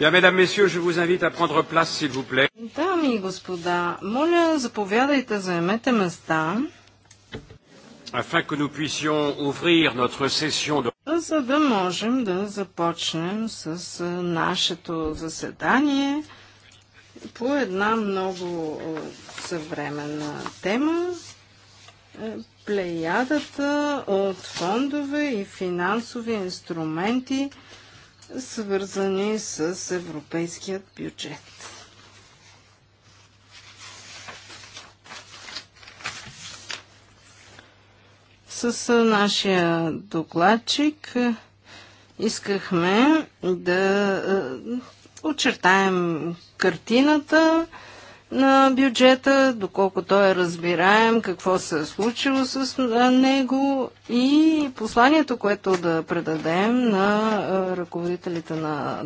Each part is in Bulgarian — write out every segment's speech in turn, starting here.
Bien, mesdames, messieurs, je vous invite à prendre place, s'il vous Дами и господа, моля, заповядайте, заемете места. Afin que nous puissions ouvrir notre session de... За да можем да започнем с нашето заседание по една много съвременна тема е, плеядата от фондове и финансови инструменти – свързани с европейският бюджет. С нашия докладчик искахме да очертаем картината, на бюджета, доколко той е разбираем, какво се е случило с него и посланието, което да предадем на ръководителите на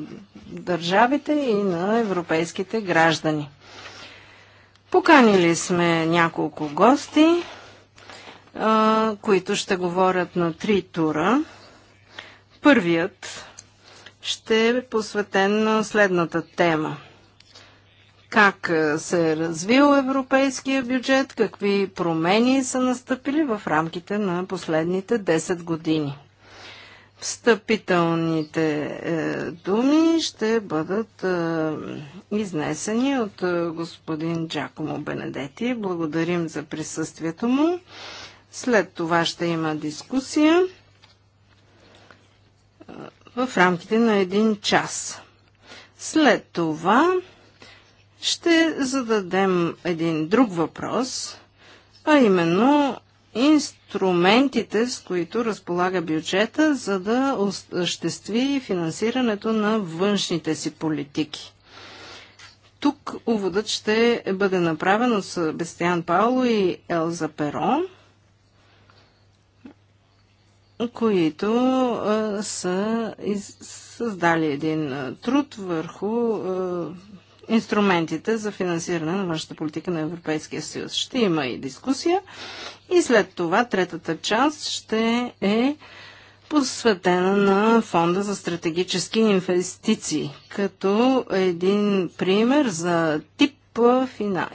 държавите и на европейските граждани. Поканили сме няколко гости, които ще говорят на три тура. Първият ще е посветен на следната тема – как е, се е развил европейския бюджет, какви промени са настъпили в рамките на последните 10 години. Встъпителните е, думи ще бъдат е, изнесени от е, господин Джакомо Бенедети. Благодарим за присъствието му. След това ще има дискусия е, в рамките на един час. След това ще зададем един друг въпрос, а именно инструментите, с които разполага бюджета, за да осъществи финансирането на външните си политики. Тук уводът ще бъде направен от Бестиан Пауло и Елза Перон, които а, са из, създали един а, труд върху а, инструментите за финансиране на външната политика на Европейския съюз. Ще има и дискусия и след това третата част ще е посветена на Фонда за стратегически инвестиции, като един пример за тип фина,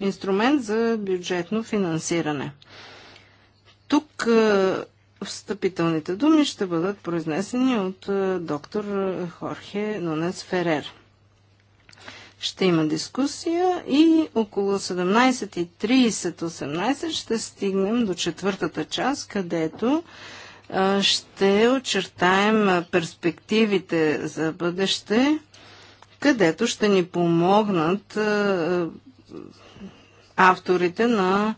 инструмент за бюджетно финансиране. Тук встъпителните думи ще бъдат произнесени от доктор Хорхе Нонес Ферер ще има дискусия и около 17.30-18 ще стигнем до четвъртата част, където ще очертаем перспективите за бъдеще, където ще ни помогнат авторите на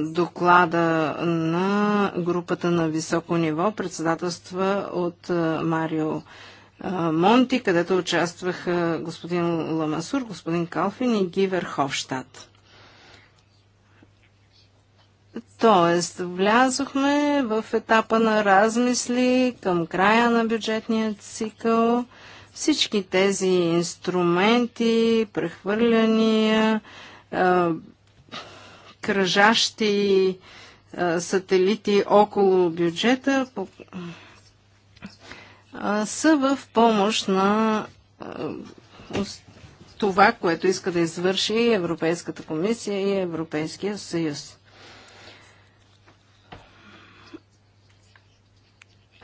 доклада на групата на високо ниво, председателства от Марио Монти, където участваха господин Ламасур, господин Калфин и Гивер Ховштадт. Тоест, влязохме в етапа на размисли към края на бюджетния цикъл. Всички тези инструменти, прехвърляния, кръжащи сателити около бюджета са в помощ на това, което иска да извърши и Европейската комисия и Европейския съюз.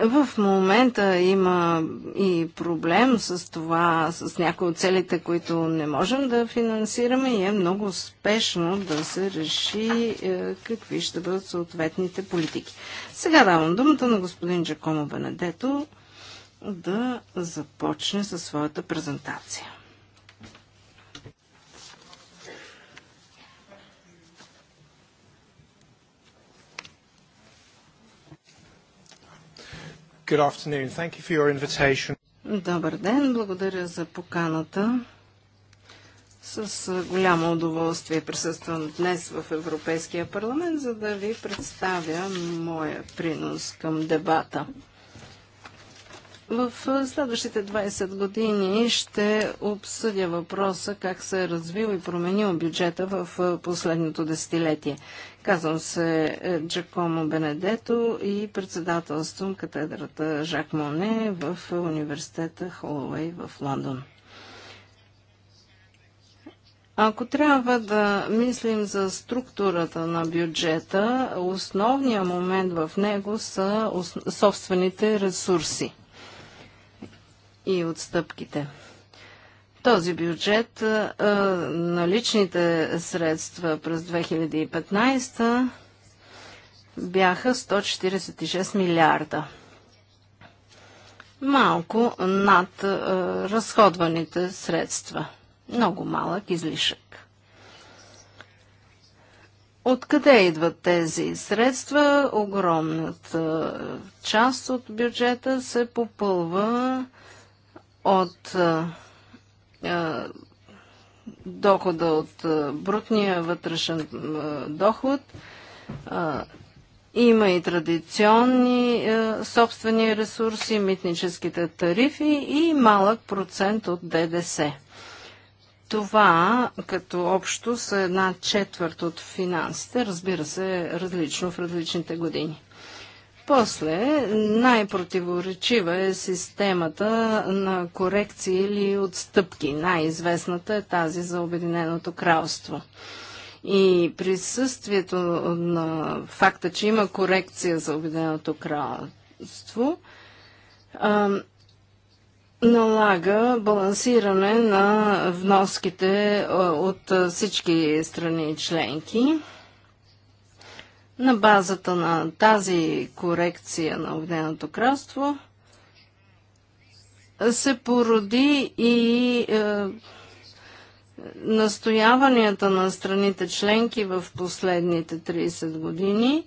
В момента има и проблем с това, с някои от целите, които не можем да финансираме и е много успешно да се реши е, какви ще бъдат съответните политики. Сега давам думата на господин Джакомо Бенедето да започне със своята презентация. Good afternoon. Thank you for your invitation. Добър ден, благодаря за поканата. С голямо удоволствие присъствам днес в Европейския парламент, за да ви представя моя принос към дебата. В следващите 20 години ще обсъдя въпроса как се е развил и променил бюджета в последното десетилетие. Казвам се е, Джакомо Бенедето и председателствам катедрата Жак Моне в университета Холуей в Лондон. Ако трябва да мислим за структурата на бюджета, основният момент в него са собствените ресурси и отстъпките. Този бюджет, на личните средства през 2015 бяха 146 милиарда. Малко над разходваните средства. Много малък излишък. Откъде идват тези средства? Огромната част от бюджета се попълва от дохода от брутния вътрешен доход. Има и традиционни собствени ресурси, митническите тарифи и малък процент от ДДС. Това като общо са една четвърт от финансите, разбира се, различно в различните години. После най-противоречива е системата на корекции или отстъпки. Най-известната е тази за Обединеното кралство. И присъствието на факта, че има корекция за Обединеното кралство, налага балансиране на вноските от всички страни членки на базата на тази корекция на Огненото кралство се породи и е, настояванията на страните членки в последните 30 години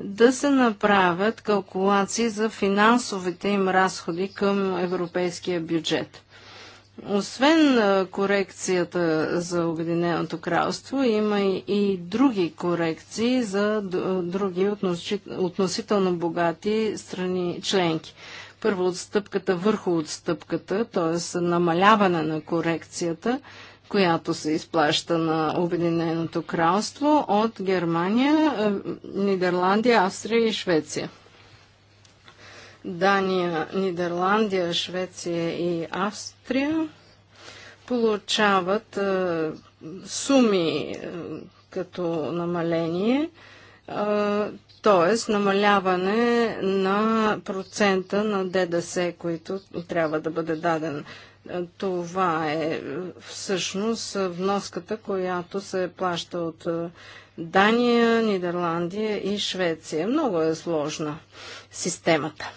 да се направят калкулации за финансовите им разходи към европейския бюджет. Освен корекцията за Обединеното кралство, има и други корекции за други относително богати страни членки. Първо отстъпката върху отстъпката, т.е. намаляване на корекцията, която се изплаща на Обединеното кралство от Германия, е, Нидерландия, Австрия и Швеция. Дания, Нидерландия, Швеция и Австрия получават суми като намаление, т.е. намаляване на процента на ДДС, който трябва да бъде даден. Това е всъщност вноската, която се плаща от Дания, Нидерландия и Швеция. Много е сложна системата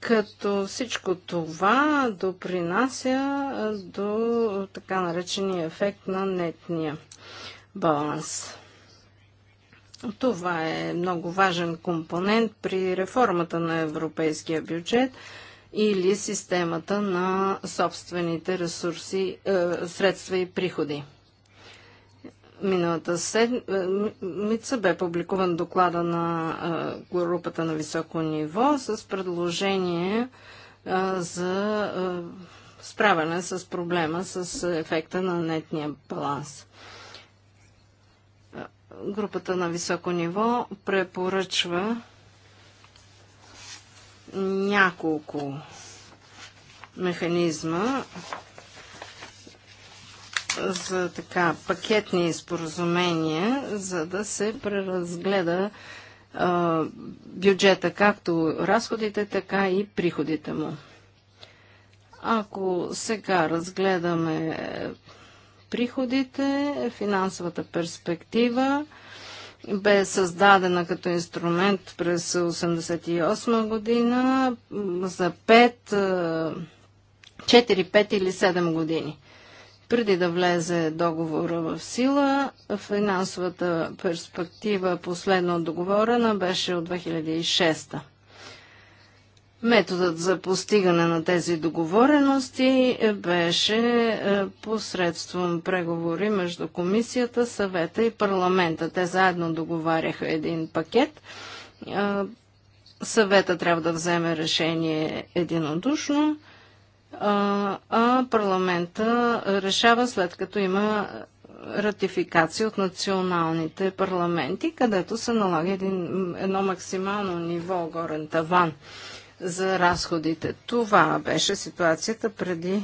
като всичко това допринася до така наречения ефект на нетния баланс. Това е много важен компонент при реформата на европейския бюджет или системата на собствените ресурси, е, средства и приходи. Миналата седмица е, бе публикуван доклада на е, групата на високо ниво с предложение е, за справяне с проблема с ефекта на нетния баланс. Групата на високо ниво препоръчва няколко механизма, за така пакетни споразумения, за да се преразгледа бюджета, както разходите, така и приходите му. Ако сега разгледаме е, приходите, финансовата перспектива, бе създадена като инструмент през 1988 година за 5, 4, 5 или 7 години преди да влезе договора в сила. Финансовата перспектива последно договорена беше от 2006 -та. Методът за постигане на тези договорености беше е, посредством преговори между комисията, съвета и парламента. Те заедно договаряха един пакет. Е, съвета трябва да вземе решение единодушно а парламента решава след като има ратификация от националните парламенти, където се налага един, едно максимално ниво горен таван за разходите. Това беше ситуацията преди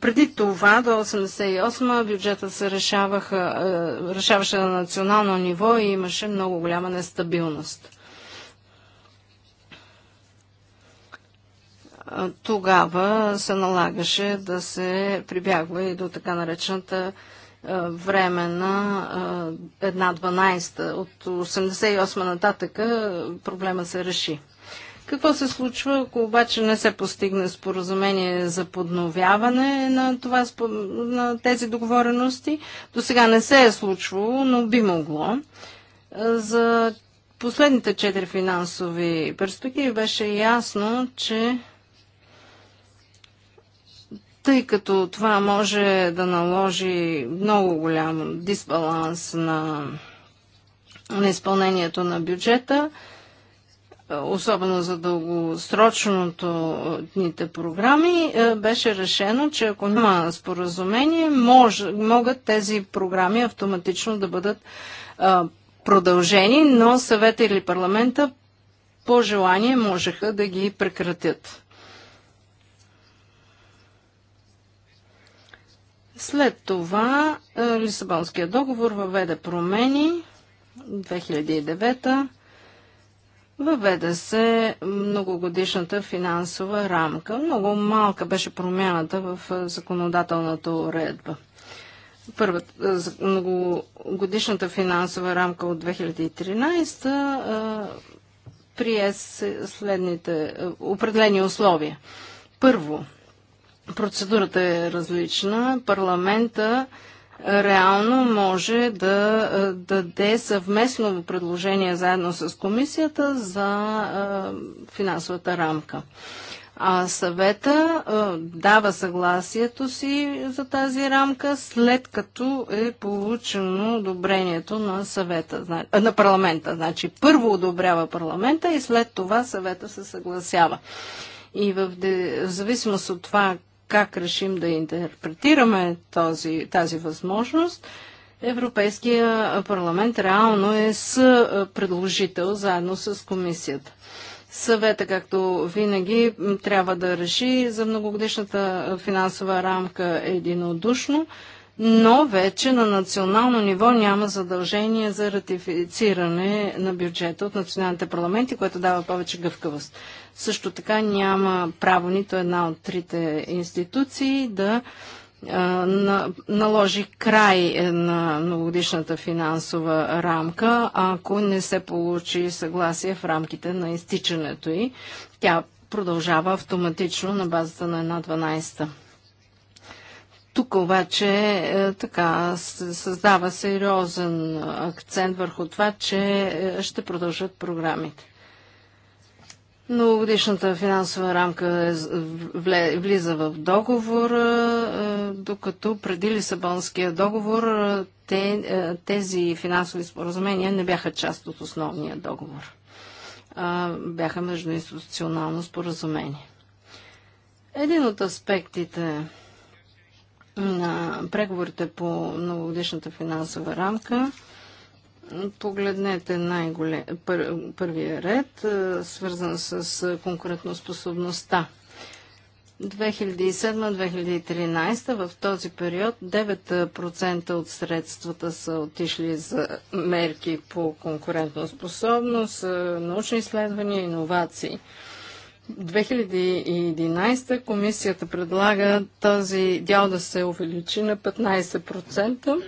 преди това, до 1988 бюджета се решаваха, е, решаваше на национално ниво и имаше много голяма нестабилност. тогава се налагаше да се прибягва и до така наречената е, време на е, една дванайста. От 88 нататъка е, проблема се реши. Какво се случва, ако обаче не се постигне споразумение за подновяване на, това, на тези договорености? До сега не се е случвало, но би могло. За последните четири финансови перспективи беше ясно, че тъй като това може да наложи много голям дисбаланс на, на изпълнението на бюджета, особено за дългосрочното дните програми, беше решено, че ако няма споразумение, мож, могат тези програми автоматично да бъдат а, продължени, но съвета или парламента по желание можеха да ги прекратят. След това е, Лисабонския договор въведе промени 2009 Въведе се многогодишната финансова рамка. Много малка беше промяната в е, законодателната уредба. Първата е, многогодишната финансова рамка от 2013 прие следните определени условия. Първо, Процедурата е различна. Парламента реално може да даде съвместно предложение заедно с комисията за финансовата рамка. А съвета дава съгласието си за тази рамка, след като е получено одобрението на, съвета, на парламента. Значи първо одобрява парламента и след това съвета се съгласява. И в, в зависимост от това как решим да интерпретираме този, тази възможност, Европейския парламент реално е с предложител заедно с комисията. Съвета, както винаги, трябва да реши за многогодишната финансова рамка единодушно но вече на национално ниво няма задължение за ратифициране на бюджета от националните парламенти, което дава повече гъвкавост. Също така няма право нито една от трите институции да наложи край на многогодишната финансова рамка, ако не се получи съгласие в рамките на изтичането й. Тя продължава автоматично на базата на една 12 тук обаче е, така създава сериозен акцент върху това, че е, ще продължат програмите. Многогодишната финансова рамка е влиза в договор, докато преди Лисабонския договор тези финансови споразумения не бяха част от основния договор. Бяха междуинституционално споразумение. Един от аспектите на преговорите по новогодишната финансова рамка, погледнете най голе пър, първия ред, свързан с конкурентоспособността. 2007-2013 в този период 9% от средствата са отишли за мерки по конкурентоспособност, научни изследвания и иновации. 2011 комисията предлага този дял да се увеличи на 15%,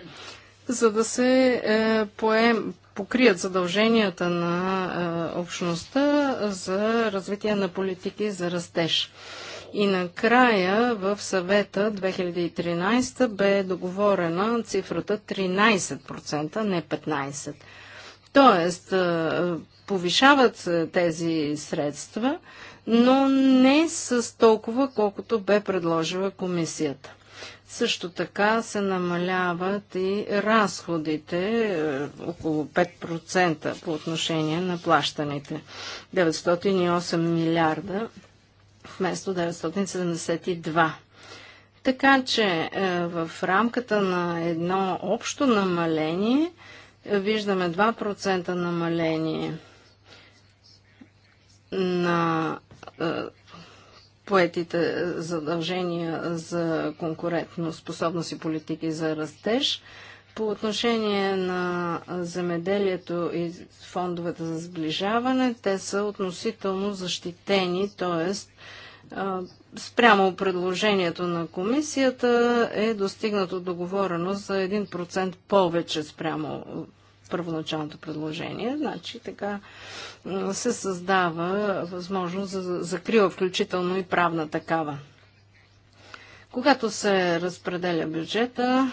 за да се е, поем, покрият задълженията на е, общността за развитие на политики за растеж. И накрая в съвета 2013 бе договорена цифрата 13%, не 15%. Тоест, е, повишават се тези средства – но не с толкова, колкото бе предложила комисията. Също така се намаляват и разходите е, около 5% по отношение на плащаните. 908 милиарда вместо 972. Така че е, в рамката на едно общо намаление е, виждаме 2% намаление на е, поетите задължения за конкурентно способност и политики за растеж. По отношение на земеделието и фондовете за сближаване, те са относително защитени, т.е. Е, спрямо предложението на комисията е достигнато договорено за 1% повече спрямо първоначалното предложение. Значи така се създава възможност за закрива, включително и правна такава. Когато се разпределя бюджета,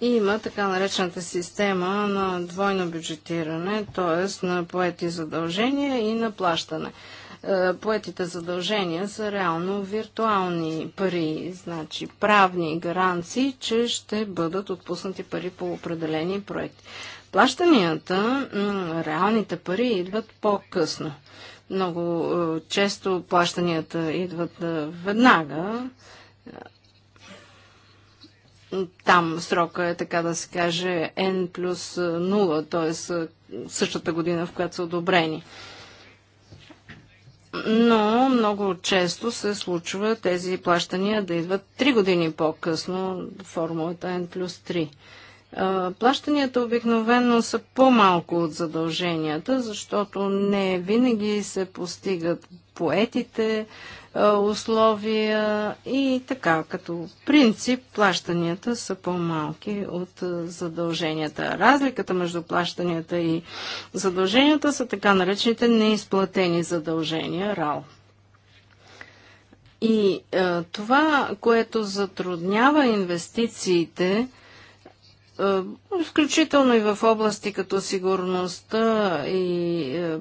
има така наречената система на двойно бюджетиране, т.е. на поети задължения и на плащане. Е, поетите задължения са реално виртуални пари, значи правни гаранции, че ще бъдат отпуснати пари по определени проекти. Плащанията, реалните пари идват по-късно. Много е, често плащанията идват е, веднага. Там срока е, така да се каже, N плюс 0, т.е. същата година, в която са одобрени но много често се случва тези плащания да идват 3 години по-късно, формулата N плюс 3. Плащанията обикновено са по-малко от задълженията, защото не винаги се постигат поетите условия и така, като принцип, плащанията са по-малки от задълженията. Разликата между плащанията и задълженията са така наречените неизплатени задължения, РАО. И е, това, което затруднява инвестициите, е, е, включително и в области като сигурността и е,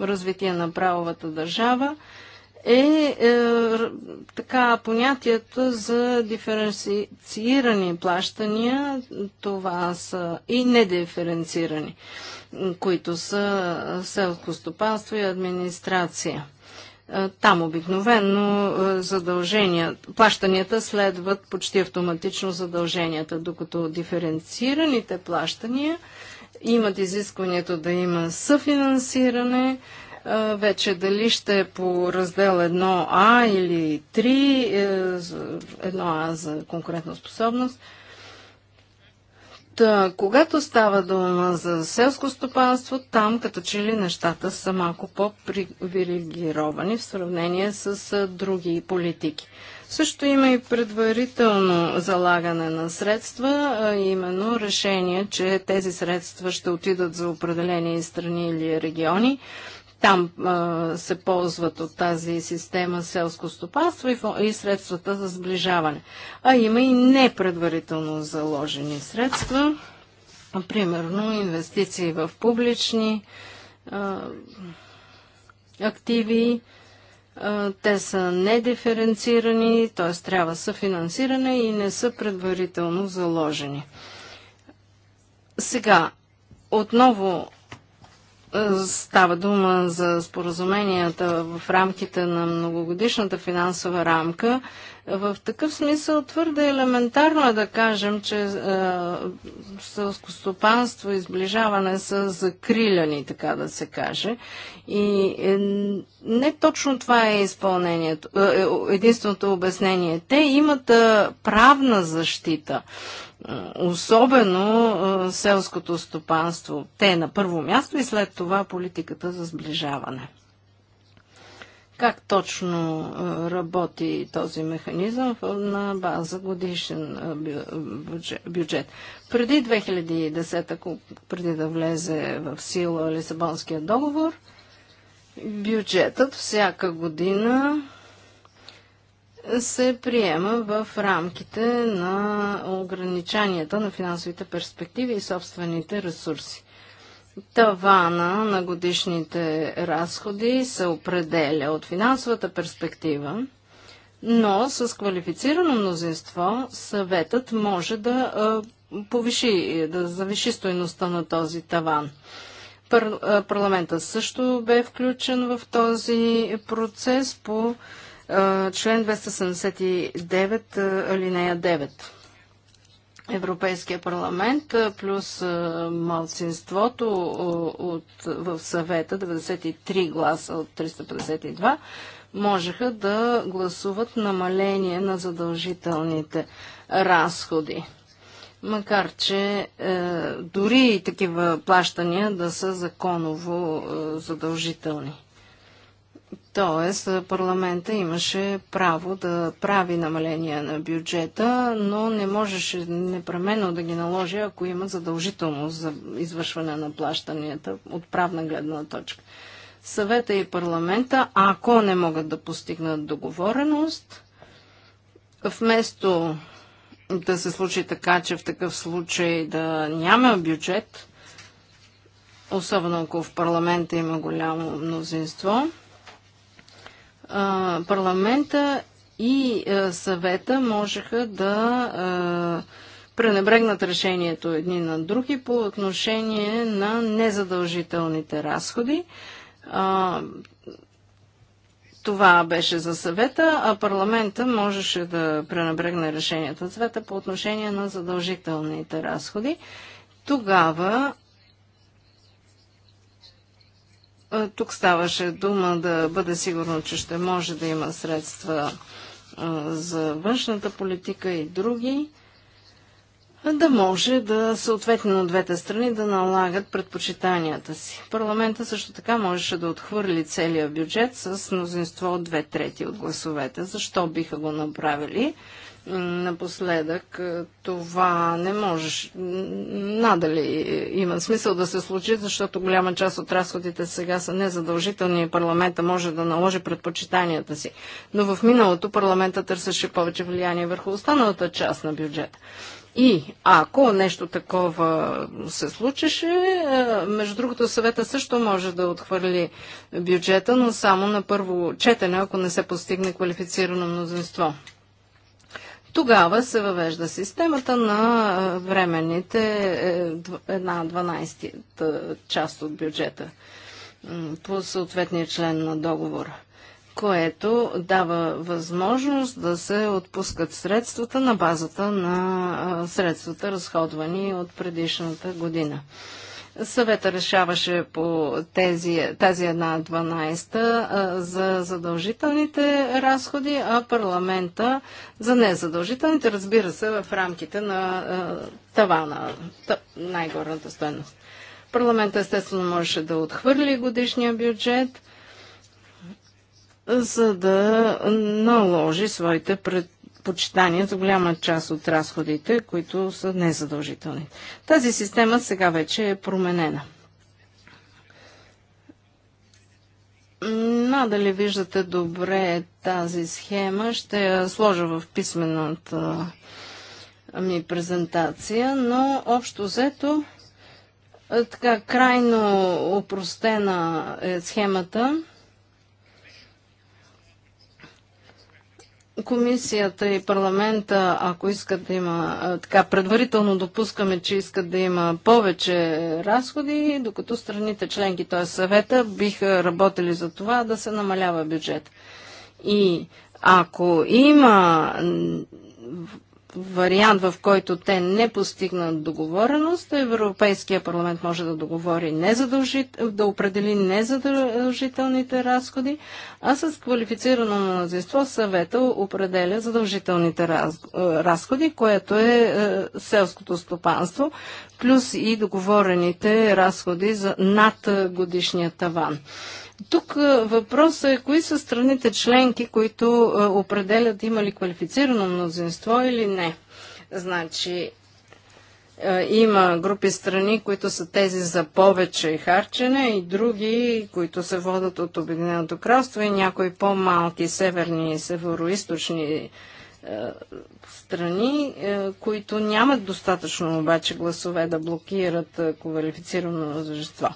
развитие на правовата държава, е, е така понятието за диференцирани плащания, това са и недиференцирани, които са селско стопанство и администрация. Е, там обикновено е, задължения, плащанията следват почти автоматично задълженията, докато диференцираните плащания имат изискването да има съфинансиране, е, вече дали ще е по раздел 1А или 3, 1А за конкурентна способност – Та, когато става дума за селско стопанство, там като че ли нещата са малко по-привилегировани в сравнение с други политики. Също има и предварително залагане на средства, а именно решение, че тези средства ще отидат за определени страни или региони там а, се ползват от тази система селско стопанство и, и средствата за сближаване. А има и непредварително заложени средства, примерно инвестиции в публични а, активи, те са недиференцирани, т.е. трябва съфинансиране и не са предварително заложени. Сега, отново е, става дума за споразуменията в рамките на многогодишната финансова рамка. В такъв смисъл твърде елементарно е да кажем, че е, селскостопанство и сближаване са закриляни, така да се каже. И е, не точно това е изпълнението, е, е единственото обяснение. Те имат е, правна защита особено селското стопанство. Те на първо място и след това политиката за сближаване. Как точно работи този механизъм на база годишен бюджет? Преди 2010, преди да влезе в сила Лисабонския договор, бюджетът всяка година се приема в рамките на ограниченията на финансовите перспективи и собствените ресурси. Тавана на годишните разходи се определя от финансовата перспектива, но с квалифицирано мнозинство съветът може да повиши, да завиши стоеността на този таван. Парламентът парламента също бе включен в този процес по Член 279, алинея 9. Европейския парламент плюс малцинството от, в съвета, 93 гласа от 352, можеха да гласуват намаление на задължителните разходи. Макар, че е, дори и такива плащания да са законово е, задължителни. Тоест, парламента имаше право да прави намаления на бюджета, но не можеше непременно да ги наложи, ако има задължителност за извършване на плащанията от правна гледна точка. Съвета и парламента, ако не могат да постигнат договореност, вместо да се случи така, че в такъв случай да няма бюджет, особено ако в парламента има голямо мнозинство, парламента и съвета можеха да пренебрегнат решението едни на други по отношение на незадължителните разходи. Това беше за съвета, а парламента можеше да пренебрегне решението от съвета по отношение на задължителните разходи. Тогава Тук ставаше дума да бъде сигурно, че ще може да има средства за външната политика и други, да може да съответно от двете страни да налагат предпочитанията си. Парламента също така можеше да отхвърли целия бюджет с мнозинство от две трети от гласовете. Защо биха го направили? напоследък. Е, това не може. Надали има смисъл да се случи, защото голяма част от разходите сега са незадължителни и парламента може да наложи предпочитанията си. Но в миналото парламента търсеше повече влияние върху останалата част на бюджета. И ако нещо такова се случеше, е, между другото съвета също може да отхвърли бюджета, но само на първо четене, ако не се постигне квалифицирано мнозинство. Тогава се въвежда системата на временните е, една 12 част от бюджета по съответния член на договора което дава възможност да се отпускат средствата на базата на средствата, разходвани от предишната година. Съвета решаваше по тези, тази една 12 та за задължителните разходи, а парламента за незадължителните, разбира се, в рамките на тавана, най-горната стоеност. Парламента естествено можеше да отхвърли годишния бюджет, за да наложи своите пред почитание за голяма част от разходите, които са незадължителни. Тази система сега вече е променена. Надали виждате добре тази схема. Ще я сложа в писмената ми презентация, но общо взето е, така крайно опростена е схемата. Комисията и парламента, ако искат да има, така предварително допускаме, че искат да има повече разходи, докато страните членки, т.е. съвета, биха работили за това да се намалява бюджет. И ако има вариант, в който те не постигнат договореност, Европейския парламент може да договори да определи незадължителните разходи, а с квалифицирано мнозинство съвета определя задължителните е, разходи, което е, е селското стопанство, плюс и договорените разходи за над годишния таван. Тук въпросът е кои са страните членки, които определят има ли квалифицирано мнозинство или не. Значи, има групи страни, които са тези за повече харчене и други, които се водят от Обединеното кралство и някои по-малки северни и северо-источни страни, е, които нямат достатъчно обаче гласове да блокират е, квалифицирано мнозинство.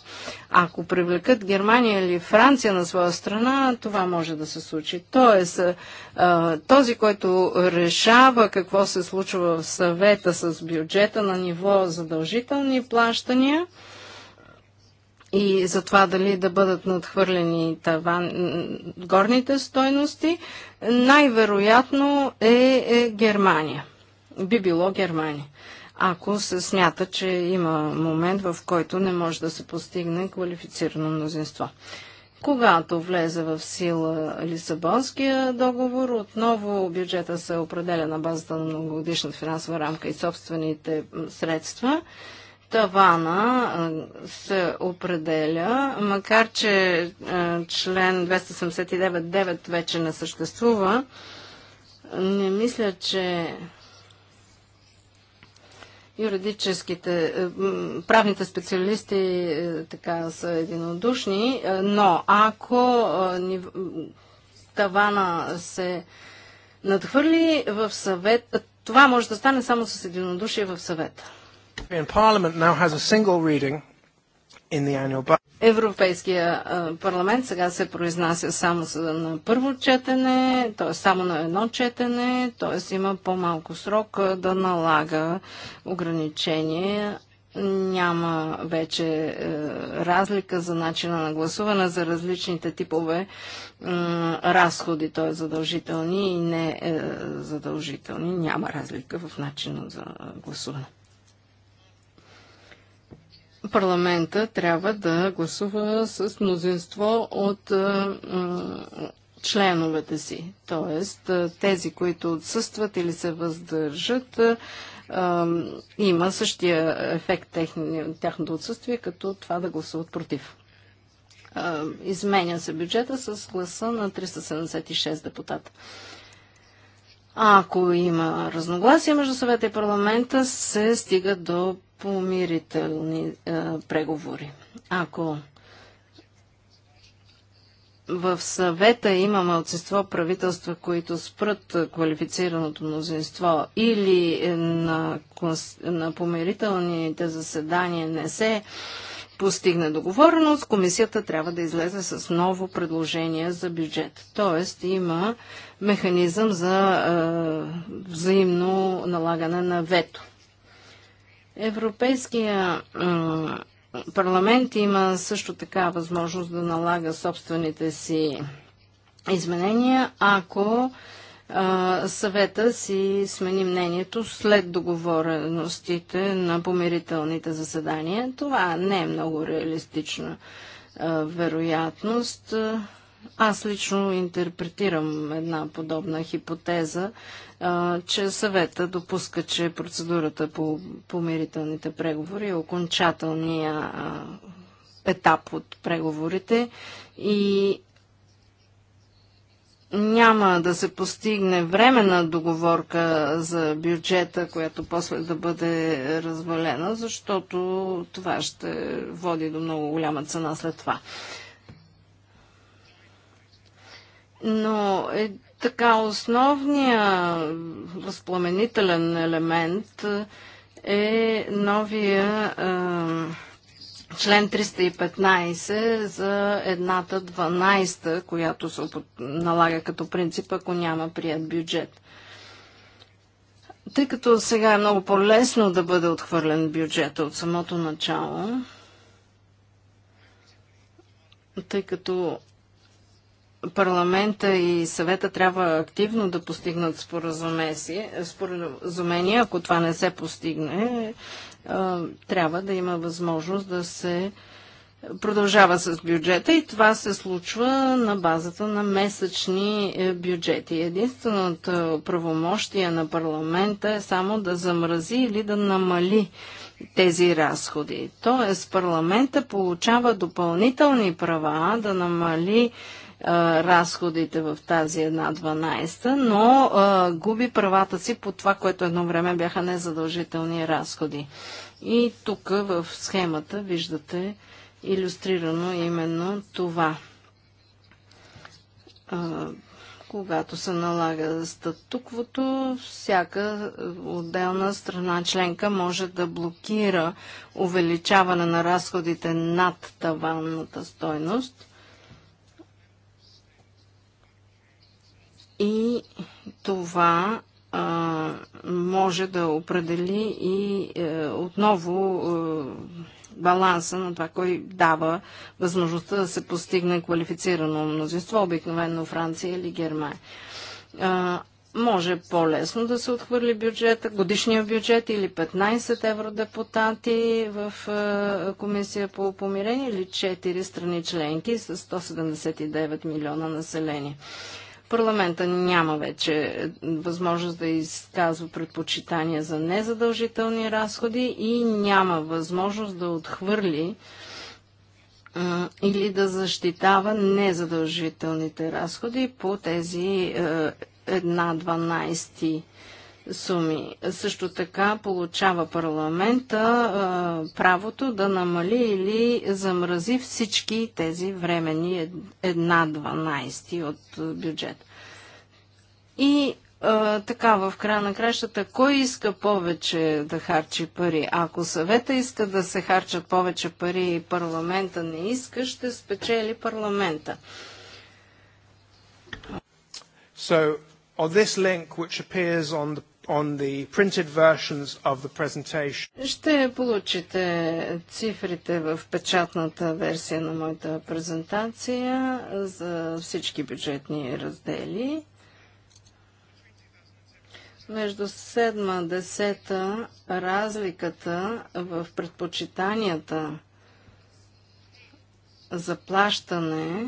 Ако привлекат Германия или Франция на своя страна, това може да се случи. Тоест, е, този, който решава какво се случва в съвета с бюджета на ниво задължителни плащания, и за това дали да бъдат надхвърлени таван, горните стойности, най-вероятно е, е Германия. Би било Германия. Ако се смята, че има момент, в който не може да се постигне квалифицирано мнозинство. Когато влезе в сила Лисабонския договор, отново бюджета се определя на базата на многогодишната финансова рамка и собствените средства тавана се определя, макар че член 279.9 вече не съществува, не мисля, че юридическите, правните специалисти така са единодушни, но ако тавана се надхвърли в съвет, това може да стане само с единодушие в съвета. Европейския парламент сега се произнася само на първо четене, т.е. само на едно четене, т.е. има по-малко срок да налага ограничения няма вече е, разлика за начина на гласуване за различните типове разходи, т.е. задължителни и не е, е, задължителни. Няма разлика в начина за гласуване парламента трябва да гласува с мнозинство от членовете си. Тоест, тези, които отсъстват или се въздържат, има същия ефект тяхното отсъствие, като това да гласуват против. Изменя се бюджета с гласа на 376 депутата. Ако има разногласие между съвета и парламента, се стига до помирителни а, преговори. Ако в съвета има мълцинство правителства, които спрат квалифицираното мнозинство или е, на, на помирителните заседания не се постигне договореност, комисията трябва да излезе с ново предложение за бюджет. Тоест има механизъм за е, взаимно налагане на вето. Европейския парламент има също така възможност да налага собствените си изменения, ако съвета си смени мнението след договореностите на помирителните заседания. Това не е много реалистична вероятност. Аз лично интерпретирам една подобна хипотеза, а, че съвета допуска, че процедурата по помирителните преговори е окончателния етап от преговорите и няма да се постигне времена договорка за бюджета, която после да бъде развалена, защото това ще води до много голяма цена след това. Но е така основният възпламенителен елемент е, е новия е, член 315 за едната 12, та която се налага като принцип, ако няма прият бюджет. Тъй като сега е много по-лесно да бъде отхвърлен бюджета от самото начало, тъй като парламента и съвета трябва активно да постигнат споразумение. Ако това не се постигне, е, трябва да има възможност да се продължава с бюджета и това се случва на базата на месечни е, бюджети. Единственото правомощие на парламента е само да замрази или да намали тези разходи. Тоест парламента получава допълнителни права да намали разходите в тази една 12, но а, губи правата си по това, което едно време бяха незадължителни разходи. И тук в схемата виждате иллюстрирано именно това. А, когато се налага статуквото, всяка отделна страна членка може да блокира увеличаване на разходите над таванната стойност И това а, може да определи и е, отново е, баланса на това, кой дава възможността да се постигне квалифицирано мнозинство, обикновено Франция или Германия. може по-лесно да се отхвърли бюджета, годишния бюджет или 15 евродепутати в е, комисия по помирение или 4 страни членки с 179 милиона население. Парламента няма вече възможност да изказва предпочитания за незадължителни разходи и няма възможност да отхвърли или да защитава незадължителните разходи по тези една 12 суми. Също така получава парламента правото да намали или замрази всички тези времени една 12 от бюджет. И а, така, в края на кращата, кой иска повече да харчи пари? Ако съвета иска да се харчат повече пари и парламента не иска, ще спечели парламента. So, on this link, which appears on the on the printed versions of the presentation. Ще получите цифрите в печатната версия на моята презентация за всички бюджетни раздели. Между 7 10 десета разликата в предпочитанията за плащане е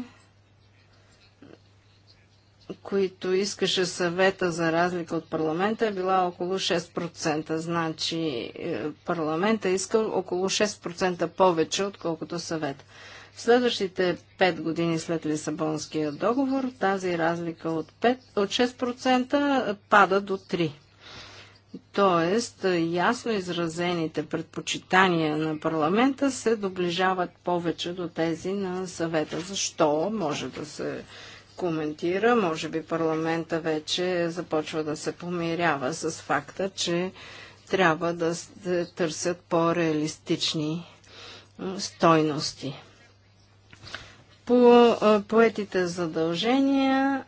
които искаше съвета за разлика от парламента е била около 6%. Значи е, парламента иска около 6% повече, отколкото съвет. В следващите 5 години след Лисабонския договор тази разлика от, 5, от 6% пада до 3%. Тоест, ясно изразените предпочитания на парламента се доближават повече до тези на съвета. Защо може да се коментира. Може би парламента вече започва да се помирява с факта, че трябва да се търсят по-реалистични стойности. По поетите задължения,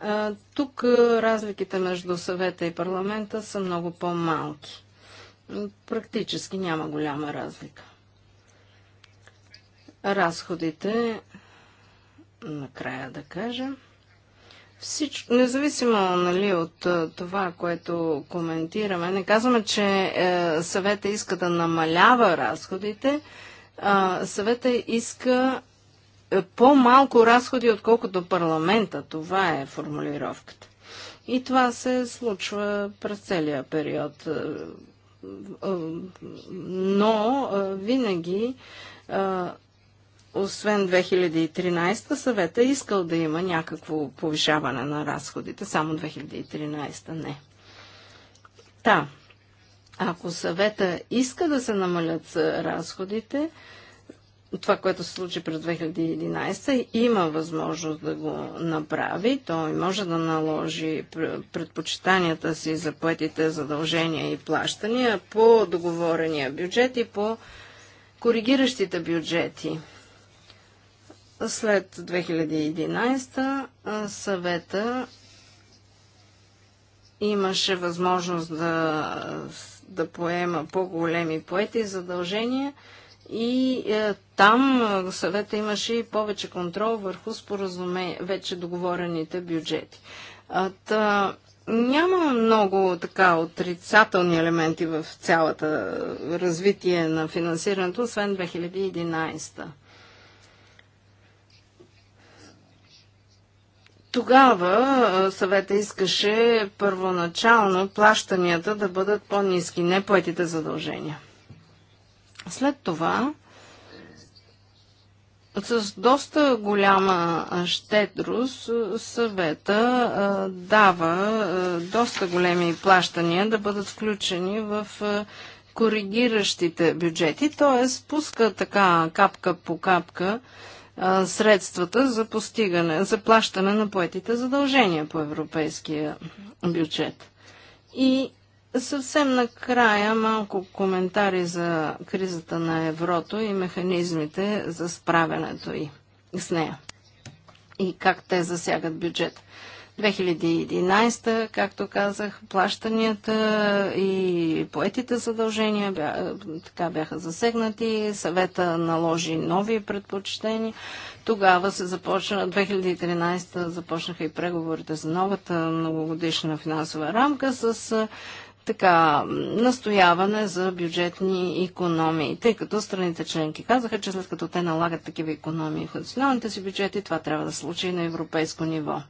тук разликите между съвета и парламента са много по-малки. Практически няма голяма разлика. Разходите, накрая да кажем, Всич... Независимо нали, от това, което коментираме, не казваме, че е, съвета иска да намалява разходите, а, съвета иска е, по-малко разходи, отколкото парламента. Това е формулировката. И това се случва през целия период. Е, е, но винаги освен 2013, съвета е искал да има някакво повишаване на разходите, само 2013 не. Та, ако съвета иска да се намалят разходите, това, което се случи през 2011, има възможност да го направи. Той може да наложи предпочитанията си за поетите задължения и плащания по договорения бюджет и по коригиращите бюджети. След 2011 съвета имаше възможност да, да поема по-големи поети и задължения и е, там е, съвета имаше и повече контрол върху споразуме, вече договорените бюджети. А, та, няма много така отрицателни елементи в цялата е, развитие на финансирането, освен 2011. Тогава съвета искаше първоначално плащанията да бъдат по-низки, не поетите задължения. След това, с доста голяма щедрост, съвета дава доста големи плащания да бъдат включени в коригиращите бюджети, т.е. пуска така капка по капка средствата за постигане, за плащане на поетите задължения по европейския бюджет. И съвсем накрая малко коментари за кризата на еврото и механизмите за справянето й с нея и как те засягат бюджет. 2011, както казах, плащанията и поетите задължения бя, така бяха засегнати, съвета наложи нови предпочтения. Тогава се започна, 2013 започнаха и преговорите за новата многогодишна финансова рамка с така, настояване за бюджетни економии, тъй като страните членки казаха, че след като те налагат такива економии в националните си бюджети, това трябва да случи и на европейско ниво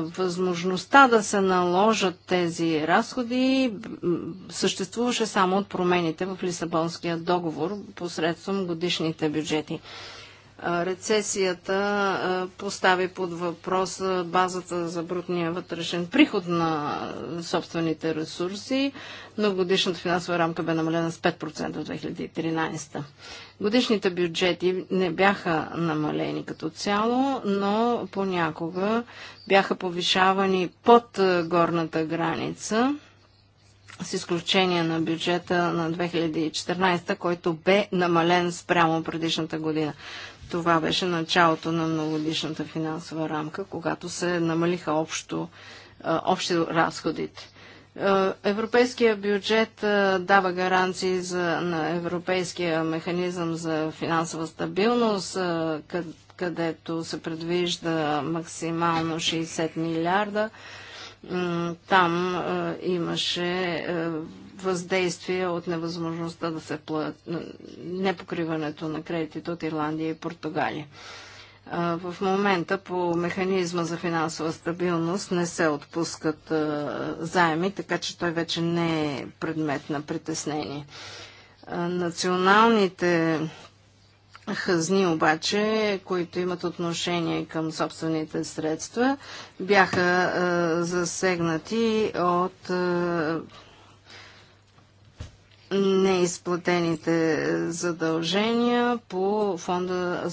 възможността да се наложат тези разходи съществуваше само от промените в Лисабонския договор посредством годишните бюджети. Рецесията постави под въпрос базата за брутния вътрешен приход на собствените ресурси, но годишната финансова рамка бе намалена с 5% от 2013. Годишните бюджети не бяха намалени като цяло, но понякога бяха повишавани под е, горната граница, с изключение на бюджета на 2014, който бе намален спрямо предишната година. Това беше началото на многодишната финансова рамка, когато се намалиха общо, е, общо разходите. Е, европейския бюджет е, дава гаранции за, на Европейския механизъм за финансова стабилност, е, където се предвижда максимално 60 милиарда. Там имаше въздействие от невъзможността да се плат... непокриването на кредитите от Ирландия и Португалия. В момента по механизма за финансова стабилност не се отпускат заеми, така че той вече не е предмет на притеснение. Националните хазни обаче, които имат отношение към собствените средства, бяха засегнати от неизплатените е, задължения по, фонда,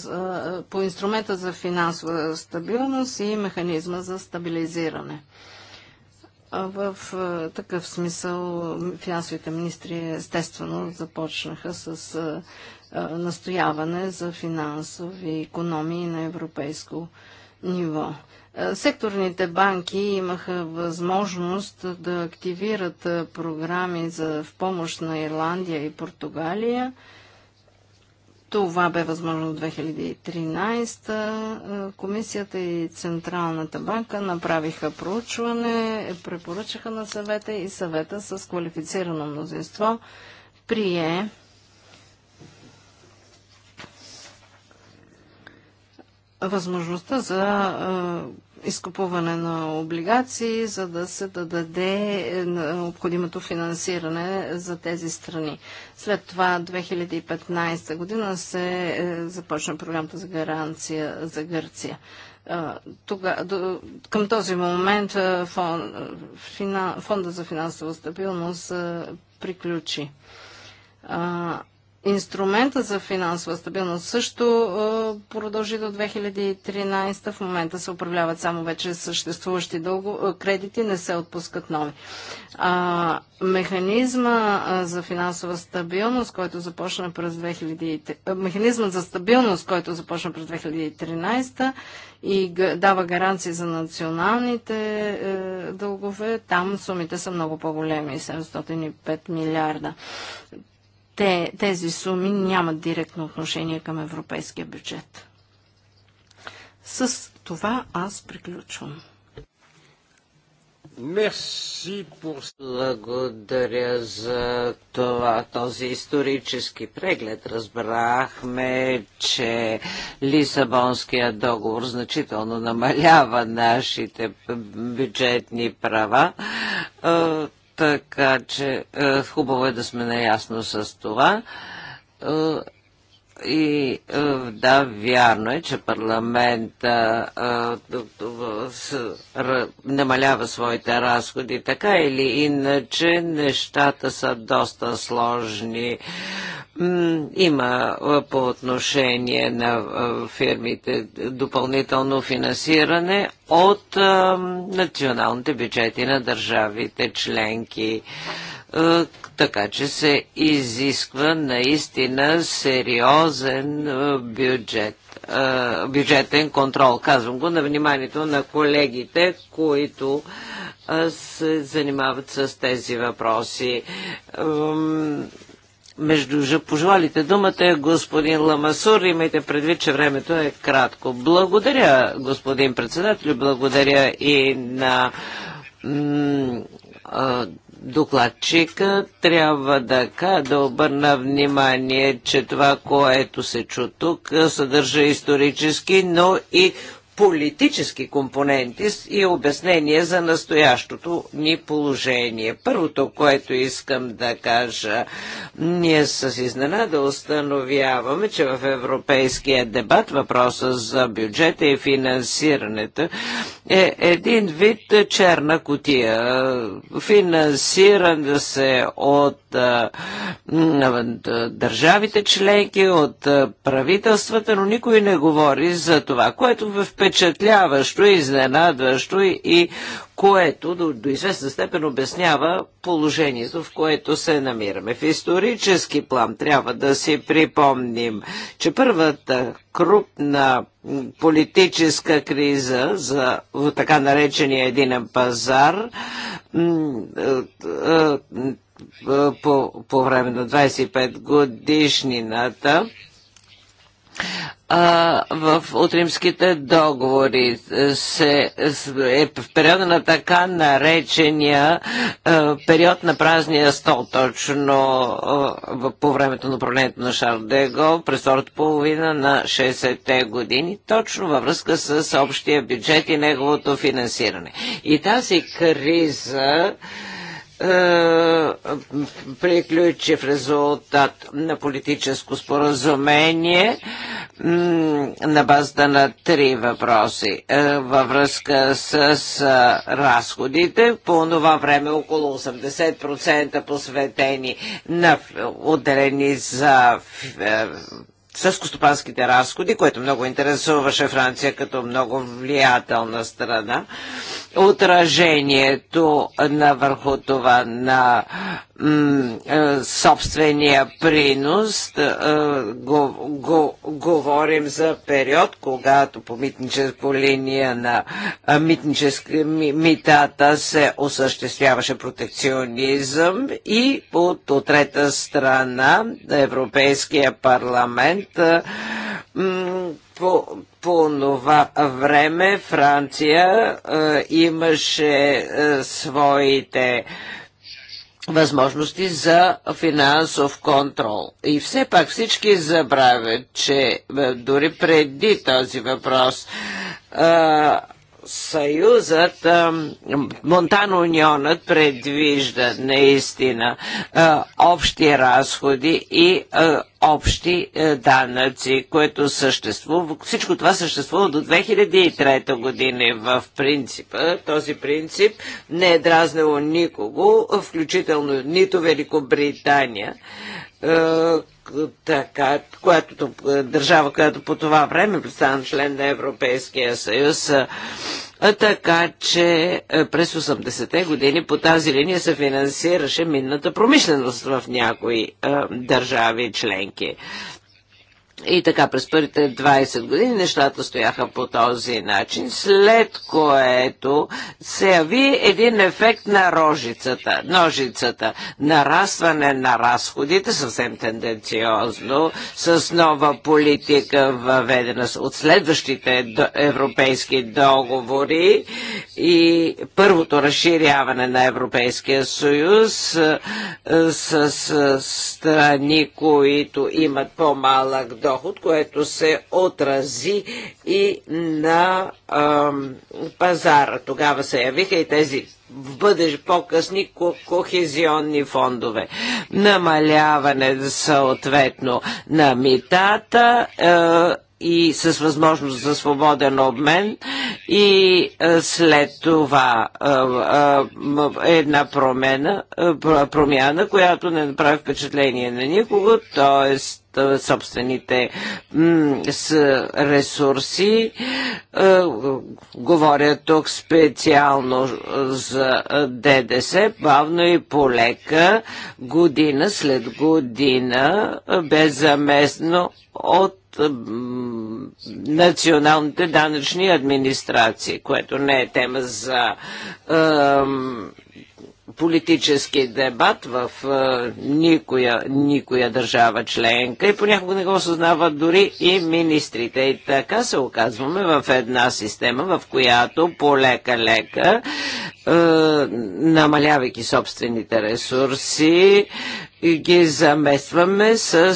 е, по инструмента за финансова стабилност и механизма за стабилизиране. В е, такъв смисъл финансовите министри естествено започнаха с настояване за финансови економии на европейско ниво. Е, секторните банки имаха възможност да активират е, програми за в помощ на Ирландия и Португалия. Това бе възможно в 2013. Е, комисията и Централната банка направиха проучване, препоръчаха на съвета и съвета с квалифицирано мнозинство прие възможността за изкупуване на облигации, за да се даде е, необходимото финансиране за тези страни. След това 2015 година се е, започна програмата за гаранция за Гърция. тога, до, към този момент е, фон, фина, Фонда за финансова стабилност приключи. Инструмента за финансова стабилност също продължи до 2013. В момента се управляват само вече съществуващи дълго, кредити, не се отпускат нови. А, механизма за финансова стабилност, който започна през 2000, Механизма за стабилност, който започна през 2013 и дава гаранции за националните е, дългове, там сумите са много по-големи 705 милиарда те, тези суми нямат директно отношение към европейския бюджет. С това аз приключвам. Мерси, благодаря за това, този исторически преглед. Разбрахме, че Лисабонския договор значително намалява нашите бюджетни права е, така че е, хубаво е да сме наясно с това. Е, и е, да, вярно е, че парламента е, намалява своите разходи. Така или иначе, нещата са доста сложни. Има е, по отношение на фирмите допълнително финансиране от националните бюджети на държавите членки. Е, така че се изисква наистина сериозен е, бюджет е, бюджетен контрол. Казвам го на вниманието на колегите, които се занимават с тези въпроси. Между пожелалите думата е господин Ламасур. Имайте предвид, че времето е кратко. Благодаря, господин председател, благодаря и на докладчика трябва да, да обърна внимание, че това, което се чу тук, съдържа исторически, но и политически компоненти и обяснение за настоящото ни положение. Първото, което искам да кажа, ние с изненада установяваме, че в европейския дебат въпроса за бюджета и финансирането е един вид черна котия. Финансиран да се от държавите членки, от правителствата, но никой не говори за това, което в впечатляващо, изненадващо и което до, до известна степен обяснява положението, в което се намираме. В исторически план трябва да си припомним, че първата крупна политическа криза за така наречения единен пазар по, по време на 25 годишнината а, в утримските договори е, се, е, е в периода на така наречения е, период на празния стол, точно а, е, по времето на управлението на Шарл Дего, през втората половина на 60-те години, точно във връзка с общия бюджет и неговото финансиране. И тази криза е, приключи в резултат на политическо споразумение на базата на три въпроси е, във връзка с е, разходите. По това време около 80% посветени на отделени за селскостопанските разходи, което много интересуваше Франция като много влиятелна страна. Отражението на върху това на е, собствения принос. Е, го, го, говорим за период, когато по, митническо линия на е, митническа митата се осъществяваше протекционизъм и от, от трета страна Европейския парламент Брексит. По, по това време Франция имаше своите възможности за финансов контрол. И все пак всички забравят, че дори преди този въпрос Съюзът, Монтано Унионът предвижда наистина общи разходи и общи е, данъци, което съществува. Всичко това съществува до 2003 година в принципа. Този принцип не е дразнило никого, включително нито Великобритания е, така, която, държава, която по това време представя член на Европейския съюз. Така че през 80-те години по тази линия се финансираше минната промишленост в някои държави членки. И така през първите 20 години нещата стояха по този начин, след което се яви един ефект на рожицата, ножицата, нарастване на разходите, съвсем тенденциозно, с нова политика въведена от следващите европейски договори и първото разширяване на Европейския съюз е, е, с, е, страни, които имат по-малък договор доход, което се отрази и на а, пазара. Тогава се явиха и тези в бъдещ по-късни ко кохезионни фондове. Намаляване съответно на митата, А, е, и с възможност за свободен обмен и е, след това е, е, една промена, промяна, която не направи впечатление на никого, т.е. собствените с ресурси. Говоря тук специално за ДДС, бавно и полека, година след година, беззаместно от националните данъчни администрации, което не е тема за политически дебат в никоя, никоя държава членка и понякога не го осъзнават дори и министрите. И така се оказваме в една система, в която полека-лека, намалявайки собствените ресурси, ги заместваме с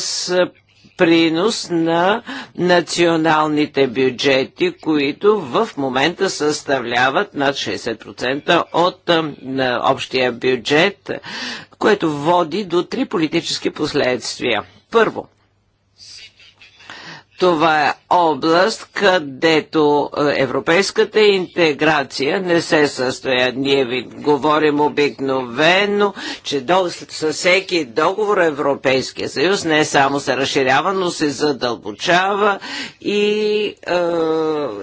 принос на националните бюджети, които в момента съставляват над 60% от на общия бюджет, което води до три политически последствия. Първо, това е област, където е, европейската интеграция не се състоя. Ние ви говорим обикновено, че с със всеки договор Европейския съюз не само се разширява, но се задълбочава и е,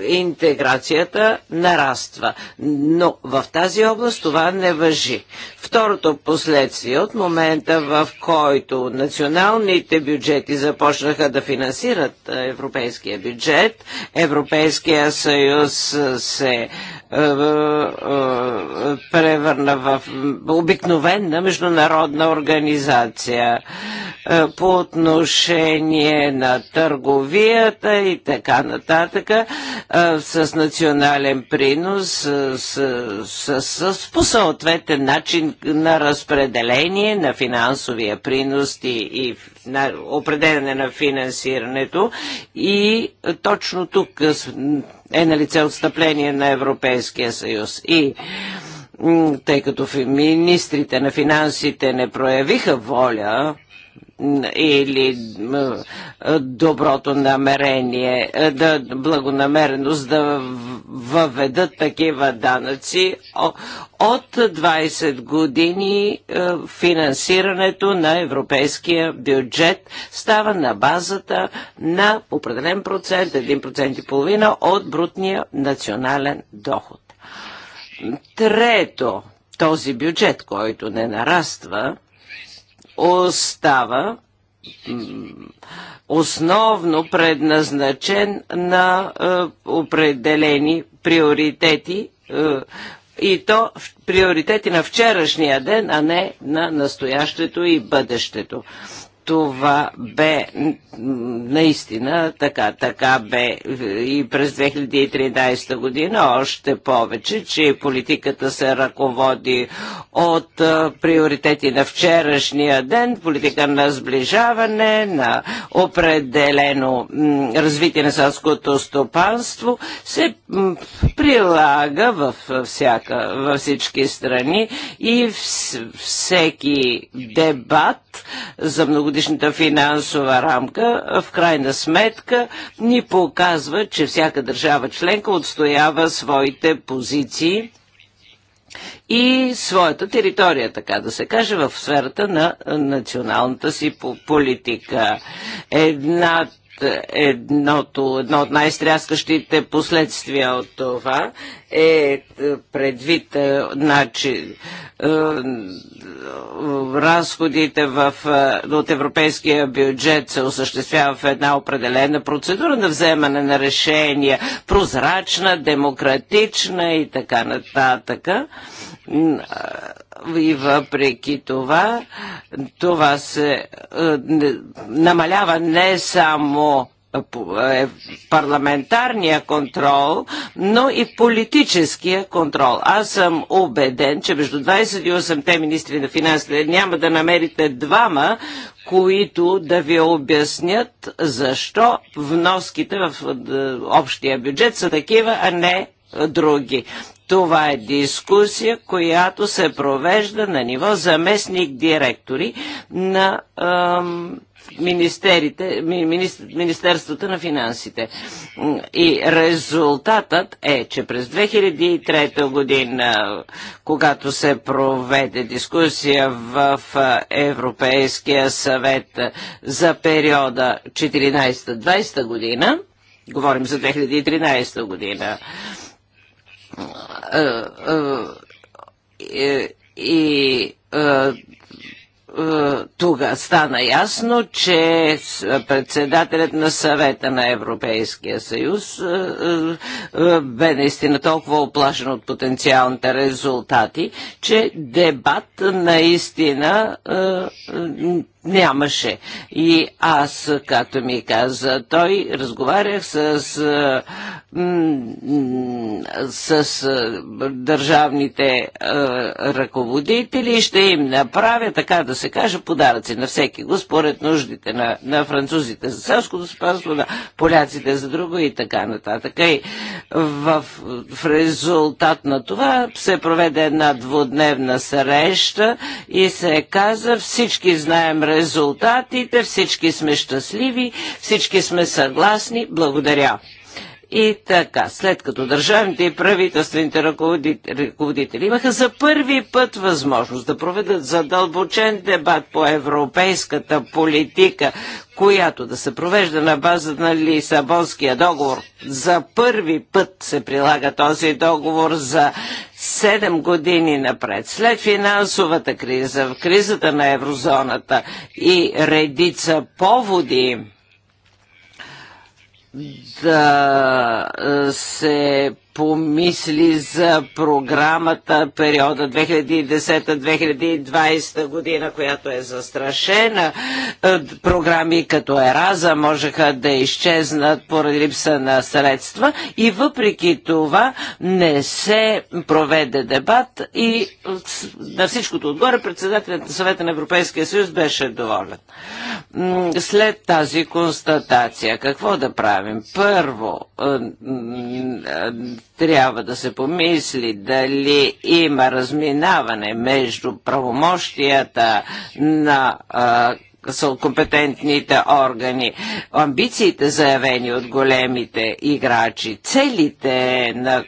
интеграцията нараства. Но в тази област това не въжи. Второто последствие от момента, в който националните бюджети започнаха да финансират е, европейския бюджет. Европейския съюз се е, е, превърна в обикновена международна организация е, по отношение на търговията и така нататък с национален принос, с, с, с, с по съответен начин на разпределение на финансовия принос и, и на определене на финансирането и точно тук е на лице отстъпление на Европейския съюз. И тъй като министрите на финансите не проявиха воля или доброто намерение, да, благонамереност да въведат такива данъци. От 20 години финансирането на европейския бюджет става на базата на определен процент, 1% и половина от брутния национален доход. Трето, този бюджет, който не нараства, остава основно предназначен на е, определени приоритети е, и то в приоритети на вчерашния ден, а не на настоящето и бъдещето това бе наистина така. Така бе е, и през 2013 година, още повече, че политиката се ръководи от е, приоритети на вчерашния ден, политика на сближаване, на определено развитие на селското стопанство, се прилага във, всяка, във всички страни и всеки дебат за многодишната годишната финансова рамка, в крайна сметка ни показва, че всяка държава членка отстоява своите позиции и своята територия, така да се каже, в сферата на националната си политика. Една едното, едно от най-стряскащите последствия от това е, е предвид е, значи, е, разходите в, от европейския бюджет се осъществява в една определена процедура на вземане на решения, прозрачна, демократична и така нататък и въпреки това, това се е, намалява не само е, парламентарния контрол, но и политическия контрол. Аз съм убеден, че между 28-те министри на финансите няма да намерите двама, които да ви обяснят защо вноските в е, общия бюджет са такива, а не други. Това е дискусия, която се провежда на ниво заместник-директори на министерите, министр, на финансите. И резултатът е, че през 2003 година, когато се проведе дискусия в Европейския съвет за периода 14-20 година, говорим за 2013 година, е, е, е, и е, тога стана ясно, че е, председателят на съвета на Европейския съюз е, бе наистина толкова оплашен от потенциалните резултати, че дебат наистина нямаше. И аз, като ми каза той, разговарях с, с, с държавните ръководители и ще им направя така да се каже, подаръци на всеки го, според нуждите на, на французите за селското стопанство, на поляците за друго и така нататък. И в, в резултат на това се проведе една двудневна среща и се каза, всички знаем резултатите, всички сме щастливи, всички сме съгласни, благодаря. И така, след като държавните и правителствените ръководители имаха за първи път възможност да проведат задълбочен дебат по европейската политика, която да се провежда на база на Лисабонския договор. За първи път се прилага този договор за 7 години напред. След финансовата криза, в кризата на еврозоната и редица поводи да е, се помисли за програмата периода 2010-2020 година, която е застрашена. Е, програми като Ераза можеха да изчезнат поради липса на средства и въпреки това не се проведе дебат и на всичкото отгоре председателят на съвета на Европейския съюз беше доволен. След тази констатация, какво да правим? Първо, е, е, трябва да се помисли дали има разминаване между правомощията на а, са компетентните органи. Амбициите заявени от големите играчи, целите на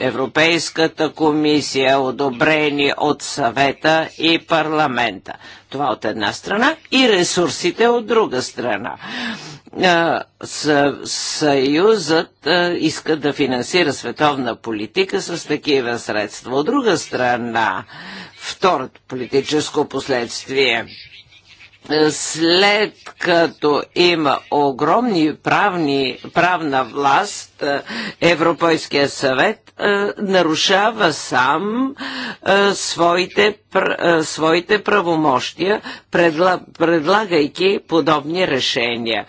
Европейската комисия, одобрени от съвета и парламента. Това от една страна и ресурсите от друга страна. Съюзът иска да финансира световна политика с такива средства. От друга страна, второто политическо последствие – след като има огромни правни, правна власт, е, Европейския съвет е, нарушава сам е, своите, своите правомощия, предлагайки подобни решения.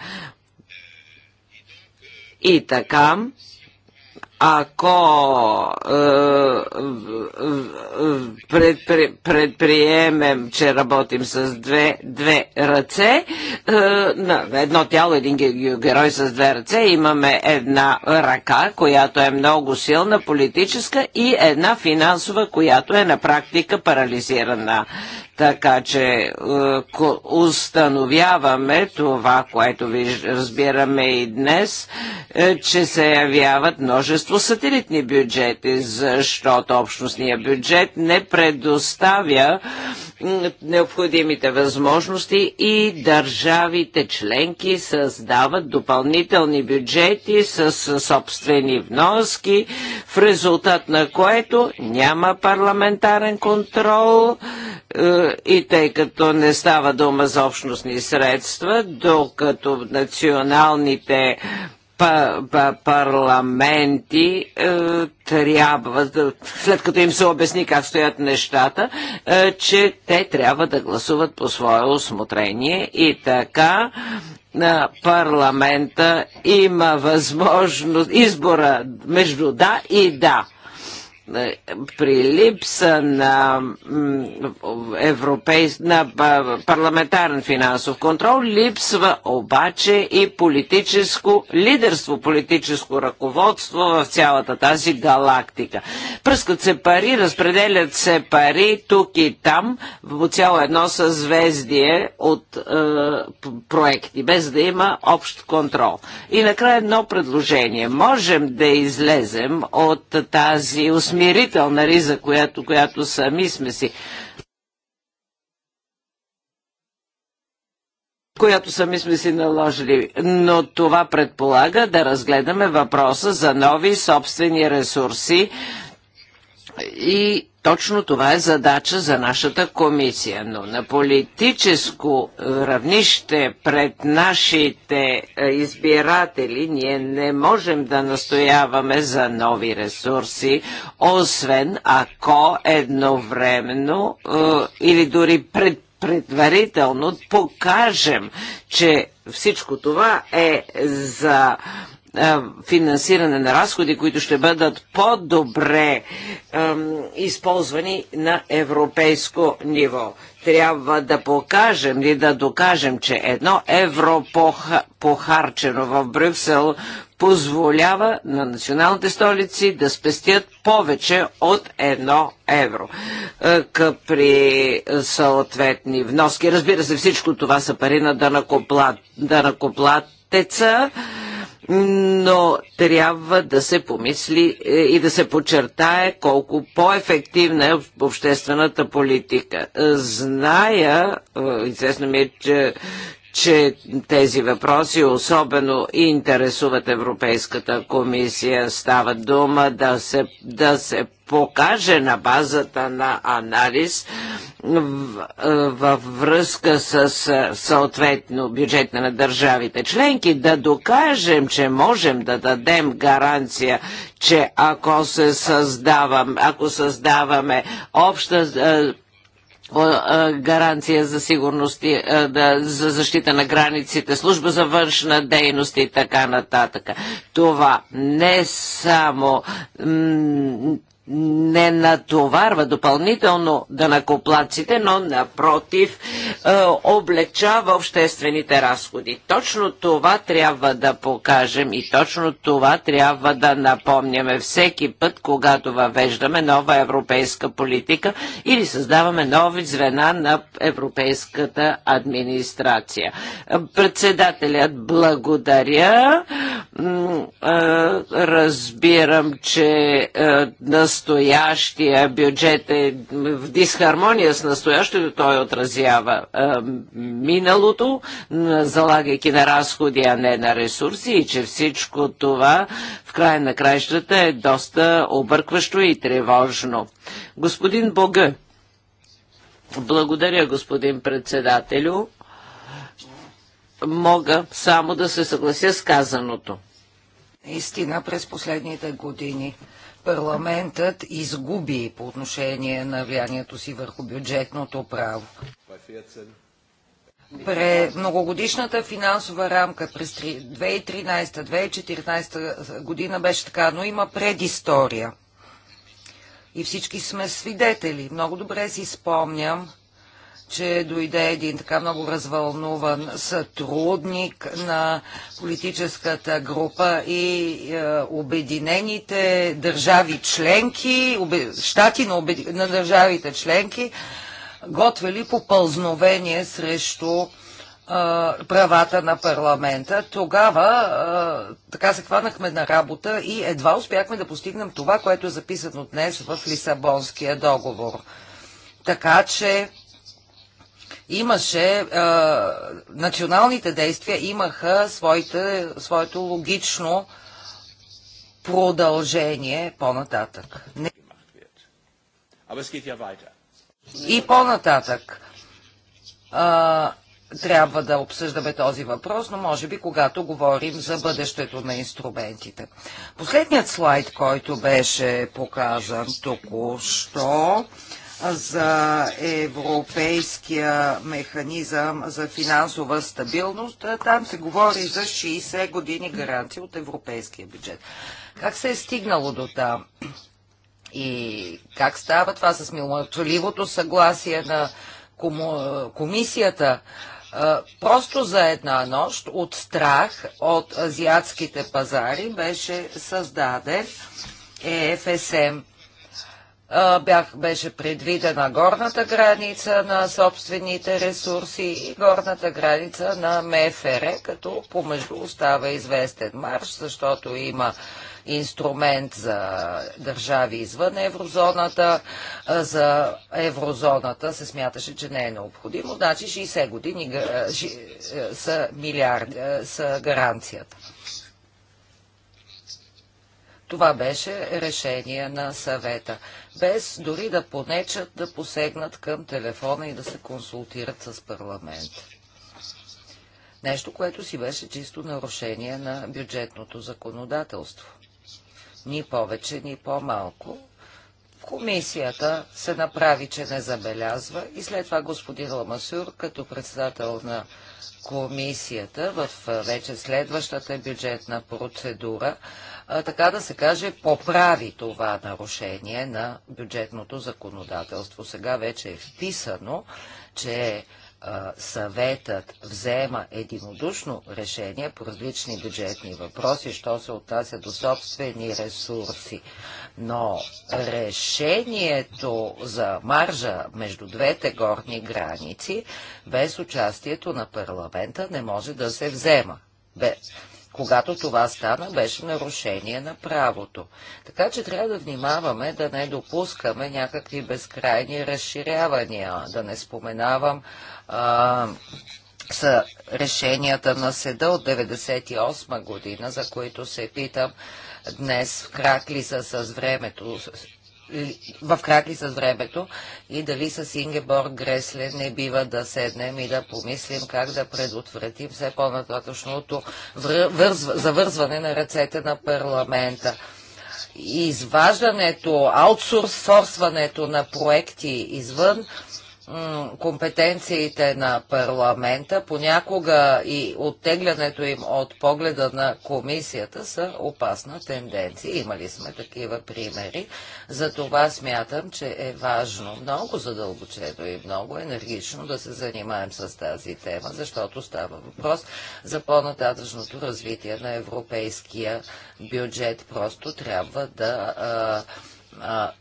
И така, ако е, предприемем, че работим с две, две ръце, е, на едно тяло, един герой с две ръце, имаме една ръка, която е много силна, политическа и една финансова, която е на практика парализирана. Така че е, установяваме това, което ви разбираме и днес, е, че се явяват множество сателитни бюджети, защото общностния бюджет не предоставя необходимите възможности и държавите членки създават допълнителни бюджети с собствени вноски, в резултат на което няма парламентарен контрол е, и тъй като не става дума за общностни средства, докато националните парламенти е, трябва, да, след като им се обясни как стоят нещата, е, че те трябва да гласуват по свое осмотрение и така на парламента има възможност избора между да и да при липса на, европейс... на парламентарен финансов контрол липсва обаче и политическо лидерство, политическо ръководство в цялата тази галактика. Пръскат се пари, разпределят се пари тук и там, по цяло едно съзвездие от е, проекти, без да има общ контрол. И накрая едно предложение. Можем да излезем от тази усмирение смирителна риза, която, която сами сме си която сами сме си наложили. Но това предполага да разгледаме въпроса за нови собствени ресурси и точно това е задача за нашата комисия, но на политическо равнище пред нашите е, избиратели ние не можем да настояваме за нови ресурси, освен ако едновременно е, или дори пред предварително покажем, че всичко това е за е, финансиране на разходи, които ще бъдат по-добре е, използвани на европейско ниво. Трябва да покажем и да докажем, че едно евро похарчено в Брюксел позволява на националните столици да спестят повече от едно евро. Е, При съответни вноски. Разбира се, всичко това са пари на данакоплатеца но трябва да се помисли е, и да се подчертае колко по-ефективна е обществената политика. Зная, е, известно ми е, че, че тези въпроси особено интересуват Европейската комисия. Става дума да се, да се покаже на базата на анализ във връзка с съответно бюджета на държавите членки, да докажем, че можем да дадем гаранция, че ако се създавам, ако създаваме обща е, гаранция за сигурност, за защита на границите, служба за външна дейност и така нататък. Това не само не натоварва допълнително данакоплаците, но напротив е, облегчава обществените разходи. Точно това трябва да покажем и точно това трябва да напомняме всеки път, когато въвеждаме нова европейска политика или създаваме нови звена на европейската администрация. Председателят благодаря. Е, разбирам, че е, на настоящия бюджет е в дисхармония с настоящето, той отразява а, е, миналото, залагайки на разходи, а не на ресурси и че всичко това в край на краищата е доста объркващо и тревожно. Господин Бога, благодаря господин председателю. Мога само да се съглася с казаното. Истина през последните години парламентът изгуби по отношение на влиянието си върху бюджетното право. Пре многогодишната финансова рамка през 2013-2014 година беше така, но има предистория. И всички сме свидетели. Много добре си спомням че дойде един така много развълнуван сътрудник на политическата група и е, обединените държави членки, обе, щати на, обед... на държавите членки, готвели попълзновение срещу е, правата на парламента. Тогава е, така се хванахме на работа и едва успяхме да постигнем това, което е записано днес в Лисабонския договор. Така че имаше, а, националните действия имаха своите, своето логично продължение по-нататък. Не... И по-нататък. трябва да обсъждаме този въпрос, но може би когато говорим за бъдещето на инструментите. Последният слайд, който беше показан току-що, за европейския механизъм за финансова стабилност. Там се говори за 60 години гаранция от европейския бюджет. Как се е стигнало до там? И как става това с милмъртволивото съгласие на комисията? просто за една нощ от страх от азиатските пазари беше създаден ЕФСМ бях, беше предвидена горната граница на собствените ресурси и горната граница на МФР, като помежду остава известен марш, защото има инструмент за държави извън еврозоната. За еврозоната се смяташе, че не е необходимо. Значи 60 години са, милиарди, са гаранцията. Това беше решение на съвета без дори да понечат да посегнат към телефона и да се консултират с парламент. Нещо, което си беше чисто нарушение на бюджетното законодателство. Ни повече, ни по-малко. Комисията се направи, че не забелязва и след това господин Ламасюр, като председател на комисията в вече следващата бюджетна процедура, така да се каже, поправи това нарушение на бюджетното законодателство. Сега вече е вписано, че съветът взема единодушно решение по различни бюджетни въпроси, що се отнася до собствени ресурси. Но решението за маржа между двете горни граници без участието на парламента не може да се взема. Без когато това стана, беше нарушение на правото. Така че трябва да внимаваме да не допускаме някакви безкрайни разширявания, да не споменавам а, са решенията на седа от 1998 година, за които се питам днес в крак ли са с времето, в крак и с времето и дали с Ингеборг Гресле не бива да седнем и да помислим как да предотвратим все по-нататъчното завързване на ръцете на парламента. Изваждането, аутсорсването на проекти извън компетенциите на парламента, понякога и оттеглянето им от погледа на комисията са опасна тенденция. Имали сме такива примери. За това смятам, че е важно много задълбочено и много енергично да се занимаем с тази тема, защото става въпрос за по-нататъчното развитие на европейския бюджет. Просто трябва да а, а,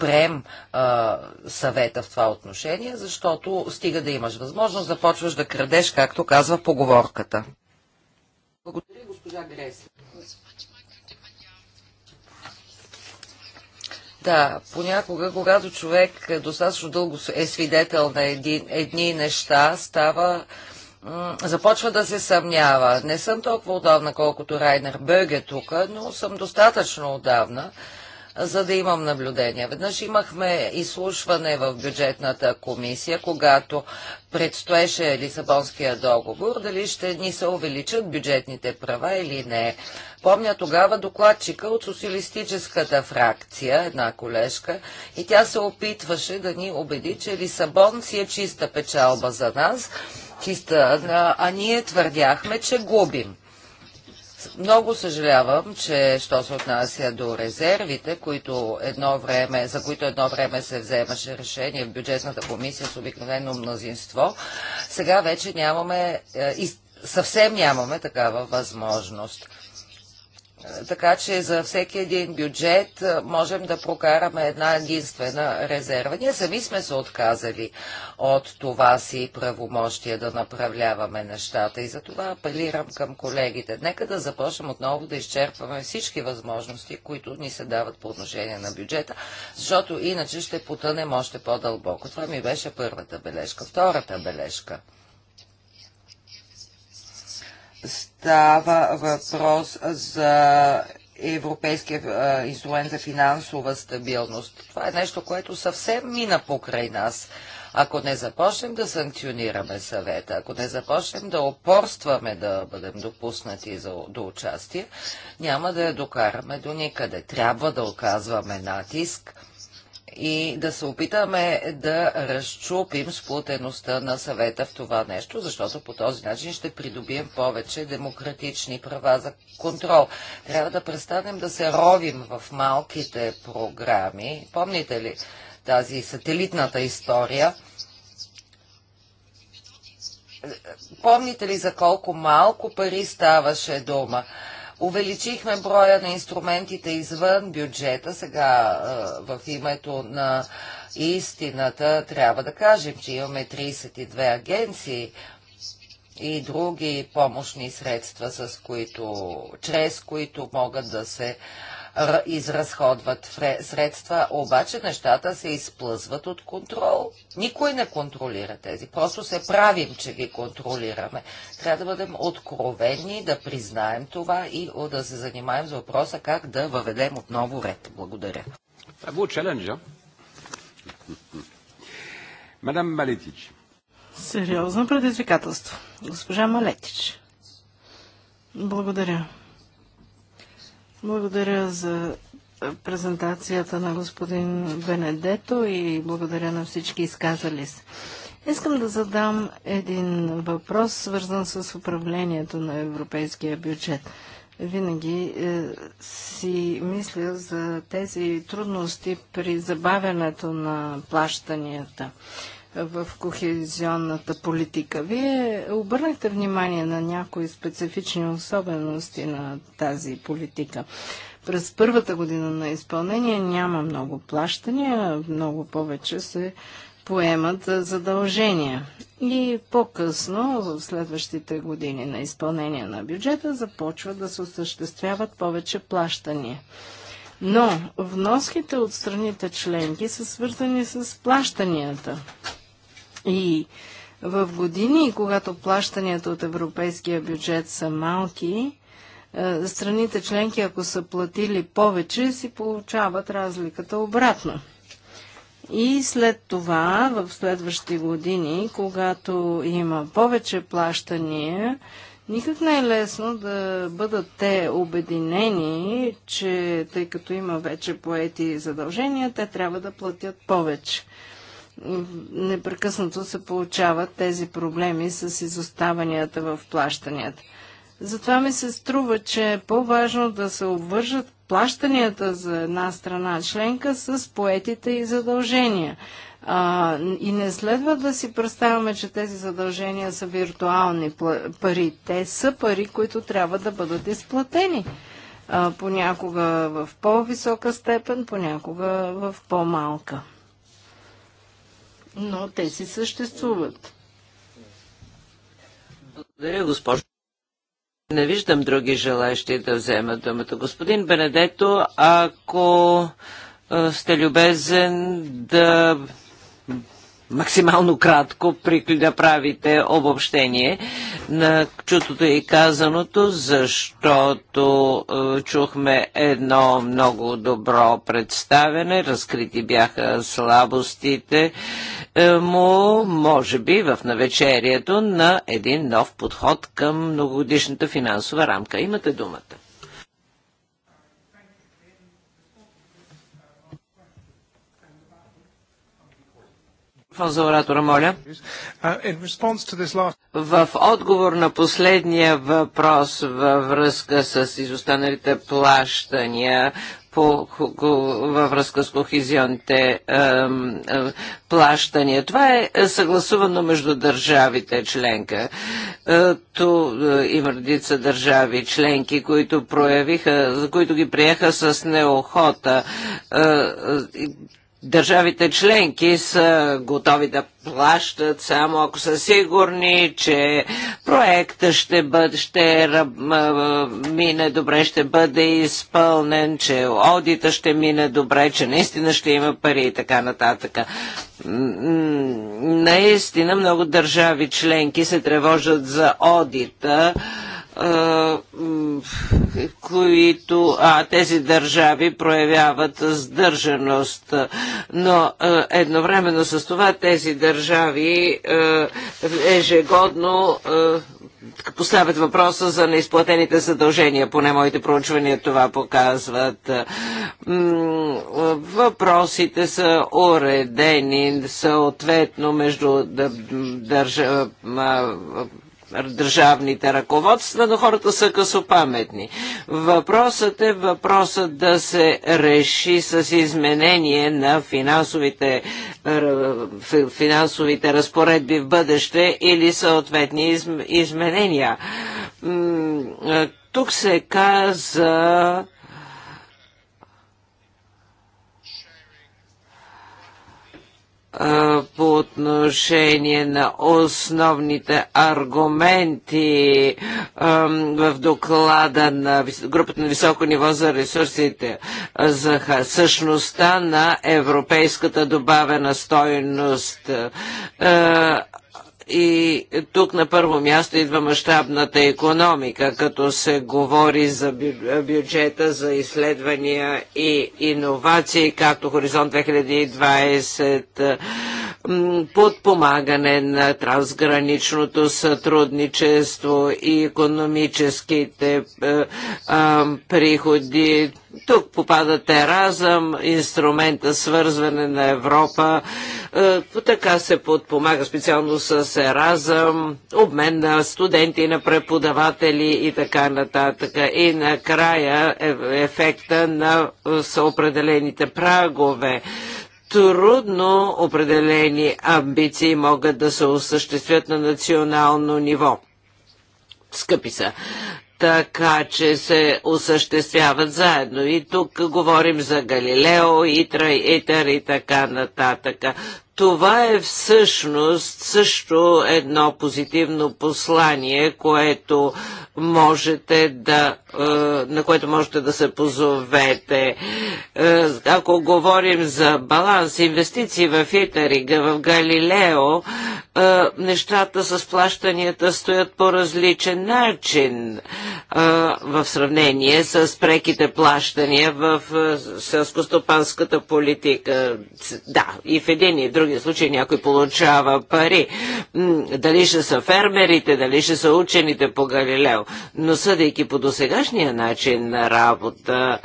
спрем а, съвета в това отношение, защото стига да имаш възможност, започваш да крадеш, както казва поговорката. Благодаря, госпожа Гресли. Да, понякога, когато човек достатъчно дълго е свидетел на едни, едни неща, става започва да се съмнява. Не съм толкова отдавна, колкото Райнер е тук, но съм достатъчно отдавна, за да имам наблюдение. Веднъж имахме изслушване в бюджетната комисия, когато предстоеше Лисабонския договор, дали ще ни се увеличат бюджетните права или не. Помня тогава докладчика от социалистическата фракция, една колежка, и тя се опитваше да ни убеди, че Лисабон си е чиста печалба за нас, чиста, а ние твърдяхме, че губим. Много съжалявам, че що се отнася до резервите, които едно време, за които едно време се вземаше решение в бюджетната комисия с обикновено мнозинство, сега вече нямаме, е, съвсем нямаме такава възможност така че за всеки един бюджет можем да прокараме една единствена резерва. Ние сами сме се отказали от това си правомощие да направляваме нещата и за това апелирам към колегите. Нека да започнем отново да изчерпваме всички възможности, които ни се дават по отношение на бюджета, защото иначе ще потънем още по-дълбоко. Това ми беше първата бележка. Втората бележка – Става въпрос за Европейския е, инструмент за финансова стабилност. Това е нещо, което съвсем мина покрай нас. Ако не започнем да санкционираме съвета, ако не започнем да опорстваме да бъдем допуснати за, до участие, няма да я докараме до никъде. Трябва да оказваме натиск и да се опитаме да разчупим сплутеността на съвета в това нещо, защото по този начин ще придобием повече демократични права за контрол. Трябва да престанем да се ровим в малките програми. Помните ли тази сателитната история? Помните ли за колко малко пари ставаше дума? Увеличихме броя на инструментите извън бюджета. Сега в името на истината трябва да кажем, че имаме 32 агенции и други помощни средства, с които, чрез които могат да се изразходват средства, обаче нещата се изплъзват от контрол. Никой не контролира тези. Просто се правим, че ги контролираме. Трябва да бъдем откровени, да признаем това и да се занимаем с въпроса как да въведем отново ред. Благодаря. Това е челенджа. Мадам Малетич. Сериозно предизвикателство. Госпожа Малетич. Благодаря. Благодаря за презентацията на господин Бенедето и благодаря на всички изказали се. Искам да задам един въпрос, свързан с управлението на европейския бюджет. Винаги е, си мисля за тези трудности при забавянето на плащанията в кохезионната политика. Вие обърнахте внимание на някои специфични особености на тази политика. През първата година на изпълнение няма много плащания, много повече се поемат задължения. И по-късно, в следващите години на изпълнение на бюджета, започват да се осъществяват повече плащания. Но вноските от страните членки са свързани с плащанията. И в години, когато плащанията от европейския бюджет са малки, е, страните членки, ако са платили повече, си получават разликата обратно. И след това, в следващи години, когато има повече плащания, никак не е лесно да бъдат те обединени, че тъй като има вече поети задължения, те трябва да платят повече непрекъснато се получават тези проблеми с изоставанията в плащанията. Затова ми се струва, че е по-важно да се обвържат плащанията за една страна членка с поетите и задължения. А, и не следва да си представяме, че тези задължения са виртуални пари. Те са пари, които трябва да бъдат изплатени. А, понякога в по-висока степен, понякога в по-малка но те си съществуват. Благодаря, госпожо. Не виждам други желащи да вземат думата. Господин Бенедето, ако сте любезен да максимално кратко да правите обобщение на чутото и казаното, защото чухме едно много добро представене, разкрити бяха слабостите е, му, може би, в навечерието на един нов подход към многогодишната финансова рамка. Имате думата. за оратора, моля. Uh, в отговор на последния въпрос във връзка с изостаналите плащания, по, във връзка с кохизионните плащания. Това е, е съгласувано между държавите членка. Е, ту има редица държави членки, които проявиха, които ги приеха с неохота Държавите членки са готови да плащат само ако са сигурни, че проекта ще, бъде, ще мине добре, ще бъде изпълнен, че одита ще мине добре, че наистина ще има пари и така нататък. Наистина много държави членки се тревожат за одита които а, тези държави проявяват сдържаност. Но едновременно с това тези държави ежегодно поставят въпроса за неизплатените задължения, поне моите проучвания това показват. Въпросите са уредени съответно между държава държавните ръководства, но хората са късопаметни. Въпросът е въпросът да се реши с изменение на финансовите, финансовите разпоредби в бъдеще или съответни изменения. Тук се каза по отношение на основните аргументи в доклада на групата на високо ниво за ресурсите за същността на европейската добавена стойност. И тук на първо място идва мащабната економика, като се говори за бюджета за изследвания и иновации, както Хоризонт 2020 подпомагане на трансграничното сътрудничество и економическите е, приходи. Тук попадат Еразъм, инструмента свързване на Европа. Е, така се подпомага специално с Еразъм, обмен на студенти, на преподаватели и така нататък. И накрая е, ефекта на съопределените прагове трудно определени амбиции могат да се осъществят на национално ниво. Скъпи са така че се осъществяват заедно. И тук говорим за Галилео, Итра, Итър и така нататък. Това е всъщност също едно позитивно послание, което можете да, е, на което можете да се позовете. Е, ако говорим за баланс, инвестиции в Итарига, в Галилео, е, нещата с плащанията стоят по различен начин в сравнение с преките плащания в селскостопанската политика. Да, и в един и в друг противен случай някой получава пари. Дали ще са фермерите, дали ще са учените по Галилео. Но съдейки по досегашния начин на работа,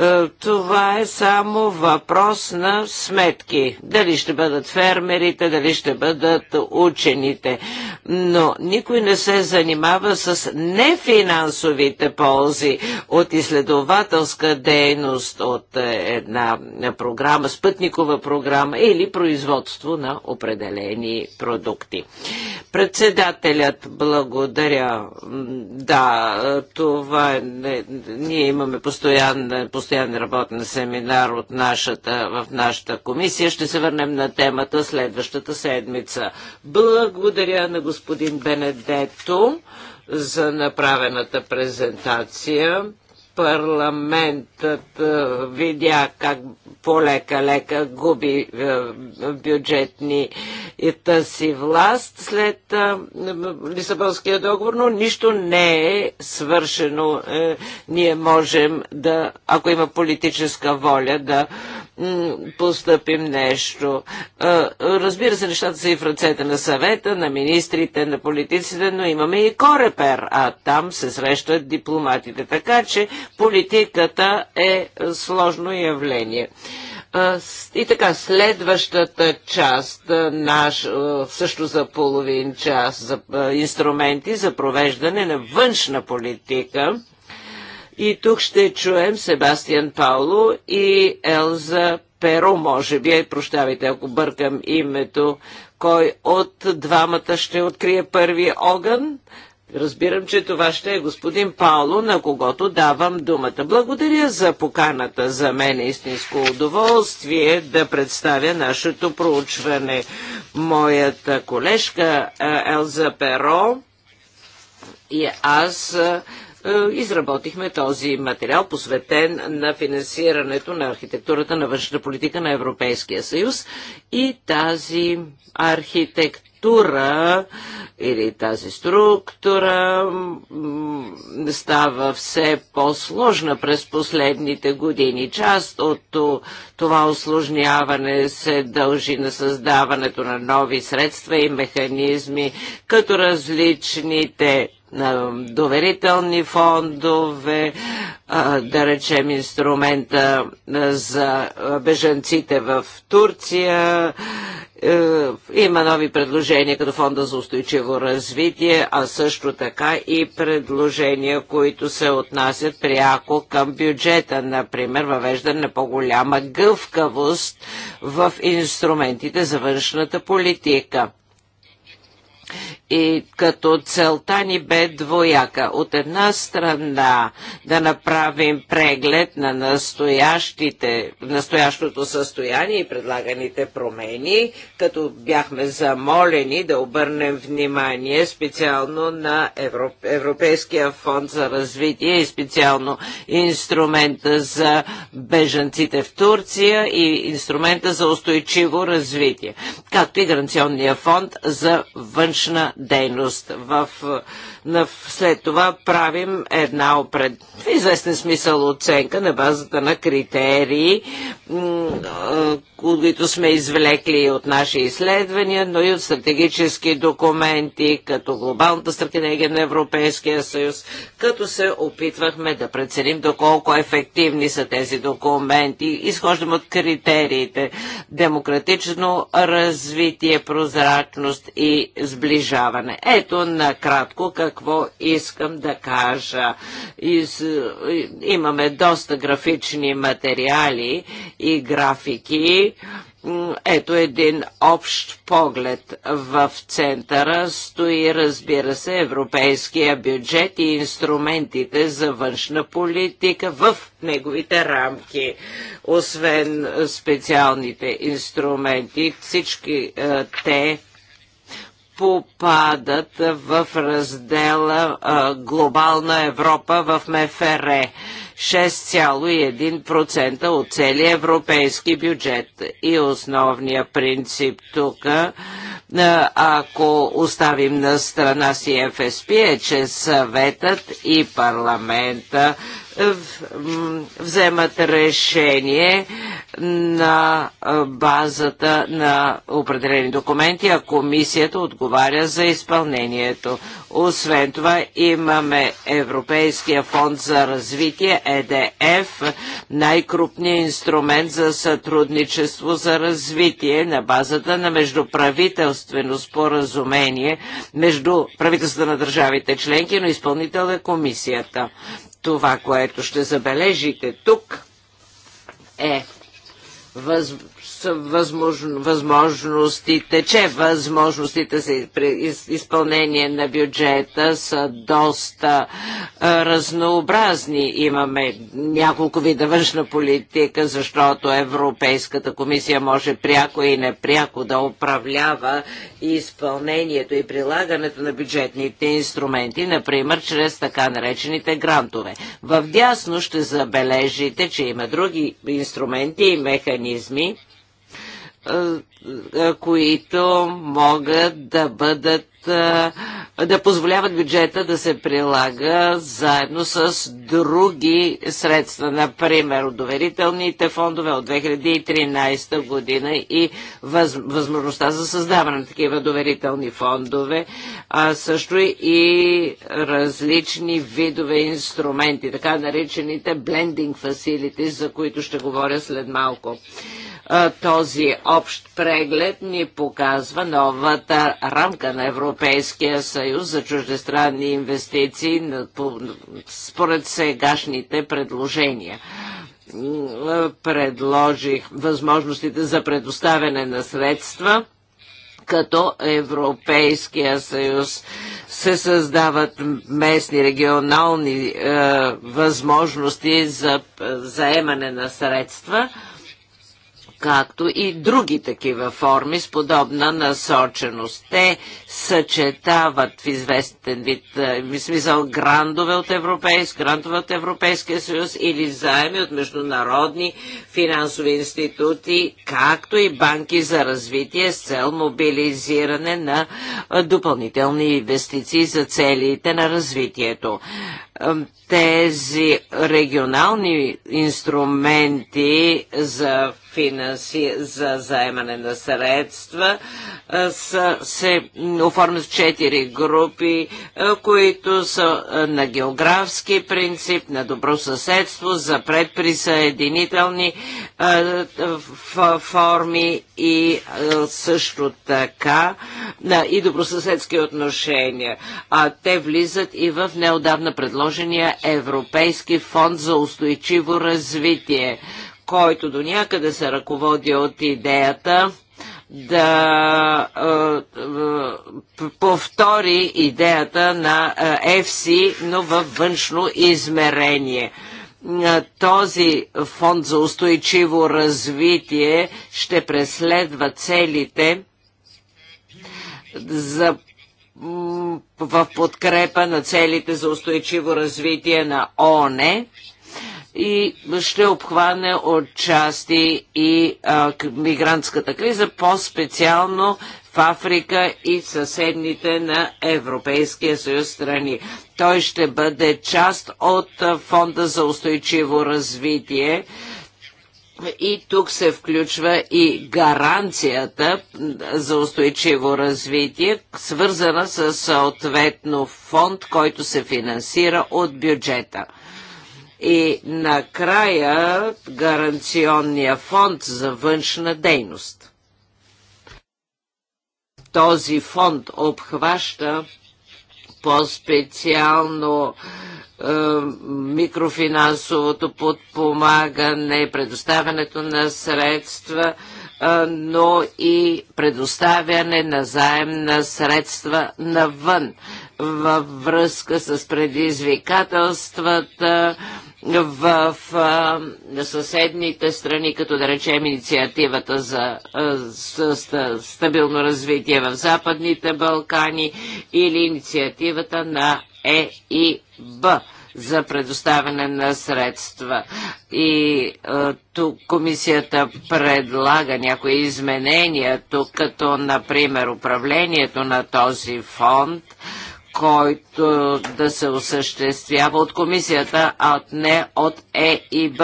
е, това е само въпрос на сметки. Дали ще бъдат фермерите, дали ще бъдат учените. Но никой не се занимава с нефинансовите ползи от изследователска дейност, от е, една програма, спътникова програма или производство производство на определени продукти. Председателят благодаря. Да, това е не, ние имаме постоянен, постоян работен семинар от нашата, в нашата комисия. Ще се върнем на темата следващата седмица. Благодаря на господин Бенедето за направената презентация парламентът е, видя как полека-лека губи е, бюджетни и е, си власт след Лисабонския договор, но нищо не е свършено. Ние можем да, ако има политическа воля, да постъпим нещо. Разбира се, нещата са и в ръцете на съвета, на министрите, на политиците, но имаме и корепер, а там се срещат дипломатите. Така че политиката е сложно явление. И така, следващата част, наш, също за половин час, за инструменти за провеждане на външна политика – и тук ще чуем Себастиан Пауло и Елза Перо, може би, прощавайте ако бъркам името, кой от двамата ще открие първи огън. Разбирам, че това ще е господин Пауло, на когото давам думата. Благодаря за поканата. За мен е истинско удоволствие да представя нашето проучване. Моята колежка Елза Перо и аз е, изработихме този материал, посветен на финансирането на архитектурата на външната политика на Европейския съюз и тази архитектура или тази структура става все по-сложна през последните години. Част от това осложняване се дължи на създаването на нови средства и механизми, като различните доверителни фондове, да речем инструмента за бежанците в Турция. Е, има нови предложения като фонда за устойчиво развитие, а също така и предложения, които се отнасят пряко към бюджета, например въвеждане на по-голяма гъвкавост в инструментите за външната политика. И като целта ни бе двояка. От една страна да направим преглед на настоящото състояние и предлаганите промени, като бяхме замолени да обърнем внимание специално на Европ... Европейския фонд за развитие и специално инструмента за бежанците в Турция и инструмента за устойчиво развитие, както и гаранционния фонд за външния външна дейност. В, на, след това правим една опред, в известен смисъл оценка на базата на критерии, които сме извлекли от наши изследвания, но и от стратегически документи, като глобалната стратегия на Европейския съюз, като се опитвахме да преценим доколко ефективни са тези документи. Изхождам от критериите демократично развитие, прозрачност и сближение сближаване. Ето накратко какво искам да кажа. Из, имаме доста графични материали и графики. Ето един общ поглед. В центъра стои, разбира се, европейския бюджет и инструментите за външна политика в неговите рамки. Освен специалните инструменти, всички е, те попадат в раздела а, Глобална Европа в МФР. 6,1% от целия европейски бюджет. И основният принцип тук, ако оставим на страна си ФСП, е, че съветът и парламента вземат решение на базата на определени документи, а комисията отговаря за изпълнението. Освен това имаме Европейския фонд за развитие, ЕДФ, най-крупният инструмент за сътрудничество за развитие на базата на междуправителствено споразумение между правителствата на държавите членки, но изпълнител е комисията. Това, което ще забележите тук е въз възможно, възможностите, че възможностите за изпълнение на бюджета са доста разнообразни. Имаме няколко вида външна политика, защото Европейската комисия може пряко и непряко да управлява изпълнението и прилагането на бюджетните инструменти, например, чрез така наречените грантове. В дясно ще забележите, че има други инструменти и механизми, които могат да бъдат да позволяват бюджета да се прилага заедно с други средства, например от доверителните фондове от 2013 година и възможността за създаване на такива доверителни фондове, а също и различни видове инструменти, така наречените blending facilities, за които ще говоря след малко. Този общ преглед ни показва новата рамка на Европейския съюз за чуждестранни инвестиции според сегашните предложения предложих възможностите за предоставяне на средства, като Европейския съюз се създават местни, регионални е, възможности за е, заемане на средства както и други такива форми с подобна насоченост. Те съчетават в известен вид, е, в смисъл, грандове от, Европейск, грандове от Европейския съюз или заеми от международни финансови институти, както и банки за развитие с цел мобилизиране на е, допълнителни инвестиции за целите на развитието тези регионални инструменти за финанси за заемане на средства са, се оформят в четири групи, които са на географски принцип, на добросъседство, за предприсъединителни форми и също така и добросъседски отношения. А те влизат и в неодавна предложения Европейски фонд за устойчиво развитие който до някъде се ръководи от идеята да е, е, повтори идеята на е, ЕФСИ, но във външно измерение е, този фонд за устойчиво развитие ще преследва целите за в подкрепа на целите за устойчиво развитие на ОНЕ и ще обхване отчасти и а, мигрантската криза, по-специално в Африка и съседните на Европейския съюз страни. Той ще бъде част от Фонда за устойчиво развитие. И тук се включва и гаранцията за устойчиво развитие, свързана с съответно фонд, който се финансира от бюджета. И накрая гаранционния фонд за външна дейност. Този фонд обхваща по-специално е, микрофинансовото подпомагане, предоставянето на средства, е, но и предоставяне на заем на средства навън във връзка с предизвикателствата, в а, съседните страни, като да речем инициативата за а, с, с, стабилно развитие в Западните Балкани или инициативата на ЕИБ за предоставяне на средства. И а, тук комисията предлага някои изменения, тук като, например, управлението на този фонд – който да се осъществява от комисията, а не от ЕИБ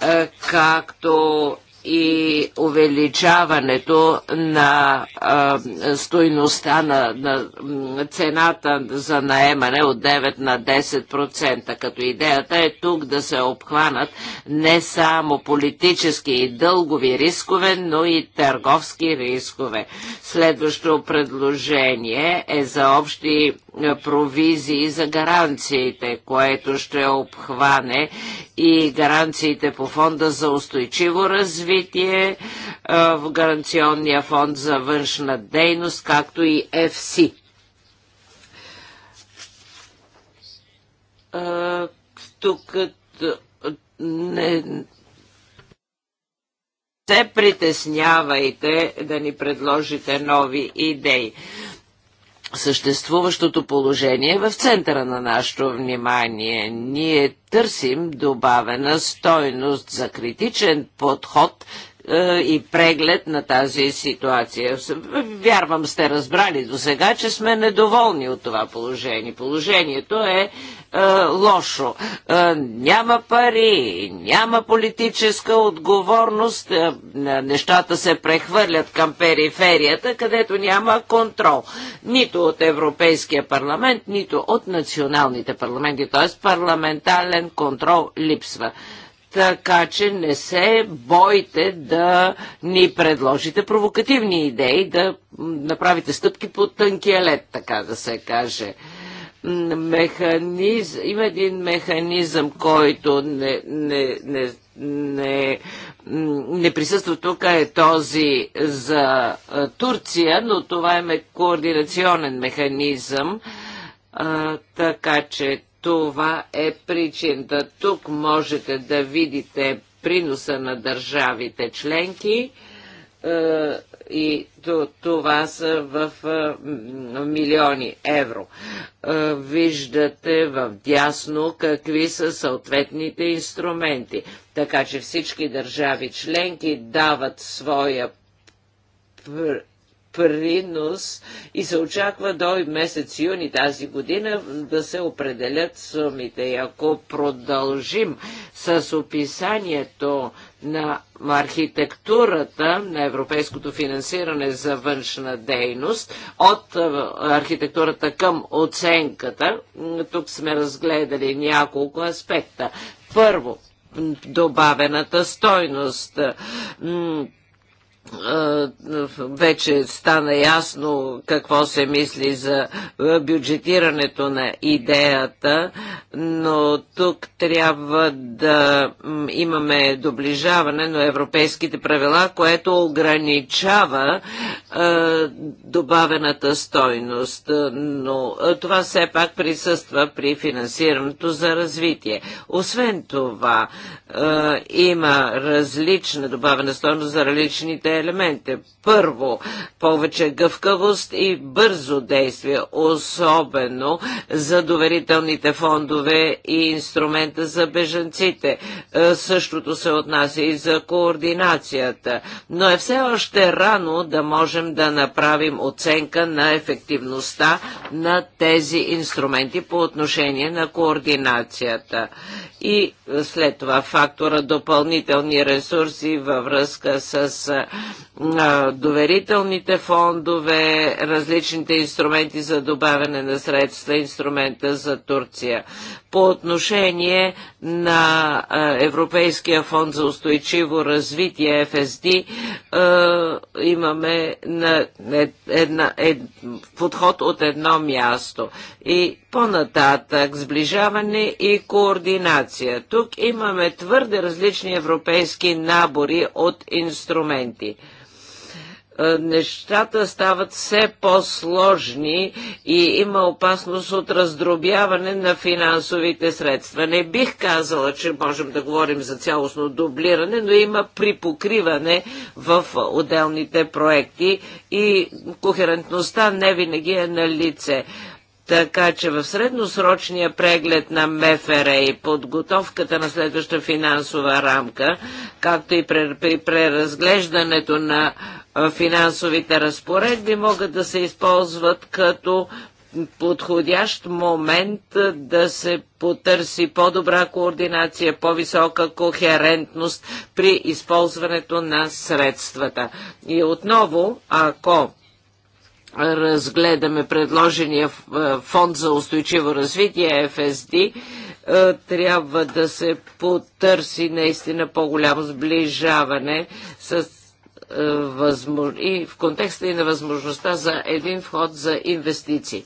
е, както и увеличаването на а, стойността на, на цената за наемане от 9 на 10%, като идеята е тук да се обхванат не само политически и дългови рискове, но и търговски рискове. Следващото предложение е за общи провизии за гаранциите, което ще обхване и гаранциите по фонда за устойчиво развитие, е, в гаранционния фонд за външна дейност, както и ЕФСИ. Е, тук е, не, се притеснявайте да ни предложите нови идеи съществуващото положение в центъра на нашето внимание. Ние търсим добавена стойност за критичен подход е, и преглед на тази ситуация. Вярвам сте разбрали до сега, че сме недоволни от това положение. Положението е, е лошо. Е, няма пари, няма политическа отговорност, е, нещата се прехвърлят към периферията, където няма контрол. Нито от Европейския парламент, нито от националните парламенти, т.е. парламентален контрол липсва така че не се бойте да ни предложите провокативни идеи, да направите стъпки по тънкия лед, така да се каже Механиз... има един механизъм, който не, не, не, не, не присъства тук, е този за Турция, но това е координационен механизъм, а, така че това е причината. Тук можете да видите приноса на държавите членки е, и това са в е, милиони евро. Е, виждате в дясно какви са съответните инструменти. Така че всички държави членки дават своя принос и се очаква до месец юни тази година да се определят сумите. И ако продължим с описанието на архитектурата на европейското финансиране за външна дейност, от е, архитектурата към оценката, тук сме разгледали няколко аспекта. Първо, добавената стойност вече стана ясно какво се мисли за бюджетирането на идеята, но тук трябва да имаме доближаване на европейските правила, което ограничава добавената стойност. Но това все пак присъства при финансирането за развитие. Освен това, има различна добавена стойност за различните елемент е първо повече гъвкавост и бързо действие, особено за доверителните фондове и инструмента за беженците. Е, същото се отнася и за координацията, но е все още рано да можем да направим оценка на ефективността на тези инструменти по отношение на координацията. И след това фактора допълнителни ресурси във връзка с е, доверителните фондове, различните инструменти за добавяне на средства, инструмента за Турция по отношение на Европейския фонд за устойчиво развитие ФСД имаме на една, ед, подход от едно място. И по-нататък сближаване и координация. Тук имаме твърде различни европейски набори от инструменти. Е, нещата стават все по-сложни и има опасност от раздробяване на финансовите средства. Не бих казала, че можем да говорим за цялостно дублиране, но има припокриване в отделните проекти и кохерентността не винаги е на лице. Така че в средносрочния преглед на МФР и подготовката на следваща финансова рамка, както и при преразглеждането на финансовите разпоредби, могат да се използват като подходящ момент да се потърси по-добра координация, по-висока кохерентност при използването на средствата. И отново, ако разгледаме предложения фонд за устойчиво развитие ФСД, трябва да се потърси наистина по-голямо сближаване с и в контекста и на възможността за един вход за инвестиции.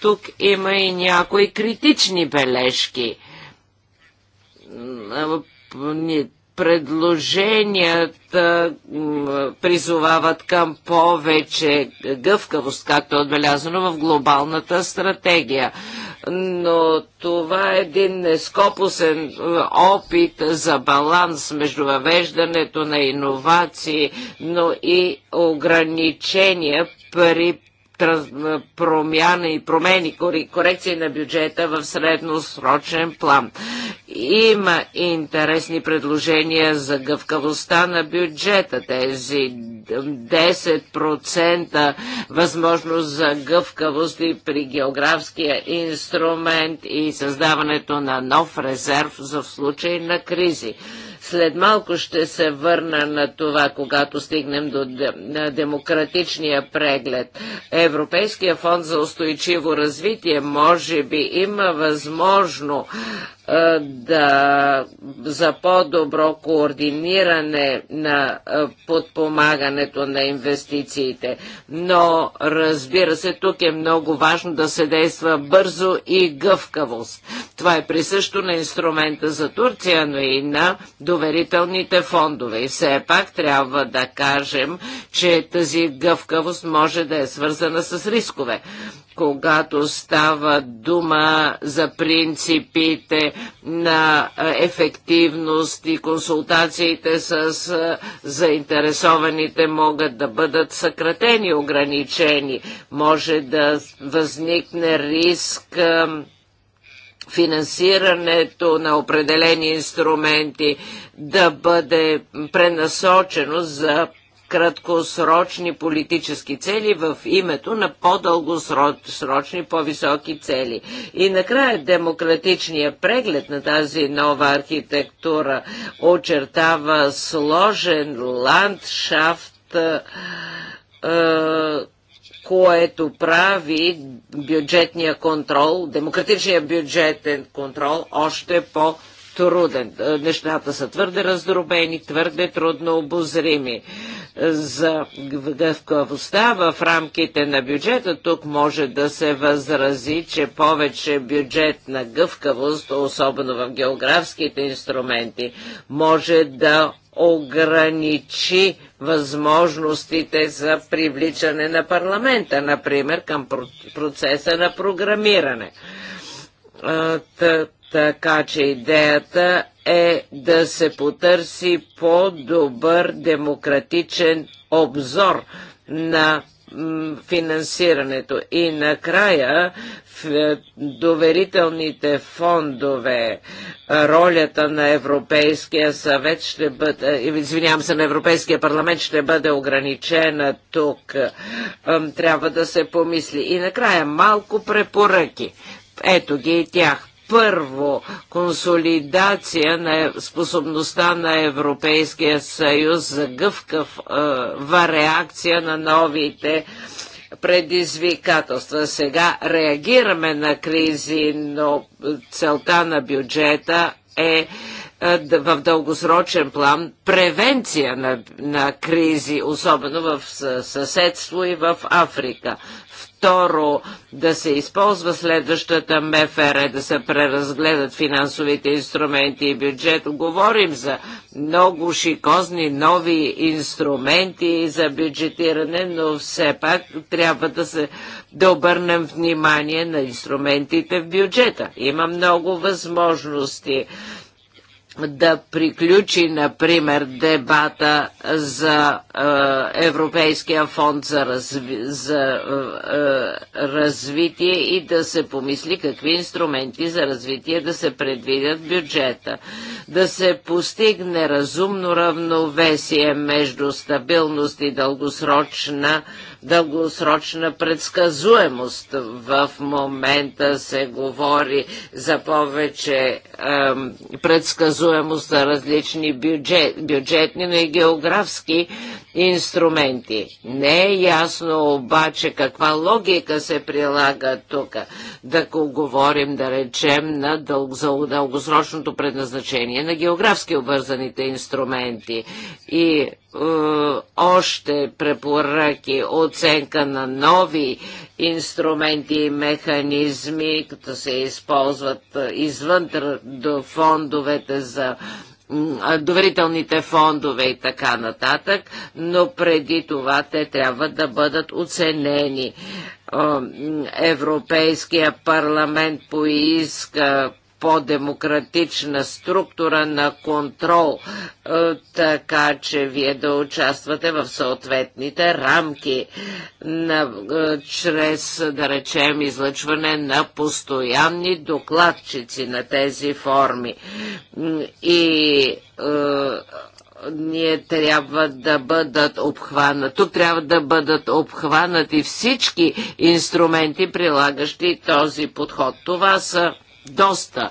Тук има и някои критични бележки предложенията призовават към повече гъвкавост, както е отбелязано в глобалната стратегия. Но това е един нескопусен опит за баланс между въвеждането на иновации, но и ограничения при промяна и промени, корекции на бюджета в средносрочен план. Има интересни предложения за гъвкавостта на бюджета. Тези 10% възможност за гъвкавост и при географския инструмент и създаването на нов резерв за в случай на кризи. След малко ще се върна на това, когато стигнем до демократичния преглед. Европейския фонд за устойчиво развитие може би има възможно да, за по-добро координиране на подпомагането на инвестициите. Но разбира се, тук е много важно да се действа бързо и гъвкавост. Това е присъщо на инструмента за Турция, но и на доверителните фондове. И все пак трябва да кажем, че тази гъвкавост може да е свързана с рискове когато става дума за принципите на ефективност и консултациите с заинтересованите могат да бъдат съкратени, ограничени. Може да възникне риск финансирането на определени инструменти да бъде пренасочено за краткосрочни политически цели в името на по-дългосрочни, по-високи цели. И накрая демократичният преглед на тази нова архитектура очертава сложен ландшафт, което прави бюджетния контрол, демократичния бюджетен контрол още по-сложен труден. Е, нещата са твърде раздробени, твърде трудно обозрими. За гъвкавостта в рамките на бюджета тук може да се възрази, че повече на гъвкавост, особено в географските инструменти, може да ограничи възможностите за привличане на парламента, например, към процеса на програмиране така че идеята е да се потърси по-добър демократичен обзор на финансирането. И накрая в е, доверителните фондове ролята на Европейския съвет ще бъде, е, извинявам се, на Европейския парламент ще бъде ограничена тук. Трябва да се помисли. И накрая малко препоръки. Ето ги и тях. Първо, консолидация на е- способността на Европейския съюз за гъвкава е, реакция на новите предизвикателства. Сега реагираме на кризи, но целта на бюджета е, е в дългосрочен план превенция на, на кризи, особено в съседство и в Африка. Второ, да се използва следващата МФР, да се преразгледат финансовите инструменти и бюджет. Говорим за много шикозни нови инструменти за бюджетиране, но все пак трябва да се да обърнем внимание на инструментите в бюджета. Има много възможности да приключи, например, дебата за е, Европейския фонд за, разви, за е, е, развитие и да се помисли какви инструменти за развитие да се предвидят в бюджета. Да се постигне разумно равновесие между стабилност и дългосрочна е, дългосрочна предсказуемост. В момента се говори за повече ем, предсказуемост на различни бюджет, бюджетни, но и географски инструменти. Не е ясно обаче каква логика се прилага тук. Да говорим, да речем, на дълг, за дългосрочното предназначение на географски обвързаните инструменти и е, още препоръки, оценка на нови инструменти и механизми, като се използват е, извън фондовете за доверителните фондове и така нататък, но преди това те трябва да бъдат оценени. Европейския парламент поиска по-демократична структура на контрол, е, така че вие да участвате в съответните рамки, на, е, чрез, да речем, излъчване на постоянни докладчици на тези форми. И е, ние трябва да бъдат обхванати. Тук трябва да бъдат обхванати всички инструменти, прилагащи този подход. Това са доста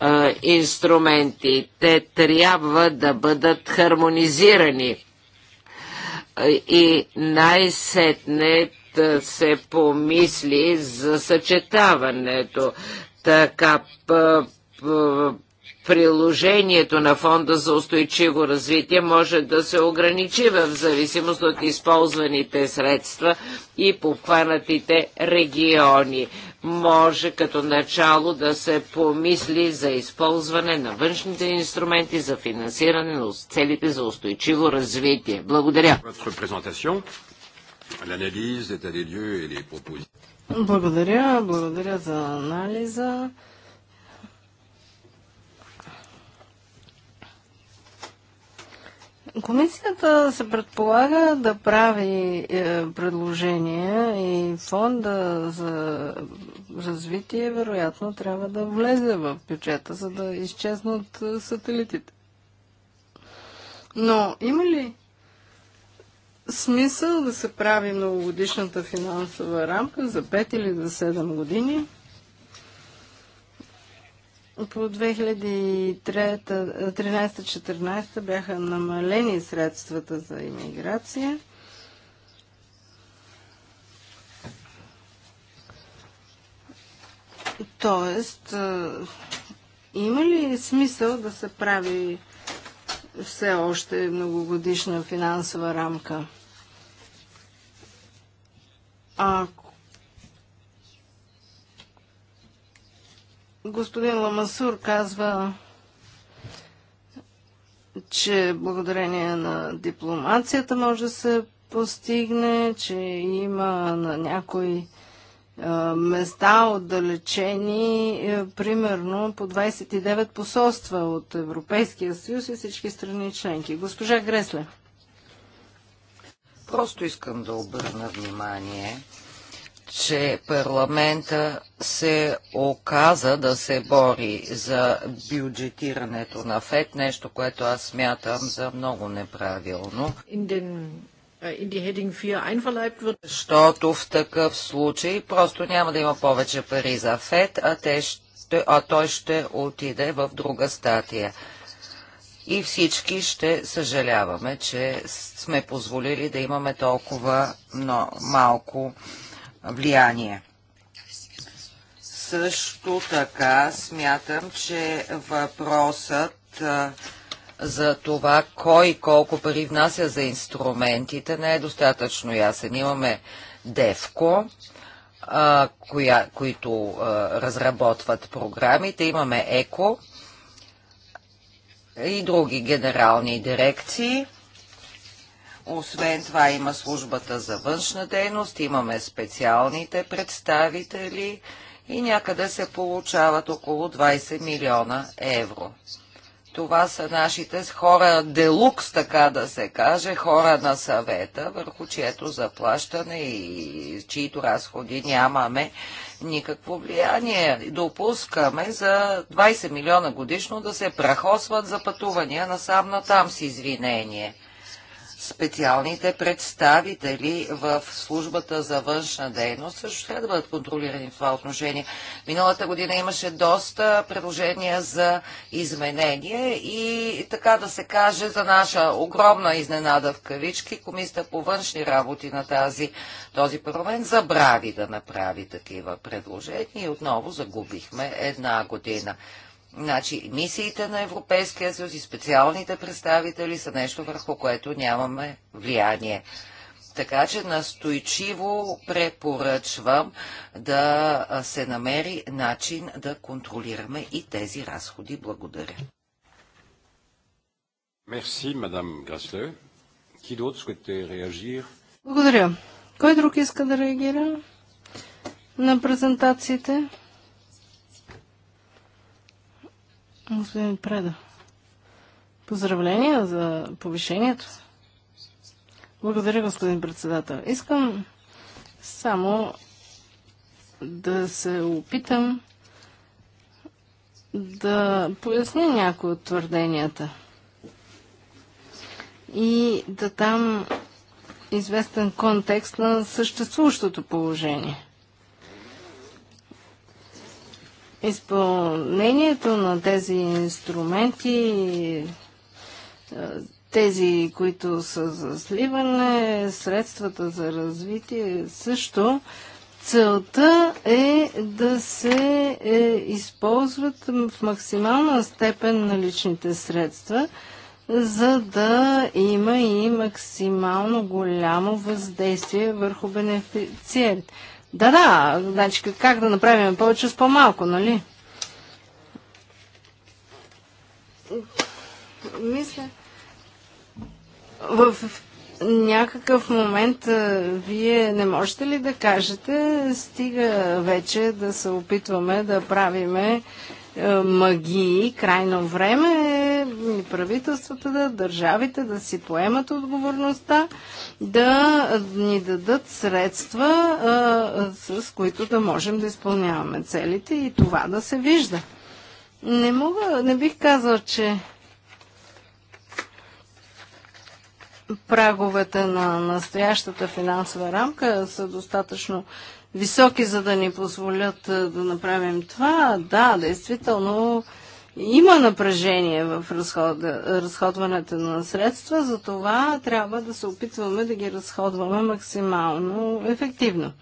а, инструменти. Те трябва да бъдат хармонизирани. И най-сетне да се помисли за съчетаването. Така приложението на Фонда за устойчиво развитие може да се ограничи в зависимост от използваните средства и попхванатите региони може като начало да се помисли за използване на външните инструменти за финансиране на целите за устойчиво развитие. Благодаря. Благодаря, благодаря за анализа. Комисията се предполага да прави е, предложения и фонда за развитие вероятно трябва да влезе в бюджета, за да изчезнат е, сателитите. Но има ли смисъл да се прави многогодишната финансова рамка за 5 или за 7 години? По 2013-2014 бяха намалени средствата за иммиграция. Тоест, има ли смисъл да се прави все още многогодишна финансова рамка? Ако господин Ламасур казва, че благодарение на дипломацията може да се постигне, че има на някои места отдалечени, е, примерно по 29 посолства от Европейския съюз и всички страни членки. Госпожа Гресле. Просто искам да обърна внимание, че парламента се оказа да се бори за бюджетирането на ФЕД, нещо, което аз смятам за много неправилно. Äh, Защото в такъв случай просто няма да има повече пари за ФЕД, а, те ще, а той ще отиде в друга статия. И всички ще съжаляваме, че сме позволили да имаме толкова но малко влияние. Също така смятам, че въпросът за това кой колко пари внася за инструментите не е достатъчно ясен. Имаме ДЕВКО, коя, които разработват програмите, имаме ЕКО и други генерални дирекции – освен това има службата за външна дейност, имаме специалните представители и някъде се получават около 20 милиона евро. Това са нашите хора делукс, така да се каже, хора на съвета, върху чието заплащане и чието разходи нямаме никакво влияние. Допускаме за 20 милиона годишно да се прахосват за пътувания насам на там с извинение специалните представители в службата за външна дейност също трябва да бъдат контролирани в това отношение. Миналата година имаше доста предложения за изменение и така да се каже за наша огромна изненада в кавички, Комисията по външни работи на тази, този парламент забрави да направи такива предложения и отново загубихме една година. Значи, мисиите на Европейския съюз и специалните представители са нещо, върху което нямаме влияние. Така че настойчиво препоръчвам да се намери начин да контролираме и тези разходи. Благодаря. Мерси, мадам Грасле. Ки реагир? Благодаря. Кой друг иска да реагира на презентациите? Господин Преда, поздравления за повишението. Благодаря, господин председател. Искам само да се опитам да поясня някои от твърденията и да дам известен контекст на съществуващото положение. Изпълнението на тези инструменти, тези, които са за сливане, средствата за развитие също, целта е да се е, използват в максимална степен наличните средства, за да има и максимално голямо въздействие върху бенефициерите. Да, да, значи как да направим повече с по-малко, нали? Мисля, в някакъв момент вие не можете ли да кажете, стига вече да се опитваме да правиме е, магии. Крайно време е правителствата, да, държавите да си поемат отговорността, да ни дадат средства, а, е, с които да можем да изпълняваме целите и това да се вижда. Не мога, не бих казал, че праговете на настоящата финансова рамка са достатъчно високи, за да ни позволят да направим това. Да, действително има напрежение в разход, разходването на средства, за това трябва да се опитваме да ги разходваме максимално ефективно.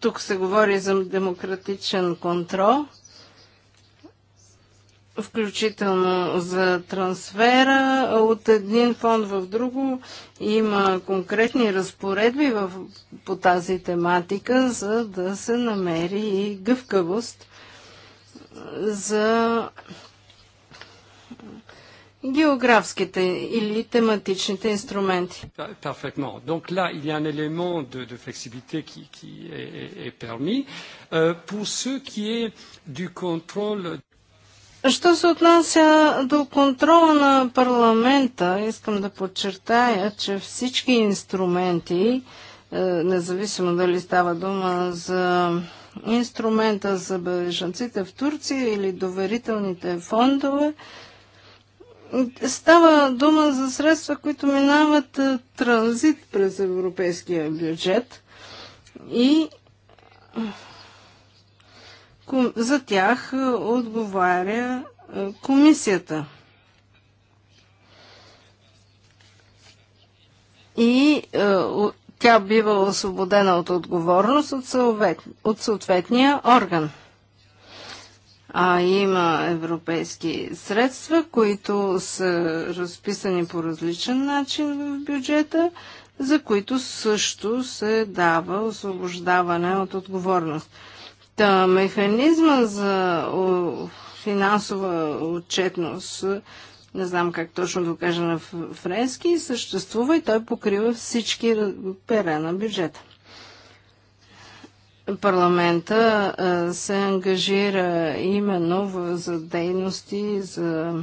Тук се говори за демократичен контрол – включително за трансфера от един фонд в друго. Има конкретни разпоредби в, по тази тематика, за да се намери и гъвкавост за географските или тематичните инструменти. Parfaitement. Donc là, il y a un élément de, de flexibilité qui, qui est, est permis. Euh, pour ce qui est du contrôle Що се отнася до контрола на парламента, искам да подчертая, че всички инструменти, е, независимо дали става дума за инструмента за бежанците в Турция или доверителните фондове, става дума за средства, които минават е, транзит през европейския бюджет и за тях е, отговаря е, комисията. И е, тя бива освободена от отговорност от съответния орган а има европейски средства, които са разписани по различен начин в бюджета, за които също се дава освобождаване от отговорност. Та механизма за финансова отчетност, не знам как точно да го кажа на френски, съществува и той покрива всички пера на бюджета парламента се ангажира именно за дейности за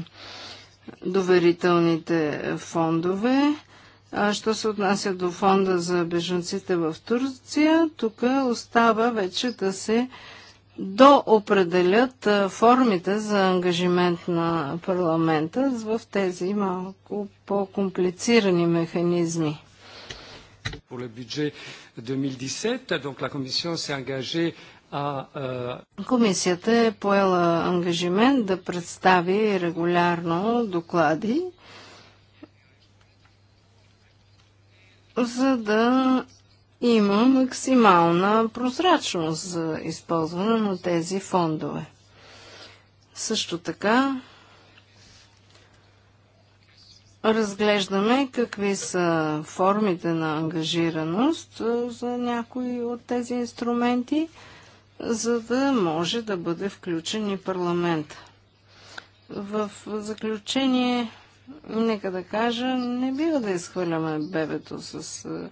доверителните фондове. Що се отнася до фонда за бежанците в Турция, тук остава вече да се доопределят формите за ангажимент на парламента в тези малко по-комплицирани механизми. Pour le budget 2017, donc la Commission s'est engagée euh, Комисията е поела ангажимент да представи регулярно доклади за да има максимална прозрачност за използване на тези фондове. Също така разглеждаме какви са формите на ангажираност за някои от тези инструменти, за да може да бъде включен и парламент. В заключение Нека да кажа, не бива да изхвърляме бебето с е,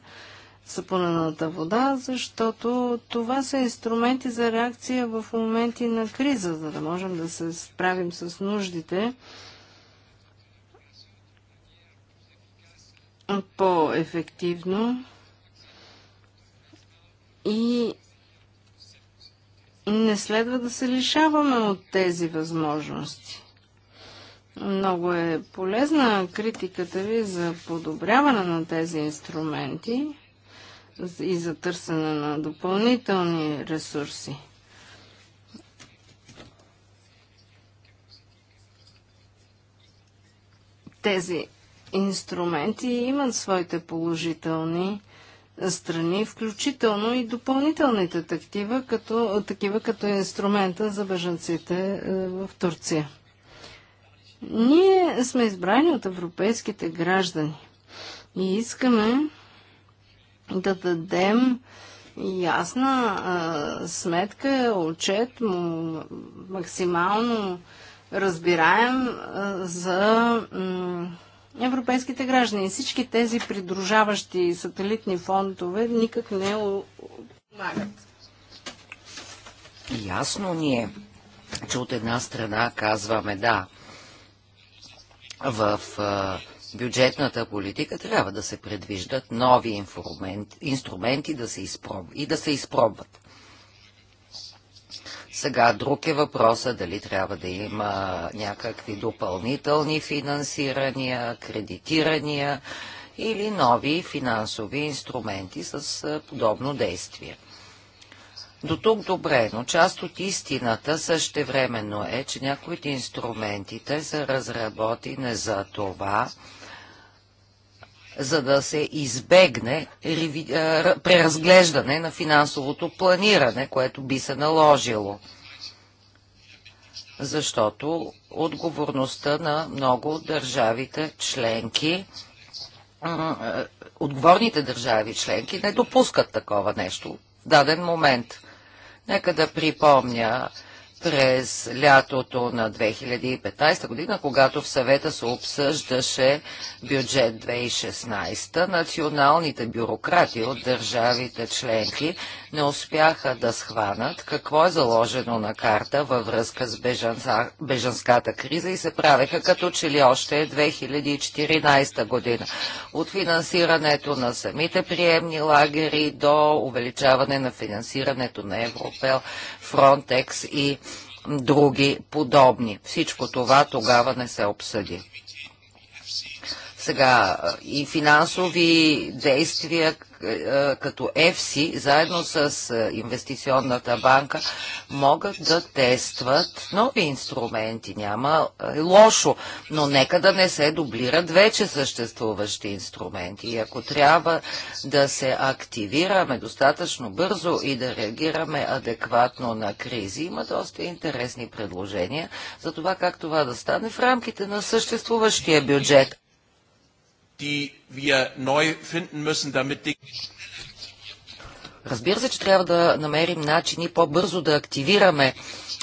сапунената вода, защото това са инструменти за реакция в моменти на криза, за да можем да се справим с нуждите по-ефективно и не следва да се лишаваме от тези възможности. Много е полезна критиката ви за подобряване на тези инструменти и за търсене на допълнителни ресурси. Тези инструменти имат своите положителни страни, включително и допълнителните такива, като, такива като инструмента за бежанците е, в Турция. Ние сме избрани от европейските граждани и искаме да дадем ясна а, сметка, отчет, максимално разбираем а, за европейските граждани. Всички тези придружаващи сателитни фондове никак не помагат. Ясно ни е, че от една страна казваме да, в бюджетната политика трябва да се предвиждат нови инструменти да се изпроб... и да се изпробват. Сега друг е въпроса дали трябва да има някакви допълнителни финансирания, кредитирания или нови финансови инструменти с подобно действие. До тук добре, но част от истината същевременно е, че някои от инструментите са разработени за това, за да се избегне преразглеждане на финансовото планиране, което би се наложило. Защото отговорността на много от държавите членки, отговорните държави членки не допускат такова нещо в даден момент. Нека да припомня, през лятото на 2015 година, когато в съвета се обсъждаше бюджет 2016, националните бюрократи от държавите членки не успяха да схванат какво е заложено на карта във връзка с бежанца, бежанската криза и се правеха като че ли още е 2014 година. От финансирането на самите приемни лагери до увеличаване на финансирането на Европел Фронтекс и други подобни. Всичко това тогава не се обсъди. Сега и финансови действия е, е, като ЕФСИ, заедно с е, инвестиционната банка, могат да тестват нови инструменти. Няма е лошо, но нека да не се дублират вече съществуващи инструменти. И ако трябва да се активираме достатъчно бързо и да реагираме адекватно на кризи, има доста интересни предложения за това как това да стане в рамките на съществуващия бюджет die wir neu finden müssen, damit die Разбира се, че трябва да намерим начини по-бързо да активираме,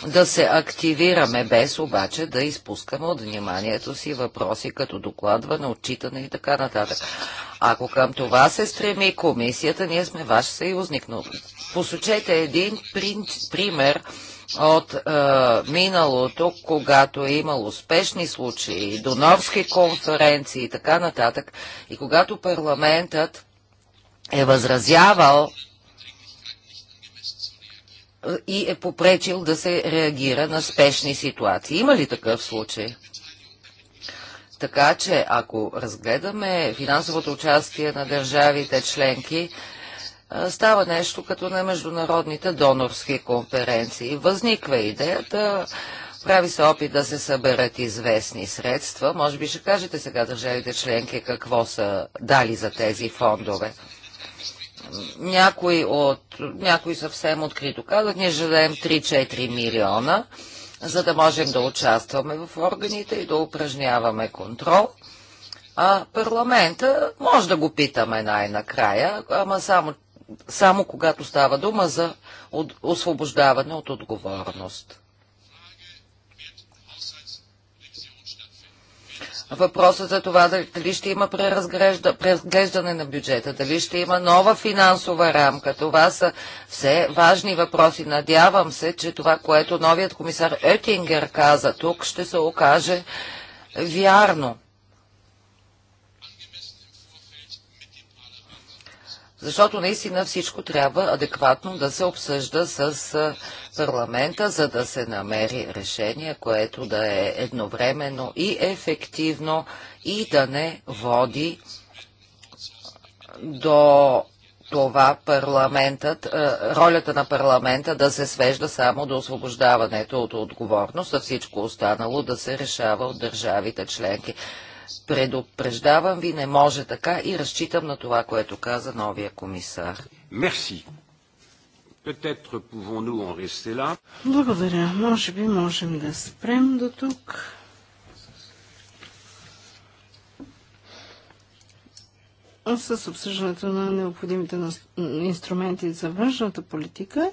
да се активираме, без обаче да изпускаме от вниманието си въпроси като докладване, отчитане и така нататък. Ако към това се стреми комисията, ние сме ваш съюзник, но посочете един прин... пример, от е, миналото, когато е имало успешни случаи, доновски конференции и така нататък, и когато парламентът е възразявал е, и е попречил да се реагира на спешни ситуации. Има ли такъв случай? Така че, ако разгледаме финансовото участие на държавите членки, става нещо като на международните донорски конференции. Възниква идеята, прави се опит да се съберат известни средства. Може би ще кажете сега държавите членки какво са дали за тези фондове. Някои, от, някои съвсем открито казват, ние желаем 3-4 милиона, за да можем да участваме в органите и да упражняваме контрол. А парламента може да го питаме най-накрая, ама само само когато става дума за освобождаване от отговорност. Въпросът за е това дали ще има преразглеждане на бюджета, дали ще има нова финансова рамка. Това са все важни въпроси. Надявам се, че това, което новият комисар Етингер каза тук, ще се окаже вярно. Защото наистина всичко трябва адекватно да се обсъжда с парламента, за да се намери решение, което да е едновременно и ефективно и да не води до това парламентът, ролята на парламента да се свежда само до освобождаването от отговорност, а всичко останало да се решава от държавите членки. Предупреждавам ви, не може така и разчитам на това, което каза новия комисар. Мерси. Благодаря. Може би можем да спрем до тук. С обсъждането на необходимите инструменти за външната политика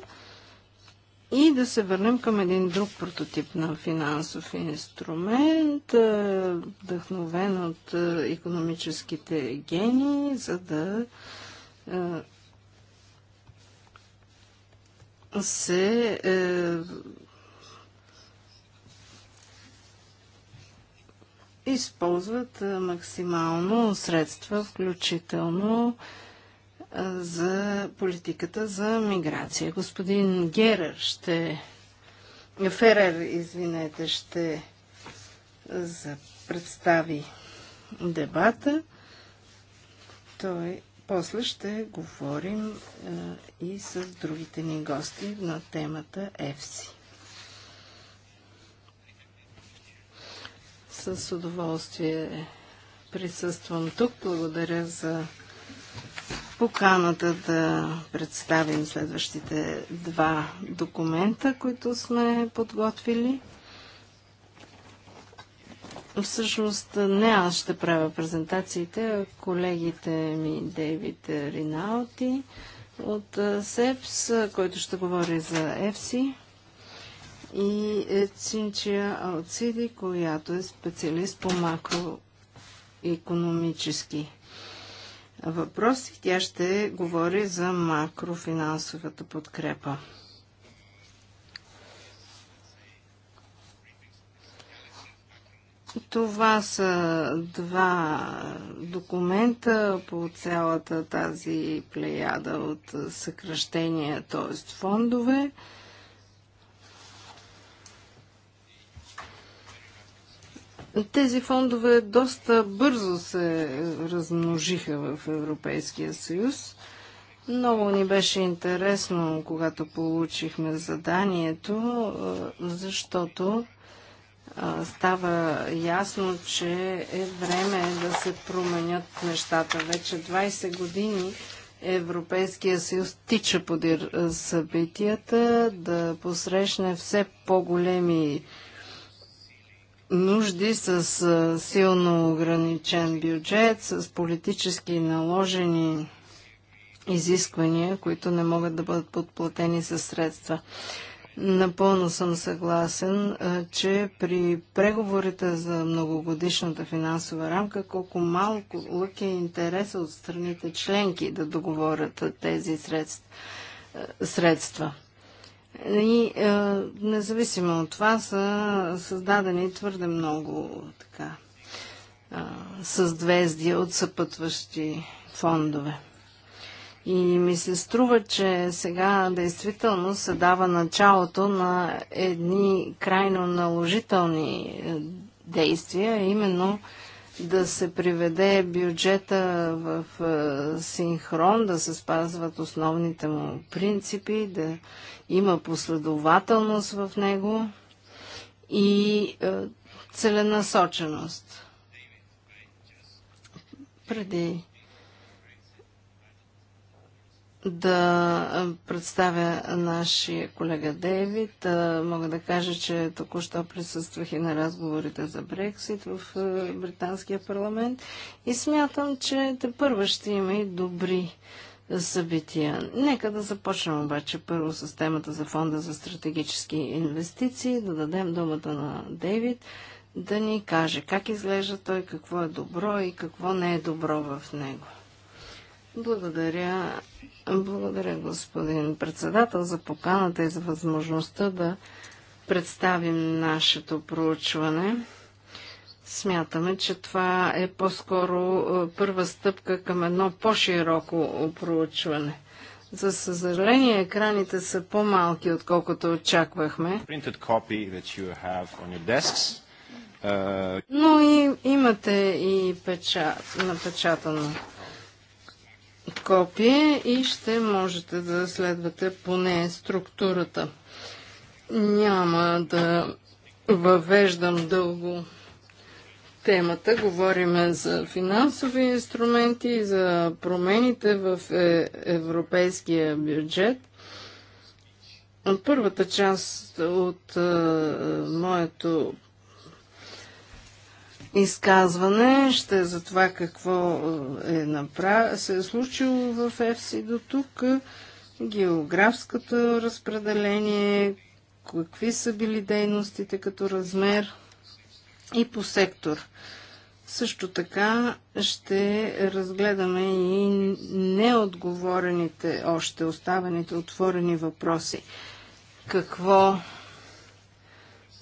и да се върнем към един друг прототип на финансов инструмент, е, вдъхновен от економическите гени, за да е, се е, използват максимално средства, включително за политиката за миграция. Господин Герър ще... Ферер, извинете, ще за... представи дебата. Той после ще говорим а, и с другите ни гости на темата ЕФСИ. С удоволствие присъствам тук. Благодаря за поканата да представим следващите два документа, които сме подготвили. Всъщност не аз ще правя презентациите, а колегите ми Дейвид Риналти от СЕПС, който ще говори за ЕФСИ и е, Цинчия Алциди, която е специалист по макроекономически въпрос и тя ще говори за макрофинансовата подкрепа. Това са два документа по цялата тази плеяда от съкръщения, т.е. фондове. Тези фондове доста бързо се размножиха в Европейския съюз. Много ни беше интересно, когато получихме заданието, защото става ясно, че е време да се променят нещата. Вече 20 години Европейския съюз тича подир събитията, да посрещне все по-големи нужди с силно ограничен бюджет, с политически наложени изисквания, които не могат да бъдат подплатени със средства. Напълно съм съгласен, че при преговорите за многогодишната финансова рамка, колко малко лък е интереса от страните членки да договорят тези средства. И е, независимо от това са създадени твърде много така е, съзвездия от съпътващи фондове. И ми се струва, че сега действително се дава началото на едни крайно наложителни е, действия, именно е, да се приведе бюджета в синхрон, да се спазват основните му принципи, да има последователност в него и целенасоченост. Преди да представя нашия колега Дейвид. Мога да кажа, че току-що присъствах и на разговорите за Брексит в Британския парламент и смятам, че те първа ще има и добри събития. Нека да започнем обаче първо с темата за фонда за стратегически инвестиции, да дадем думата на Дейвид да ни каже как изглежда той, какво е добро и какво не е добро в него. Благодаря. Благодаря, господин председател, за поканата и за възможността да представим нашето проучване. Смятаме, че това е по-скоро е, първа стъпка към едно по-широко проучване. За съжаление, екраните са по-малки, отколкото очаквахме. Е, но и, имате и печат, напечатано копие и ще можете да следвате поне структурата. Няма да въвеждам дълго темата. Говорим за финансови инструменти, за промените в е, европейския бюджет. Първата част от е, моето изказване ще е за това какво е направ... се е случило в ЕФСИ до тук, географското разпределение, какви са били дейностите като размер и по сектор. Също така ще разгледаме и неотговорените, още оставените отворени въпроси. Какво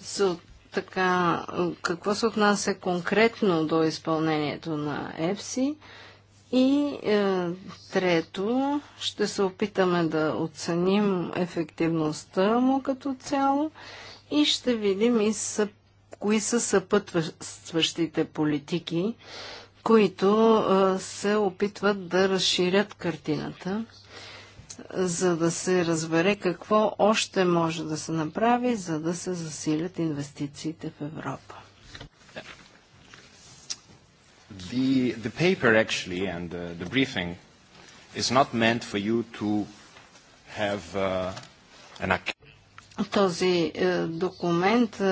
се така, какво се отнася конкретно до изпълнението на ЕПСИ? И е, трето, ще се опитаме да оценим ефективността му като цяло и ще видим и са, кои са съпътстващите политики, които е, се опитват да разширят картината за да се разбере какво още може да се направи, за да се засилят инвестициите в Европа. The, the paper actually and the, the briefing is not meant for you to have uh, an този е, документ е,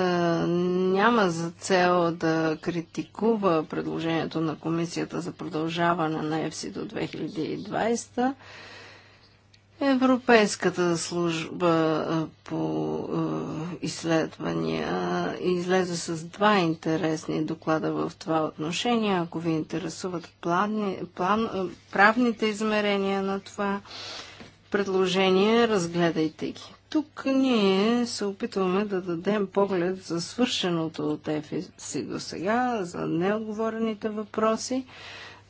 няма за цел да критикува предложението на Комисията за продължаване на ЕФСИ до 2020. Европейската служба по изследвания излезе с два интересни доклада в това отношение. Ако ви интересуват план, план, правните измерения на това предложение, разгледайте ги. Тук ние се опитваме да дадем поглед за свършеното от си до сега, за неотговорените въпроси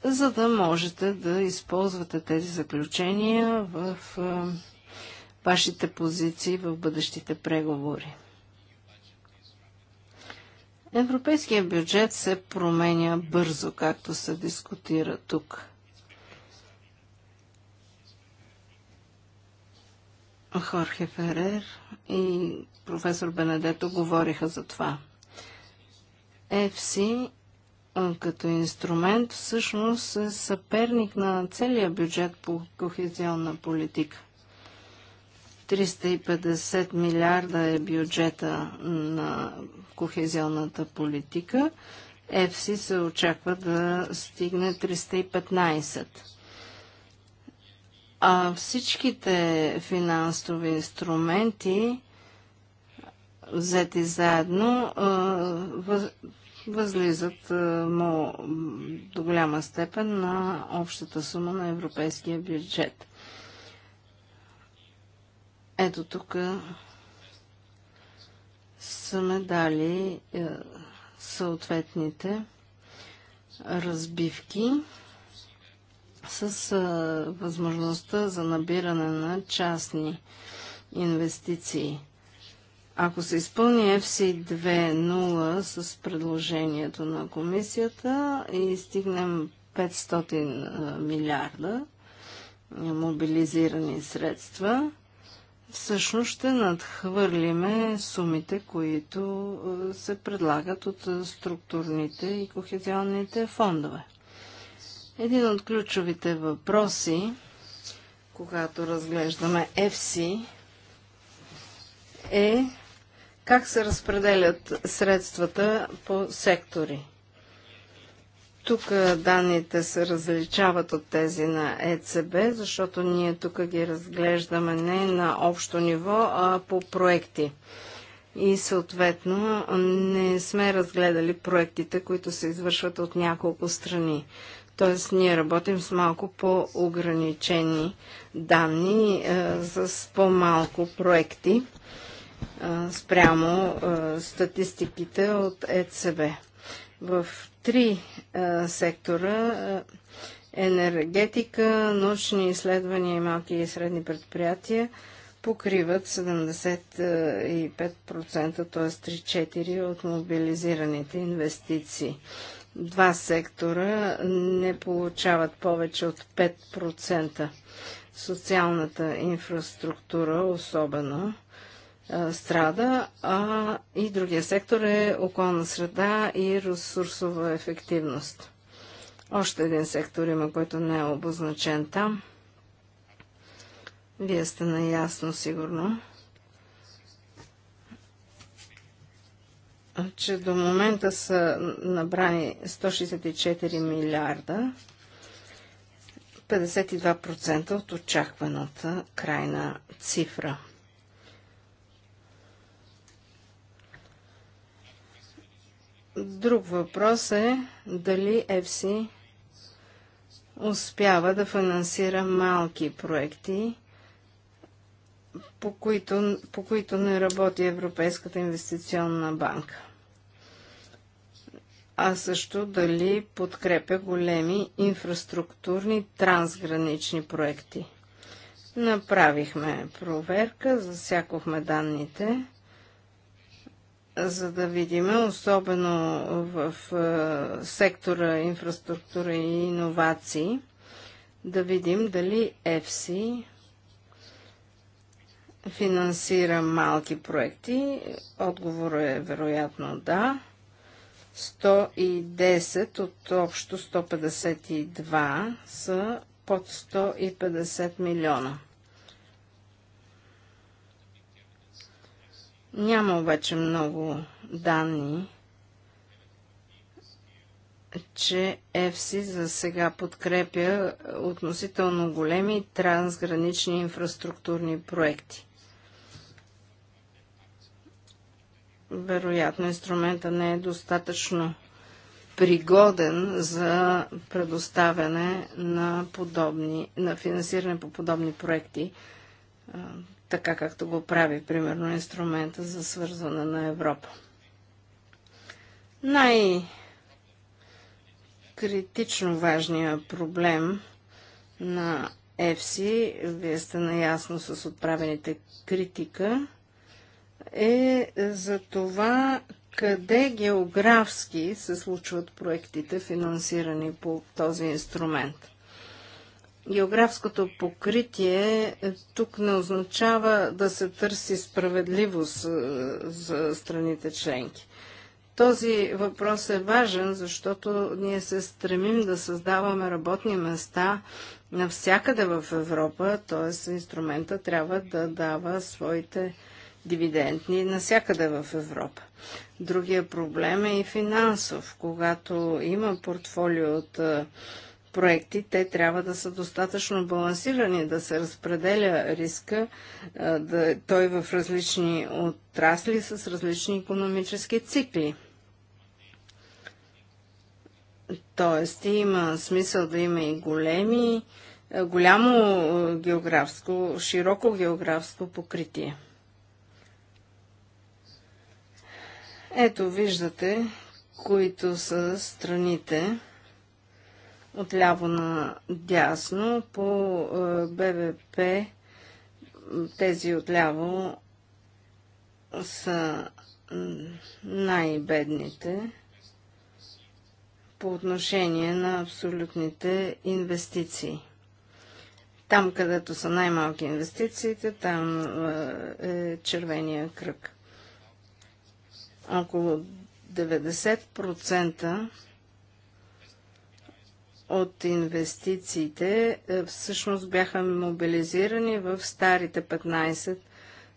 за да можете да използвате тези заключения в вашите позиции в бъдещите преговори. Европейският бюджет се променя бързо, както се дискутира тук. Хорхе Ферер и професор Бенедето говориха за това. ЕФСИ като инструмент всъщност е съперник на целия бюджет по кохезионна политика. 350 милиарда е бюджета на кохезионната политика. ЕФСИ се очаква да стигне 315. А всичките финансови инструменти, взети заедно, възлизат до голяма степен на общата сума на европейския бюджет. Ето тук са ме дали е, съответните разбивки с е, възможността за набиране на частни инвестиции – ако се изпълни FC 2.0 с предложението на комисията и стигнем 500 милиарда мобилизирани средства, всъщност ще надхвърлиме сумите, които се предлагат от структурните и кохезионните фондове. Един от ключовите въпроси, когато разглеждаме FC, е как се разпределят средствата по сектори. Тук данните се различават от тези на ЕЦБ, защото ние тук ги разглеждаме не на общо ниво, а по проекти. И съответно не сме разгледали проектите, които се извършват от няколко страни. Тоест ние работим с малко по-ограничени данни, е, с по-малко проекти спрямо статистиките от ЕЦБ. В три сектора енергетика, научни изследвания и малки и средни предприятия покриват 75%, т.е. 3-4 от мобилизираните инвестиции. Два сектора не получават повече от 5%. Социалната инфраструктура особено е, страда, а и другия сектор е околна среда и ресурсова ефективност. Още един сектор има, който не е обозначен там. Вие сте наясно, сигурно, че до момента са набрани 164 милиарда, 52% от очакваната крайна цифра. Друг въпрос е дали FC успява да финансира малки проекти, по които, по които не работи Европейската инвестиционна банка. А също дали подкрепя големи инфраструктурни трансгранични проекти. Направихме проверка, засякохме данните за да видим, особено в сектора инфраструктура и иновации, да видим дали EFSI финансира малки проекти. Отговорът е вероятно да. 110 от общо 152 са под 150 милиона. Няма обаче много данни, че ЕФСИ за сега подкрепя относително големи трансгранични инфраструктурни проекти. Вероятно инструмента не е достатъчно пригоден за предоставяне на, подобни, на финансиране по подобни проекти така както го прави, примерно, инструмента за свързване на Европа. Най-критично важният проблем на ЕФСИ, вие сте наясно с отправените критика, е за това къде географски се случват проектите, финансирани по този инструмент географското покритие е, тук не означава да се търси справедливост е, за страните членки. Този въпрос е важен, защото ние се стремим да създаваме работни места навсякъде в Европа, т.е. инструмента трябва да дава своите дивидендни навсякъде в Европа. Другия проблем е и финансов. Когато има портфолио от е, проекти, те трябва да са достатъчно балансирани, да се разпределя риска, да, той в различни отрасли с различни економически цикли. Тоест има смисъл да има и големи, голямо географско, широко географско покритие. Ето виждате, които са страните, отляво на дясно по е, БВП. Тези отляво са най-бедните по отношение на абсолютните инвестиции. Там, където са най-малки инвестициите, там е, е червения кръг. Около 90% от инвестициите е, всъщност бяха мобилизирани в старите 15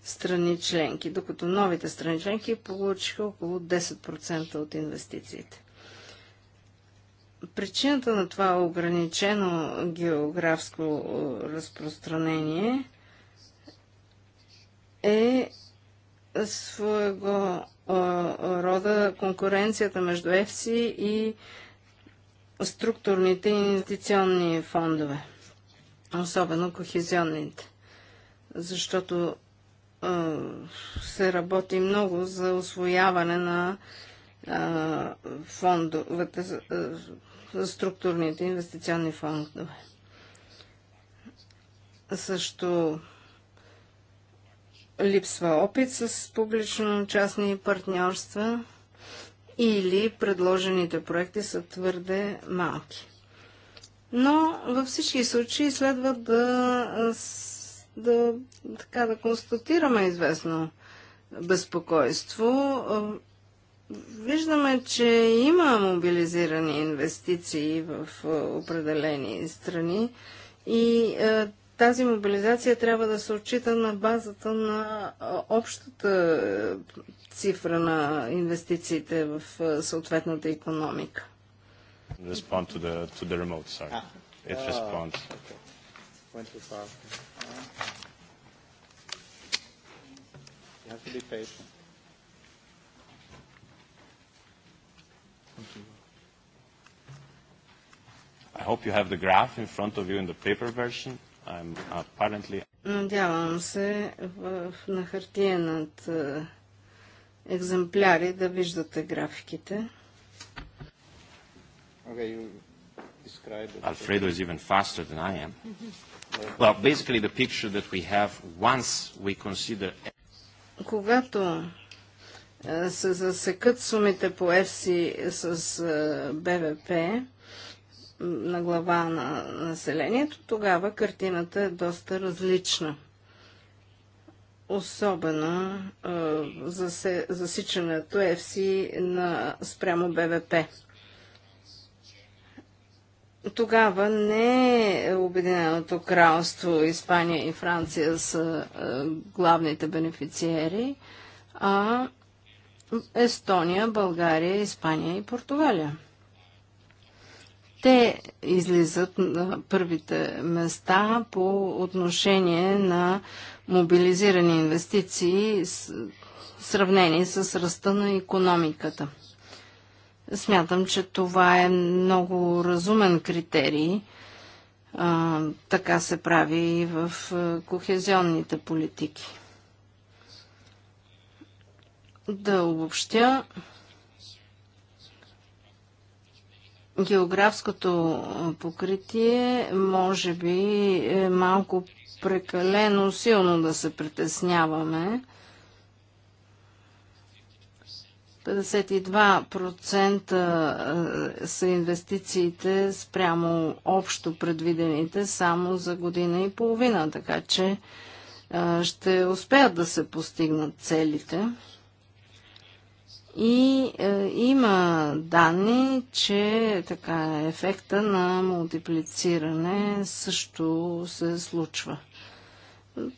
страни членки, докато новите страни членки получиха около 10% от инвестициите. Причината на това ограничено географско е, разпространение е своего е, рода конкуренцията между ЕФСИ и структурните инвестиционни фондове, особено кохезионните, защото се работи много за освояване на фондовете, за структурните инвестиционни фондове. Също липсва опит с публично-частни партньорства – или предложените проекти са твърде малки. Но във всички случаи следва да, да, така, да констатираме известно безпокойство. Виждаме, че има мобилизирани инвестиции в определени страни и тази мобилизация трябва да се отчита на базата на общата цифра на инвестициите в съответната економика. Respond to the, to the remote, sorry. Ah. It responds. Okay. Went too far. You have to be patient. I hope you have the graph in front of you in the paper version. I'm apparently... Надявам се в, на хартиенът екземпляри да виждате графиките. Okay, you describe it. Alfredo is even faster than I am. Well, basically the picture that we have once we consider... Когато се засекат сумите по ЕФСИ с БВП, на глава на населението, тогава картината е доста различна. Особено е, за засичането ЕФСИ на, спрямо БВП. Тогава не е Обединеното кралство, Испания и Франция са е, главните бенефициери, а Естония, България, Испания и Португалия. Те излизат на първите места по отношение на мобилизирани инвестиции, сравнени с ръста на економиката. Смятам, че това е много разумен критерий. А, така се прави и в кохезионните политики. Да обобщя, географското покритие може би е малко прекалено силно да се притесняваме. 52% са инвестициите спрямо общо предвидените само за година и половина, така че ще успеят да се постигнат целите. И е, има данни, че така, ефекта на мултиплициране също се случва.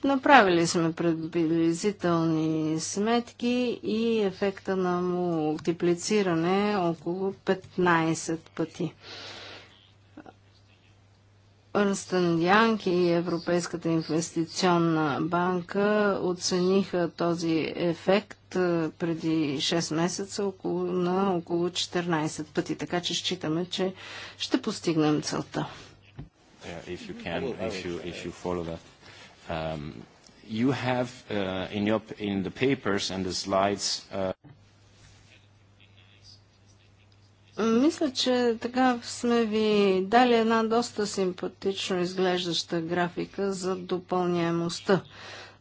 Направили сме приблизителни сметки и ефекта на мултиплициране е около 15 пъти. Ърнстън Янг и Европейската инвестиционна банка оцениха този ефект преди 6 месеца около, на около 14 пъти, така че считаме, че ще постигнем целта. Yeah, мисля, че така сме ви дали една доста симпатично изглеждаща графика за допълняемостта.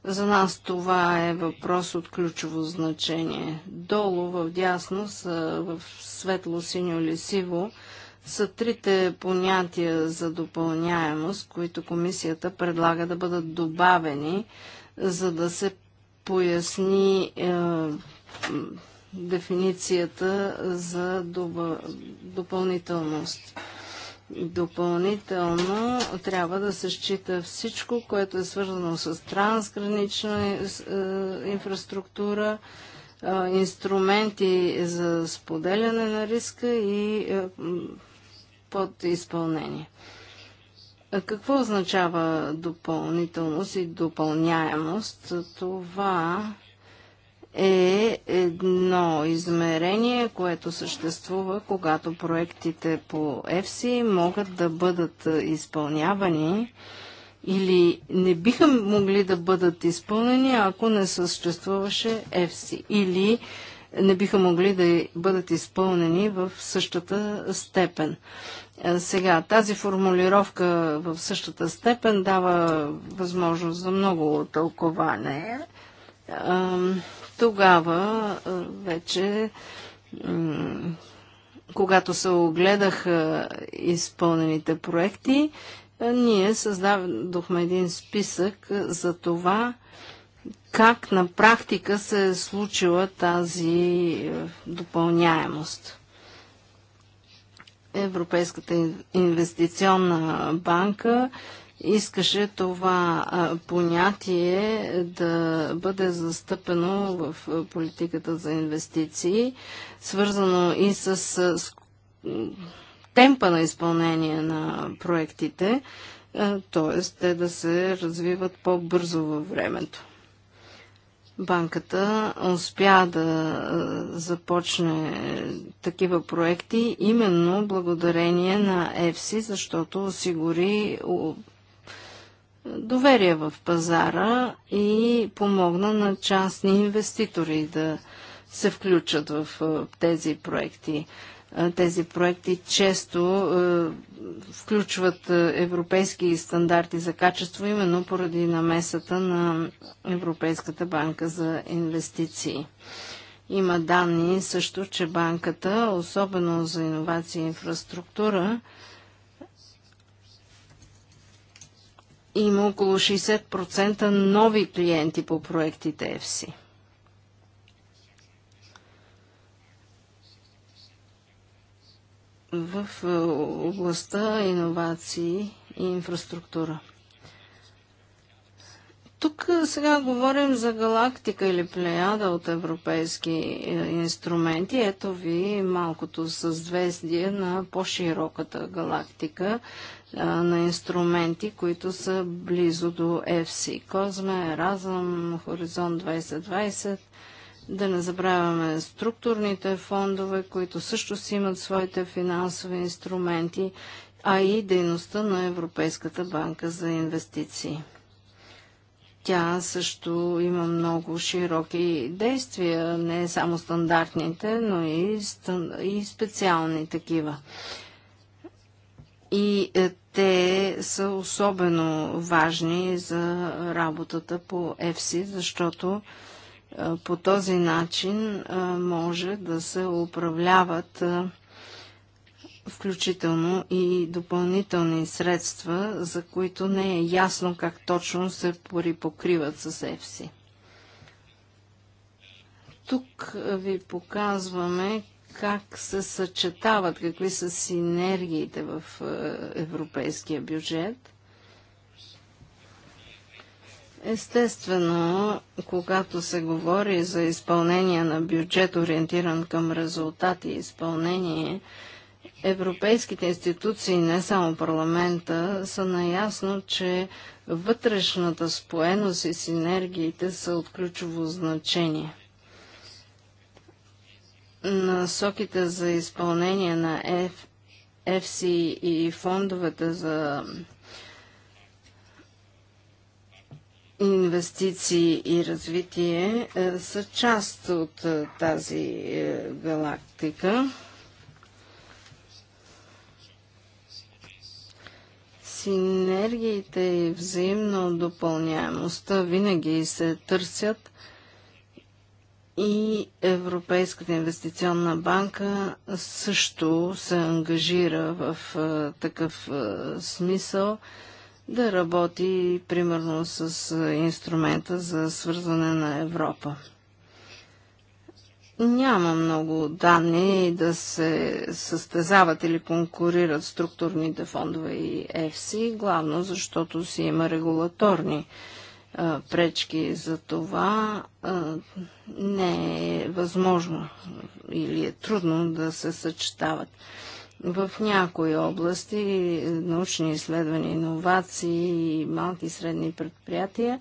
За нас това е въпрос от ключово значение. Долу в дясно, са, в светло, синьо или сиво, са трите понятия за допълняемост, които комисията предлага да бъдат добавени, за да се поясни е, дефиницията за допълнителност. Допълнително трябва да се счита всичко, което е свързано с трансгранична е, е, инфраструктура, е, инструменти за споделяне на риска и подизпълнение. Какво означава допълнителност и допълняемост? Това е едно измерение, което съществува, когато проектите по EFSI могат да бъдат изпълнявани или не биха могли да бъдат изпълнени, ако не съществуваше EFSI. Или не биха могли да бъдат изпълнени в същата степен. Сега, тази формулировка в същата степен дава възможност за много тълковане. Тогава вече, когато се огледаха изпълнените проекти, ние създадохме един списък за това, как на практика се е случила тази допълняемост. Европейската инвестиционна банка искаше това понятие да бъде застъпено в политиката за инвестиции, свързано и с темпа на изпълнение на проектите, т.е. те да се развиват по-бързо във времето. Банката успя да започне такива проекти именно благодарение на ЕФСИ, защото осигури доверие в пазара и помогна на частни инвеститори да се включат в тези проекти. Тези проекти често включват европейски стандарти за качество, именно поради намесата на Европейската банка за инвестиции. Има данни също, че банката, особено за иновации и инфраструктура, има около 60% нови клиенти по проектите EFSI. в е, областта иновации и инфраструктура. Тук сега говорим за галактика или плеяда от европейски е, инструменти. Ето ви малкото съзвездие на по-широката галактика е, на инструменти, които са близо до FC. Козме, Разъм, Хоризонт 2020. Да не забравяме структурните фондове, които също си имат своите финансови инструменти, а и дейността на Европейската банка за инвестиции. Тя също има много широки действия, не само стандартните, но и, стан... и специални такива. И е, те са особено важни за работата по ЕФСИ, защото е, по този начин е, може да се управляват включително и допълнителни средства, за които не е ясно как точно се припокриват с ЕФСИ. Тук ви показваме как се съчетават, какви са синергиите в европейския бюджет. Естествено, когато се говори за изпълнение на бюджет, ориентиран към резултати и изпълнение, европейските институции, не само парламента, са наясно, че вътрешната споеност и синергиите са от ключово значение. Насоките за изпълнение на ЕФСИ и фондовете за инвестиции и развитие е, са част от е, тази е, галактика. синергиите и взаимно допълняемостта винаги се търсят и Европейската инвестиционна банка също се ангажира в такъв смисъл да работи примерно с инструмента за свързване на Европа няма много данни да се състезават или конкурират структурните фондове и ЕФСИ, главно защото си има регулаторни а, пречки за това. А, не е възможно или е трудно да се съчетават. В някои области е, научни изследвания, иновации и малки и средни предприятия,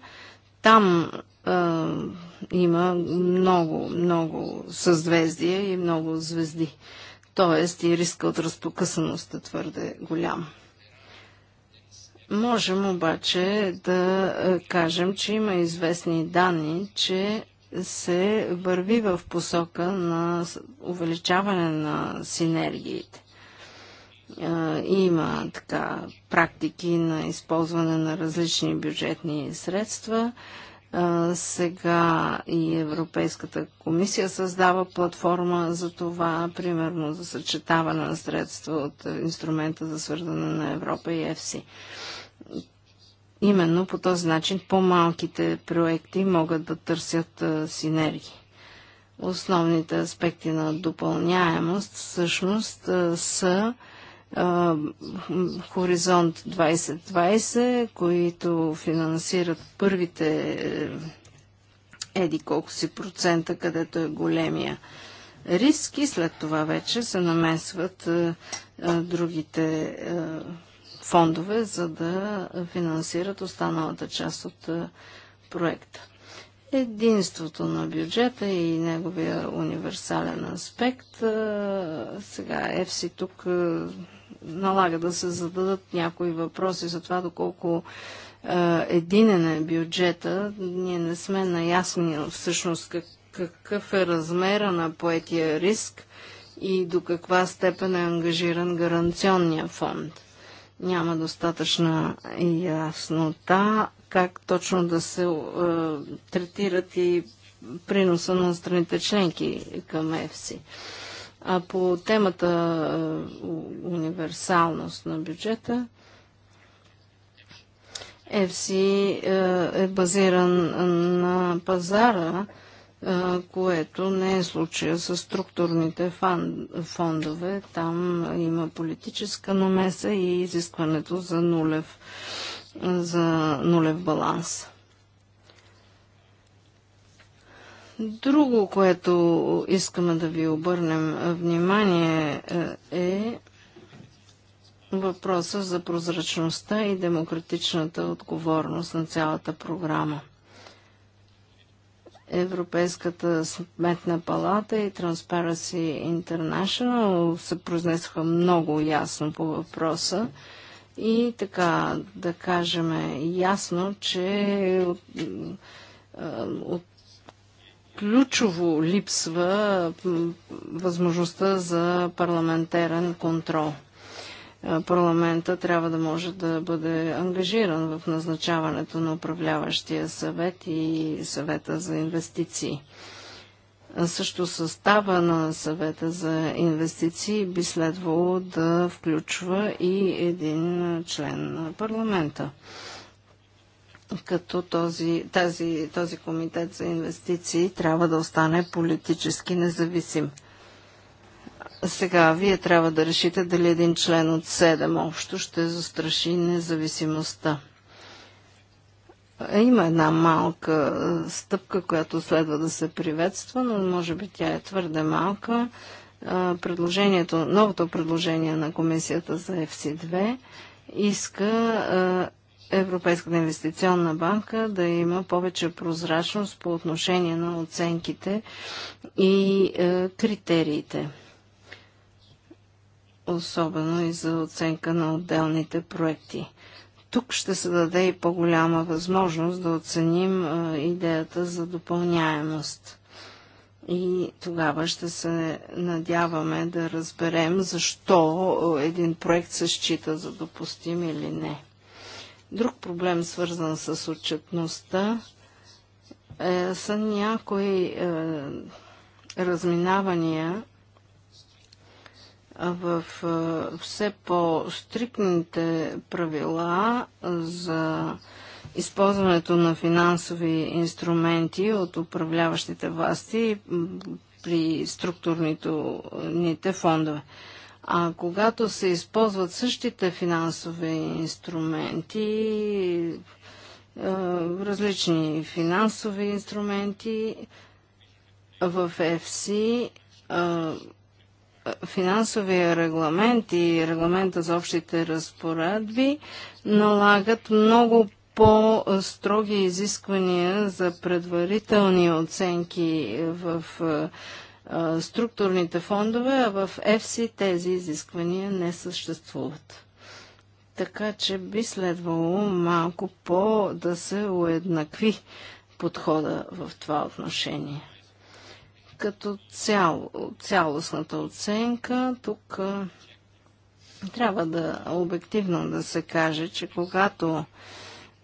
там а, има много, много съзвездия и много звезди. Тоест и риска от разпокъсаност е твърде голям. Можем обаче да е, кажем, че има известни данни, че се върви в посока на увеличаване на синергиите. Е, има така практики на използване на различни бюджетни средства, сега и Европейската комисия създава платформа за това, примерно за съчетаване на средства от инструмента за свързане на Европа и ЕФСИ. Именно по този начин по-малките проекти могат да търсят синергии. Основните аспекти на допълняемост всъщност са Хоризонт 2020, които финансират първите е, еди колко си процента, където е големия риск и след това вече се намесват другите фондове, за да финансират останалата част от проекта. Единството на бюджета и неговия универсален аспект. Сега ЕФСИ тук налага да се зададат някои въпроси за това доколко е, единен е бюджета. Ние не сме наясни всъщност как, какъв е размера на поетия риск и до каква степен е ангажиран гаранционния фонд. Няма достатъчна яснота как точно да се е, третират и приноса на страните членки към ЕФСИ. А по темата е, универсалност на бюджета, FC е, е базиран на пазара, е, което не е случая с структурните фондове. Там има политическа намеса и изискването за нулев, за нулев баланс. Друго, което искаме да ви обърнем внимание е, е въпроса за прозрачността и демократичната отговорност на цялата програма. Европейската сметна палата и Transparency International се произнесоха много ясно по въпроса и така да кажем ясно, че от, от ключово липсва възможността за парламентарен контрол. Е, парламента трябва да може да бъде ангажиран в назначаването на управляващия съвет и съвета за инвестиции. Също състава на съвета за инвестиции би следвало да включва и един член на парламента като този, тази, този комитет за инвестиции трябва да остане политически независим. Сега, вие трябва да решите дали един член от 7 общо ще застраши независимостта. Е, има една малка е, стъпка, която следва да се приветства, но може би тя е твърде малка. Е, предложението, новото предложение на комисията за FC2 иска Европейската инвестиционна банка да има повече прозрачност по отношение на оценките и е, критериите. Особено и за оценка на отделните проекти. Тук ще се даде и по-голяма възможност да оценим е, идеята за допълняемост. И тогава ще се надяваме да разберем защо е, един проект се счита за допустим или не. Друг проблем, свързан с отчетността, е, са някои е, разминавания в е, все по-стрикните правила за използването на финансови инструменти от управляващите власти при структурните фондове. А когато се използват същите финансови инструменти, е, различни финансови инструменти в ЕФСИ, е, финансовия регламент и регламента за общите разпоредби налагат много по-строги изисквания за предварителни оценки в е, структурните фондове, а в ЕФСИ тези изисквания не съществуват. Така че би следвало малко по да се уеднакви подхода в това отношение. Като цяло, цялостната оценка, тук трябва да обективно да се каже, че когато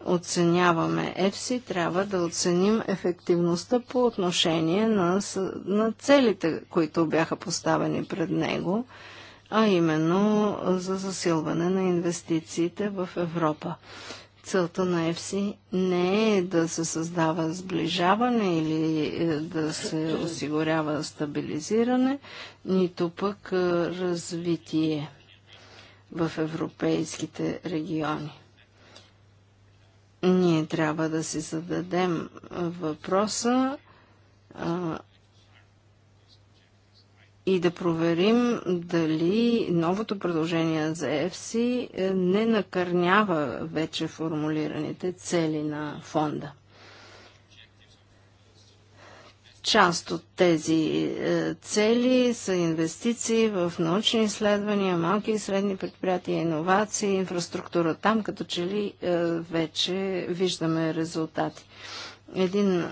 оценяваме ЕФСИ, трябва да оценим ефективността по отношение на, на целите, които бяха поставени пред него, а именно за засилване на инвестициите в Европа. Целта на ЕФСИ не е да се създава сближаване или е, да се осигурява стабилизиране, нито пък е, развитие в европейските региони. Ние трябва да си зададем въпроса а, и да проверим дали новото предложение за ЕФСИ е, не накърнява вече формулираните цели на фонда. Част от тези е, цели са инвестиции в научни изследвания, малки и средни предприятия, иновации, инфраструктура. Там като че ли е, вече виждаме резултати. Един е,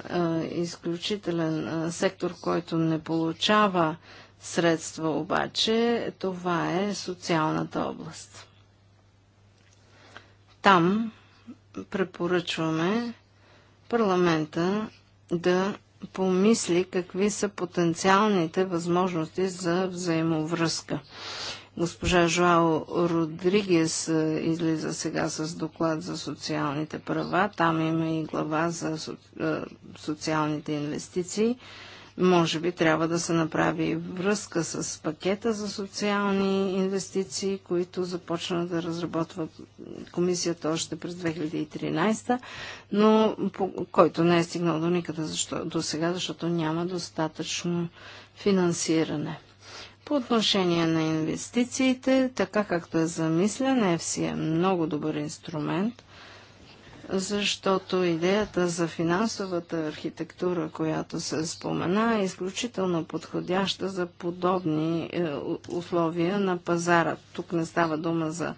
изключителен сектор, който не получава средства обаче, това е социалната област. Там препоръчваме парламента да помисли какви са потенциалните възможности за взаимовръзка. Госпожа Жоао Родригес е, излиза сега с доклад за социалните права. Там има и глава за е, социалните инвестиции. Може би трябва да се направи връзка с пакета за социални инвестиции, които започна да разработва комисията още през 2013, но който не е стигнал до никъде защо, до сега, защото няма достатъчно финансиране. По отношение на инвестициите, така както е замислен, EFSI е много добър инструмент защото идеята за финансовата архитектура, която се спомена, е изключително подходяща за подобни е, условия на пазара. Тук не става дума за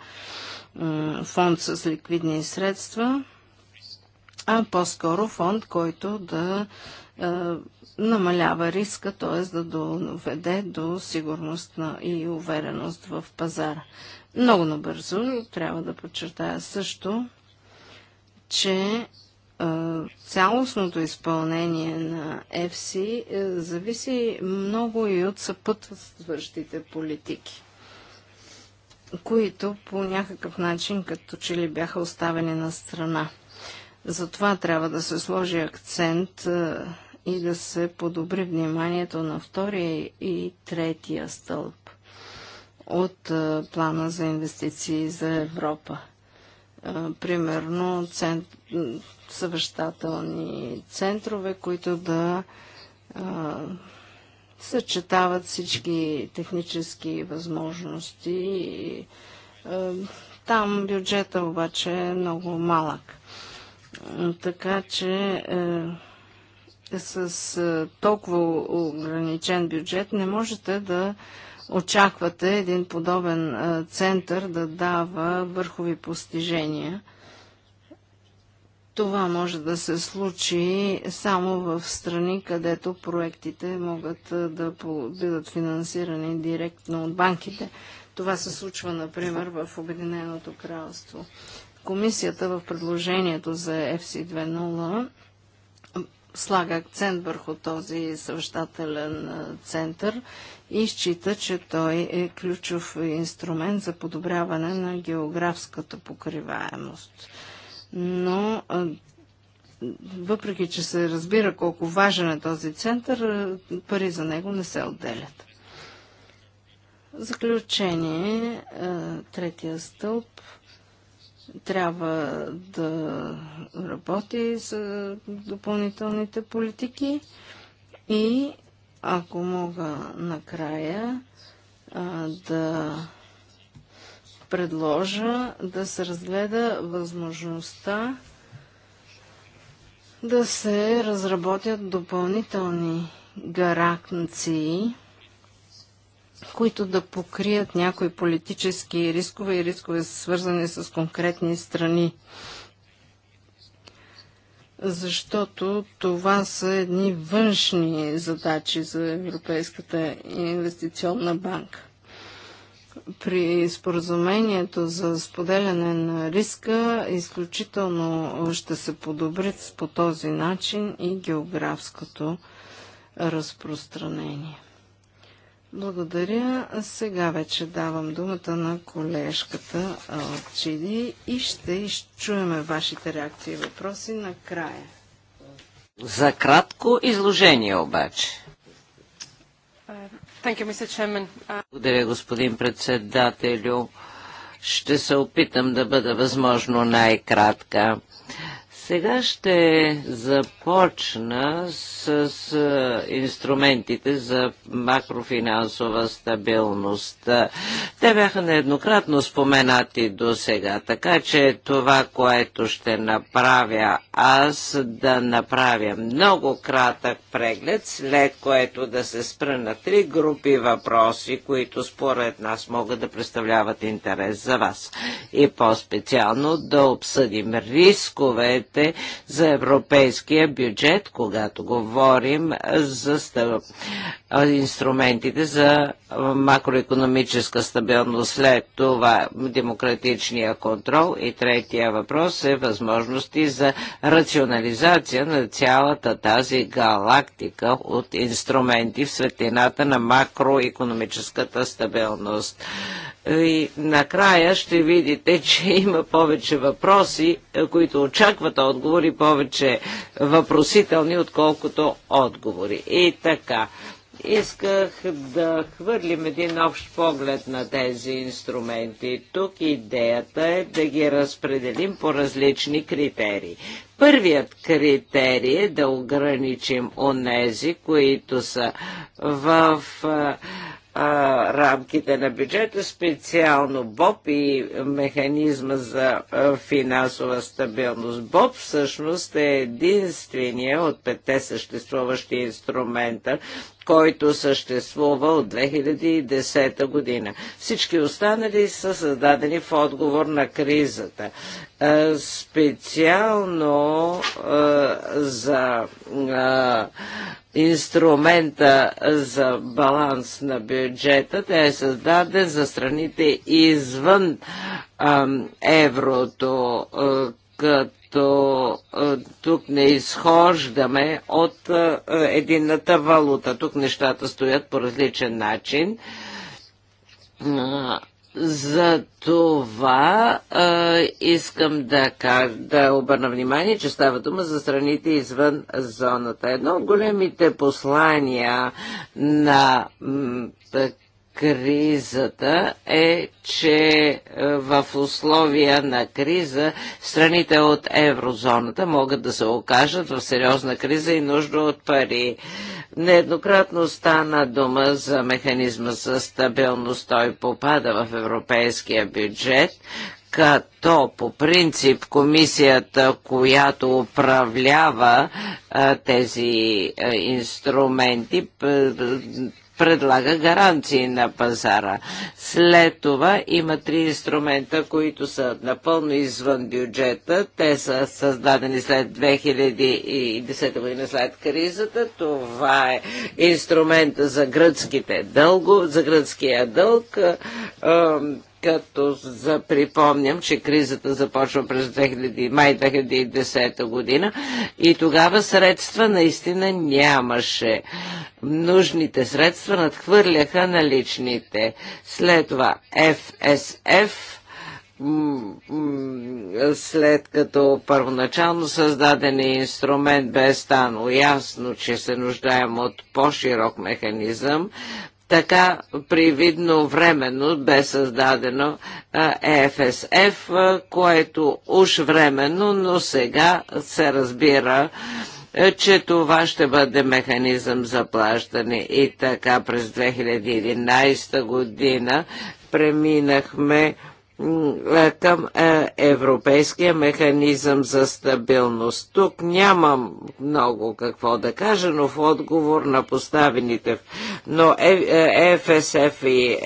фонд с ликвидни средства, а по-скоро фонд, който да е, намалява риска, т.е. да доведе до сигурност и увереност в пазара. Много набързо трябва да подчертая също, че цялостното изпълнение на ЕФСИ е, зависи много и от съпътстващите политики, които по някакъв начин като че ли бяха оставени на страна. Затова трябва да се сложи акцент и да се подобри вниманието на втория и третия стълб от плана за инвестиции за Европа примерно цент... съвещателни центрове, които да а, съчетават всички технически възможности. И, а, там бюджета обаче е много малък. Така че е, с е, толкова ограничен бюджет не можете да очаквате един подобен център да дава върхови постижения. Това може да се случи само в страни, където проектите могат да бъдат финансирани директно от банките. Това се случва, например, в Обединеното кралство. Комисията в предложението за FC 2.0 слага акцент върху този съвещателен център и счита, че той е ключов инструмент за подобряване на географската покриваемост. Но въпреки, че се разбира колко важен е този център, пари за него не се отделят. Заключение, третия стълб трябва да работи за допълнителните политики и ако мога накрая а, да предложа да се разгледа възможността да се разработят допълнителни гаранции, които да покрият някои политически рискове и рискове свързани с конкретни страни защото това са едни външни задачи за Европейската инвестиционна банка. При споразумението за споделяне на риска изключително ще се подобрят по този начин и географското разпространение. Благодаря. Сега вече давам думата на колежката от Чили и ще изчуеме вашите реакции и въпроси накрая. За кратко изложение обаче. Благодаря, господин председателю. Ще се опитам да бъда възможно най-кратка. Сега ще започна с, с инструментите за макрофинансова стабилност. Те бяха нееднократно споменати до сега, така че това, което ще направя аз, да направя много кратък преглед, след което да се спра на три групи въпроси, които според нас могат да представляват интерес за вас. И по-специално да обсъдим рисковете, говорихте за европейския бюджет, когато говорим за инструментите за макроекономическа стабилност, след това демократичния контрол и третия въпрос е възможности за рационализация на цялата тази галактика от инструменти в светлината на макроекономическата стабилност. И накрая ще видите, че има повече въпроси, е, които очакват отговори, повече въпросителни, отколкото отговори. И така исках да хвърлим един общ поглед на тези инструменти. Тук идеята е да ги разпределим по различни критерии. Първият критерий е да ограничим онези, които са в е, рамките на бюджета, специално БОП и механизма за финансова стабилност. БОП всъщност е единствения от петте съществуващи инструмента, който съществува от 2010 година. Всички останали са създадени в отговор на кризата. Е, специално е, за е, инструмента за баланс на бюджета. те е създаден за страните извън еврото, като като е, тук не изхождаме от е, единната валута. Тук нещата стоят по различен начин. За това а, е, искам да, кар, да обърна внимание, че става дума за страните извън зоната. Едно от големите послания на кризата е, че е, в условия на криза страните от еврозоната могат да се окажат в сериозна криза и нужда от пари. Нееднократно стана дума за механизма за стабилност. Той попада в европейския бюджет, като по принцип комисията, която управлява а, е, тези а, е, инструменти, предлага гаранции на пазара. След това има три инструмента, които са напълно извън бюджета. Те са създадени след 2010 година след кризата. Това е инструмента за гръцките дълго, за гръцкия дълг като за, припомням, че кризата започва през 2000, май 2010 година и тогава средства наистина нямаше. Нужните средства надхвърляха наличните. След това ФСФ след като първоначално създаден е инструмент бе станало ясно, че се нуждаем от по-широк механизъм, така привидно временно бе създадено ЕФСФ, което уж временно, но сега се разбира, че това ще бъде механизъм за плащане. И така през 2011 година преминахме е, към е, Европейския механизъм за стабилност. Тук нямам много какво да кажа, но в отговор на поставените. Но ФСФ е, и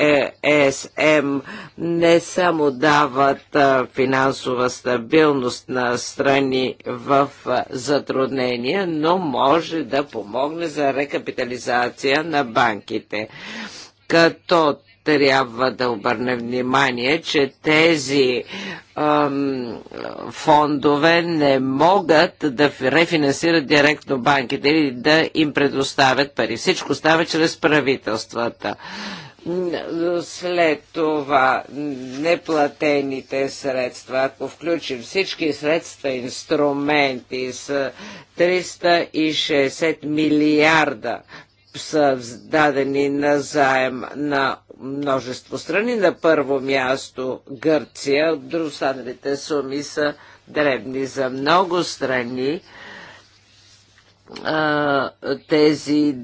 ЕСМ не само дават финансова стабилност на страни в затруднения, но може да помогне за рекапитализация на банките. Като трябва да обърне внимание, че тези ам, фондове не могат да рефинансират директно банките или да им предоставят пари. Всичко става чрез правителствата. След това неплатените средства, ако включим всички средства, инструменти с 360 милиарда са дадени на заем на множество страни. На първо място Гърция, останалите суми са дребни за много страни тези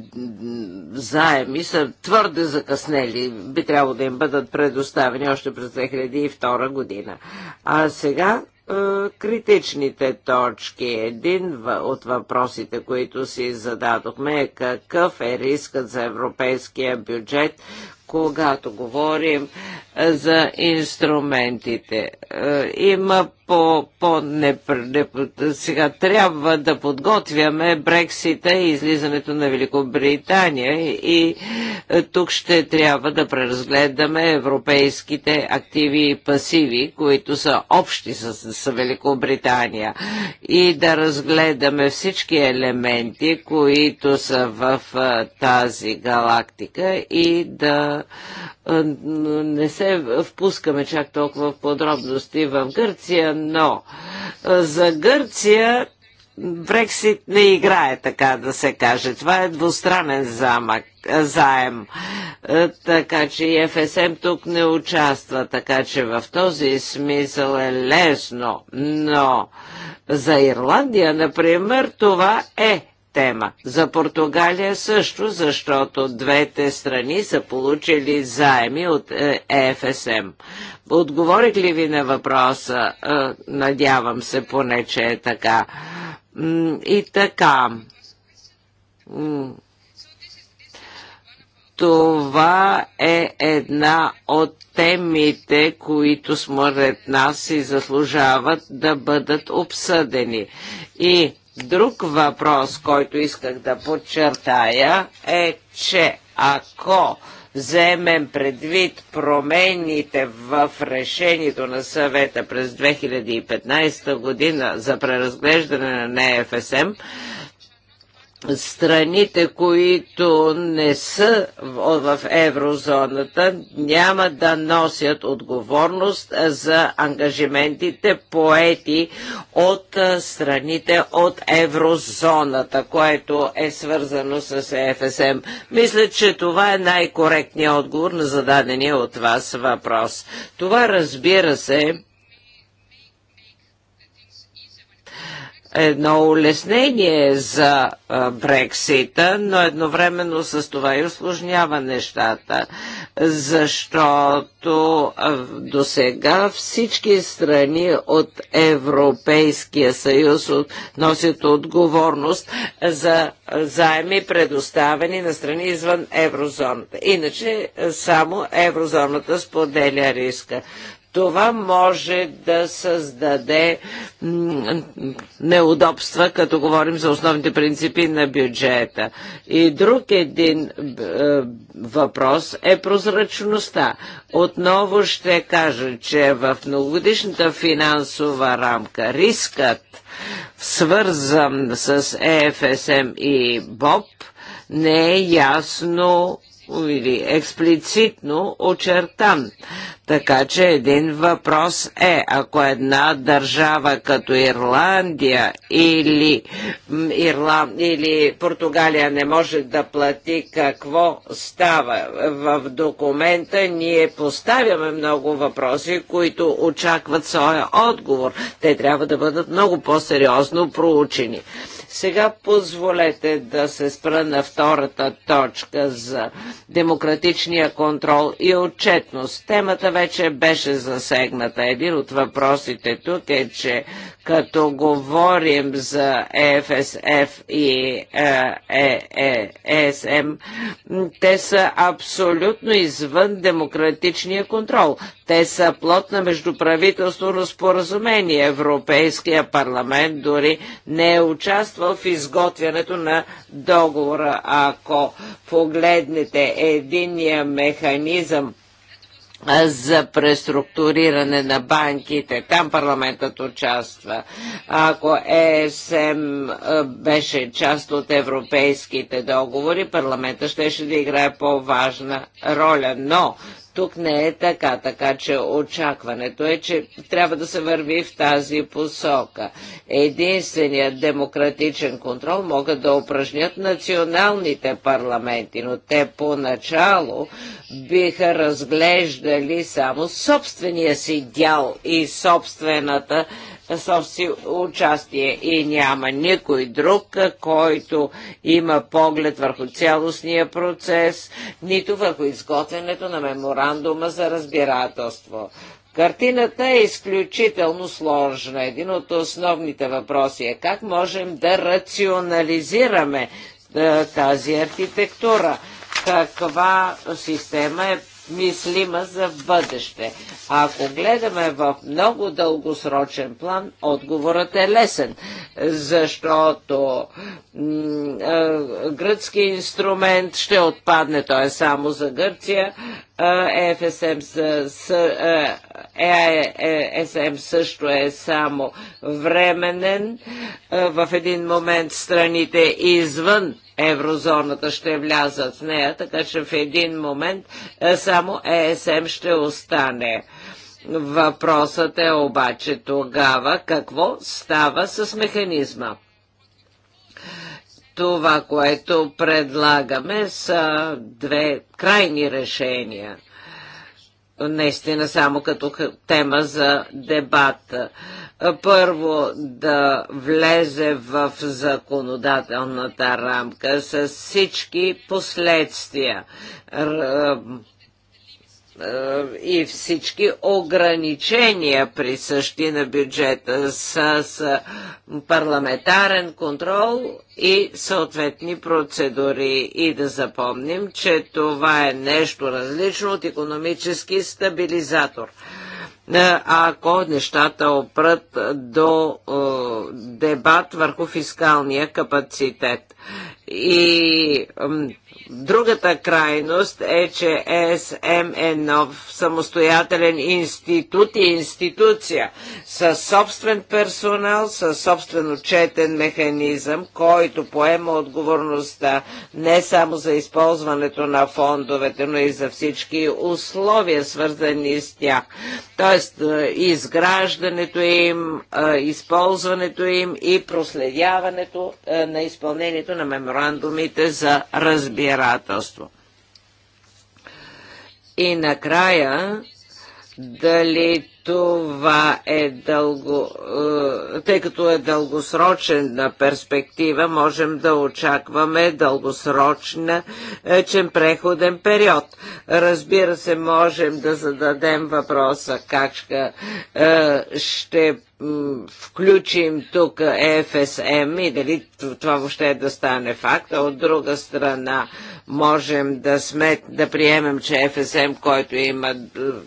заеми са твърде закъснели. Би трябвало да им бъдат предоставени още през 2002 година. А сега критичните точки. Един от въпросите, които си зададохме е какъв е рискът за европейския бюджет, когато говорим за инструментите. Е, има по, по не, не, сега трябва да подготвяме Брексита и излизането на Великобритания и е, тук ще трябва да преразгледаме европейските активи и пасиви, които са общи с, с Великобритания и да разгледаме всички елементи, които са в е, тази галактика и да не се впускаме чак толкова в подробности в Гърция, но за Гърция Брексит не играе, така да се каже. Това е двустранен замък, заем. Така че и ФСМ тук не участва, така че в този смисъл е лесно. Но за Ирландия, например, това е тема. За Португалия също, защото двете страни са получили заеми от е, ЕФСМ. Отговорих ли ви на въпроса? Е, надявам се поне, че е така. И така. Това е една от темите, които според нас си заслужават да бъдат обсъдени. И Друг въпрос, който исках да подчертая е, че ако вземем предвид промените в решението на съвета през 2015 година за преразглеждане на НФСМ, страните, които не са в еврозоната, няма да носят отговорност за ангажиментите поети от страните от еврозоната, което е свързано с ЕФСМ. Мисля, че това е най-коректният отговор на зададения от вас въпрос. Това разбира се едно улеснение за Брексита, но едновременно с това и осложнява нещата, защото до сега всички страни от Европейския съюз носят отговорност за заеми предоставени на страни извън еврозоната. Иначе само еврозоната споделя риска. Това може да създаде неудобства, като говорим за основните принципи на бюджета. И друг един е, въпрос е прозрачността. Отново ще кажа, че в многогодишната финансова рамка рискът, свързан с ЕФСМ и БОП, не е ясно или експлицитно очертан. Така че един въпрос е, ако една държава като Ирландия или, Ирланд, или Португалия не може да плати, какво става? В документа ние поставяме много въпроси, които очакват своя отговор. Те трябва да бъдат много по-сериозно проучени. Сега позволете да се спра на втората точка за демократичния контрол и отчетност. Темата вече беше засегната. Един от въпросите тук е, че като говорим за ЕФСФ и ЕСМ, е, е, е те са абсолютно извън демократичния контрол. Те са плод на междуправителство споразумение. Европейския парламент дори не е участвал в изготвянето на договора. Ако погледнете единия механизъм, за преструктуриране на банките. Там парламентът участва. Ако ЕСМ беше част от европейските договори, парламентът ще да играе по-важна роля. Но тук не е така, така че очакването е, че трябва да се върви в тази посока. Единственият демократичен контрол могат да упражнят националните парламенти, но те поначало биха разглеждали само собствения си дял и собствената собствено участие и няма никой друг, който има поглед върху цялостния процес, нито върху изготвянето на меморандума за разбирателство. Картината е изключително сложна. Един от основните въпроси е как можем да рационализираме тази архитектура каква система е мислима за бъдеще. Ако гледаме в много дългосрочен план, отговорът е лесен, защото е, гръцки инструмент ще отпадне, той е само за Гърция, ЕФСМ ЕСМ е, е, е също е само временен. В един момент страните извън еврозоната ще влязат в нея, така че в един момент само ЕСМ ще остане. Въпросът е обаче тогава какво става с механизма. Това, което предлагаме, са две крайни решения. Наистина само като тема за дебат. Първо да влезе в законодателната рамка с всички последствия е, и всички ограничения присъщи на бюджета с парламентарен контрол и съответни процедури. И да запомним, че това е нещо различно от економически стабилизатор е, ако нещата опрат до е, дебат върху фискалния капацитет. И другата крайност е, че е СМ е нов самостоятелен институт и институция със собствен персонал, със собствен отчетен механизъм, който поема отговорността не само за използването на фондовете, но и за всички условия, свързани с тях. Тоест, е, изграждането им, е, използването им и проследяването на изпълнението на меморандума меморандумите за разбирателство. И накрая, дали това е дълго, е, тъй като е дългосрочена перспектива, можем да очакваме дългосрочен преходен период. Разбира се, можем да зададем въпроса как ще е, включим тук ЕФСМ и дали това въобще е да стане факт, а от друга страна можем да, смет, да приемем, че ЕФСМ, който има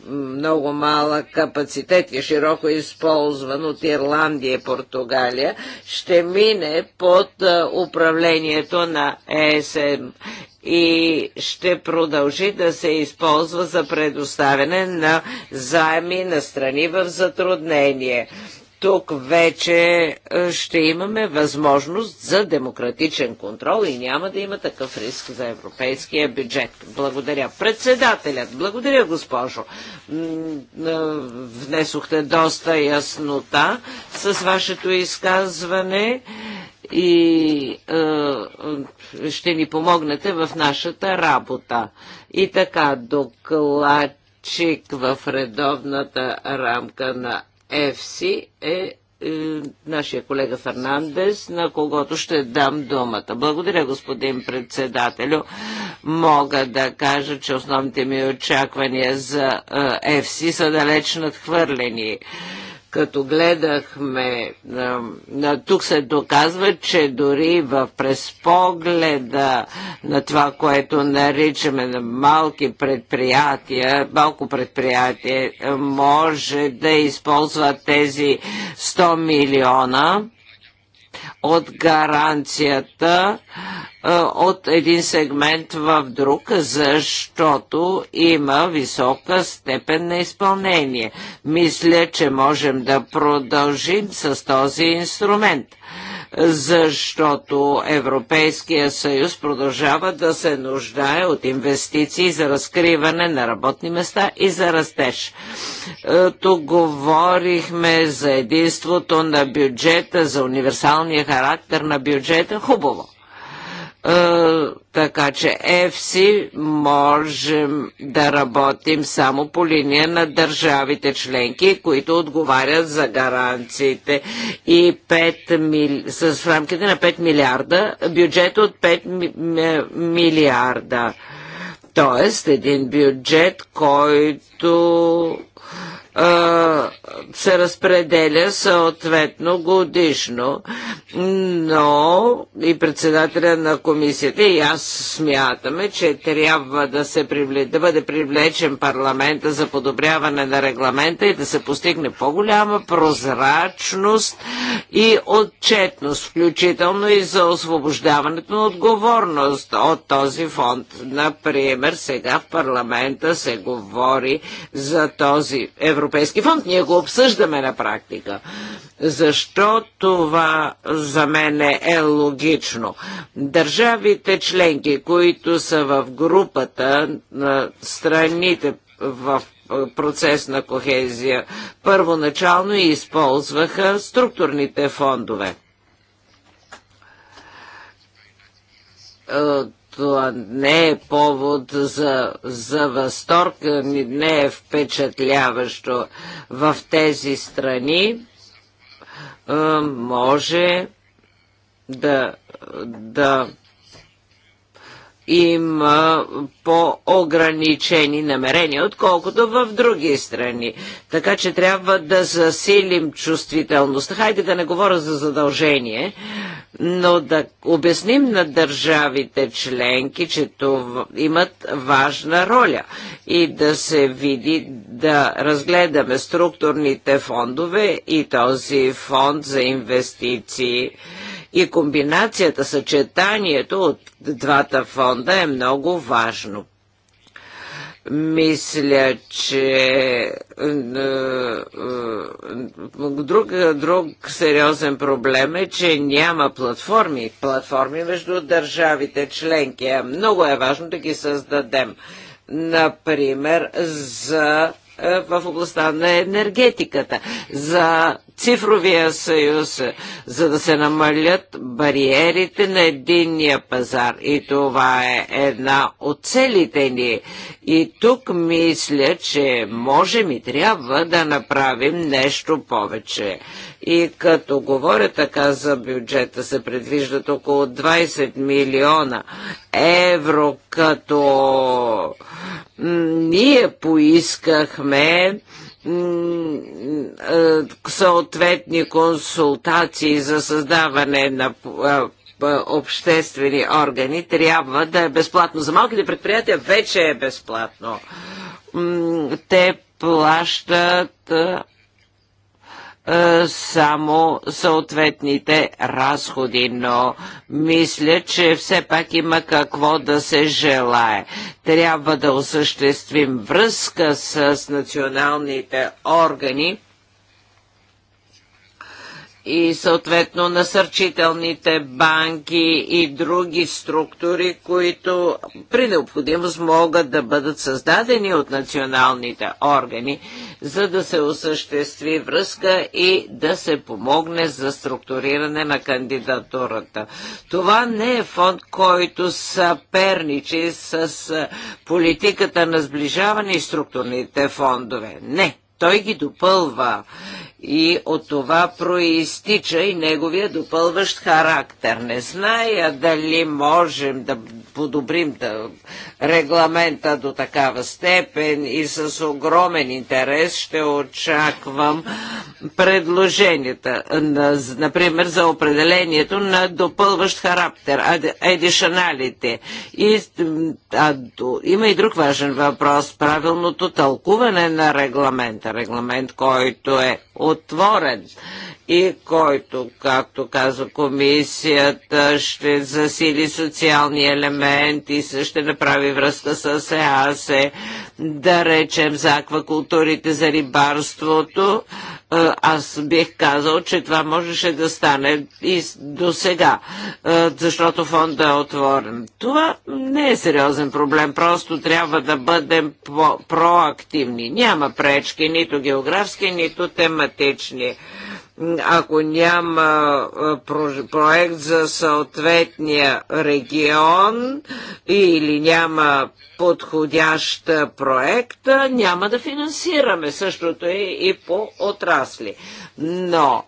много малък капацитет и широко използван от Ирландия и Португалия, ще мине под управлението на ЕСМ и ще продължи да се използва за предоставяне на заеми на страни в затруднение тук вече е, ще имаме възможност за демократичен контрол и няма да има такъв риск за европейския бюджет. Благодаря. Председателят, благодаря госпожо. Е, внесохте доста яснота с вашето изказване и е, ще ни помогнете в нашата работа. И така, доклад чик в редовната рамка на ЕФСИ е, е нашия колега Фернандес, на когото ще дам думата. Благодаря, господин председателю. Мога да кажа, че основните ми очаквания за е, ЕФСИ са далеч надхвърлени. Като гледахме, на тук се доказва, че дори в през погледа на това, което наричаме на малки предприятия, малко предприятие може да използва тези 100 милиона от гаранцията от един сегмент в друг, защото има висока степен на изпълнение. Мисля, че можем да продължим с този инструмент защото Европейския съюз продължава да се нуждае от инвестиции за разкриване на работни места и за растеж. Тук говорихме за единството на бюджета, за универсалния характер на бюджета. Хубаво така че ЕФСИ можем да работим само по линия на държавите членки, които отговарят за гаранциите и 5 мили... с рамките на 5 милиарда, бюджет от 5 милиарда. Тоест един бюджет, който се разпределя съответно годишно. Но и председателя на комисията и аз смятаме, че трябва да, се привле... да бъде привлечен парламента за подобряване на регламента и да се постигне по-голяма прозрачност и отчетност, включително и за освобождаването на отговорност от този фонд. Например, сега в парламента се говори за този европейски Европейски фонд. Ние го обсъждаме на практика. Защо това за мен е логично? Държавите членки, които са в групата на страните в процес на кохезия, първоначално използваха структурните фондове е, това не е повод за, за възторг, ами не е впечатляващо. В тези страни може да, да има по-ограничени намерения, отколкото в други страни. Така че трябва да засилим чувствителността. Хайде да не говоря за задължение, но да обясним на държавите членки, че това имат важна роля и да се види, да разгледаме структурните фондове и този фонд за инвестиции. И комбинацията, съчетанието от двата фонда е много важно. Мисля, че е, е, друг, друг сериозен проблем е, че няма платформи. Платформи между държавите членки. Е, много е важно да ги създадем. Например, за в областта на енергетиката, за цифровия съюз, за да се намалят бариерите на единния пазар. И това е една от целите ни. И тук мисля, че можем и трябва да направим нещо повече. И като говоря така за бюджета, се предвиждат около 20 милиона евро, като ние поискахме съответни консултации за създаване на обществени органи трябва да е безплатно. За малките предприятия вече е безплатно. Те плащат е, само съответните разходи, но мисля, че все пак има какво да се желае. Трябва да осъществим връзка с националните органи, и съответно насърчителните банки и други структури, които при необходимост могат да бъдат създадени от националните органи, за да се осъществи връзка и да се помогне за структуриране на кандидатурата. Това не е фонд, който съперничи с политиката на сближаване и структурните фондове. Не, той ги допълва и от това проистича и неговия допълващ характер. Не зная дали можем да подобрим да регламента до такава степен и с огромен интерес ще очаквам предложенията, например за определението на допълващ характер, едишаналите. И, а, има и друг важен въпрос, правилното тълкуване на регламента, регламент, който е отворен и който, както каза комисията, ще засили социални елементи, ще направи връзка с ЕАСЕ, да речем за аквакултурите, за рибарството. Е, аз бих казал, че това можеше да стане и до сега, е, защото фонда е отворен. Това не е сериозен проблем, просто трябва да бъдем проактивни. Няма пречки, нито географски, нито тематични ако няма проект за съответния регион или няма подходящ проект, няма да финансираме. Същото е и по отрасли. Но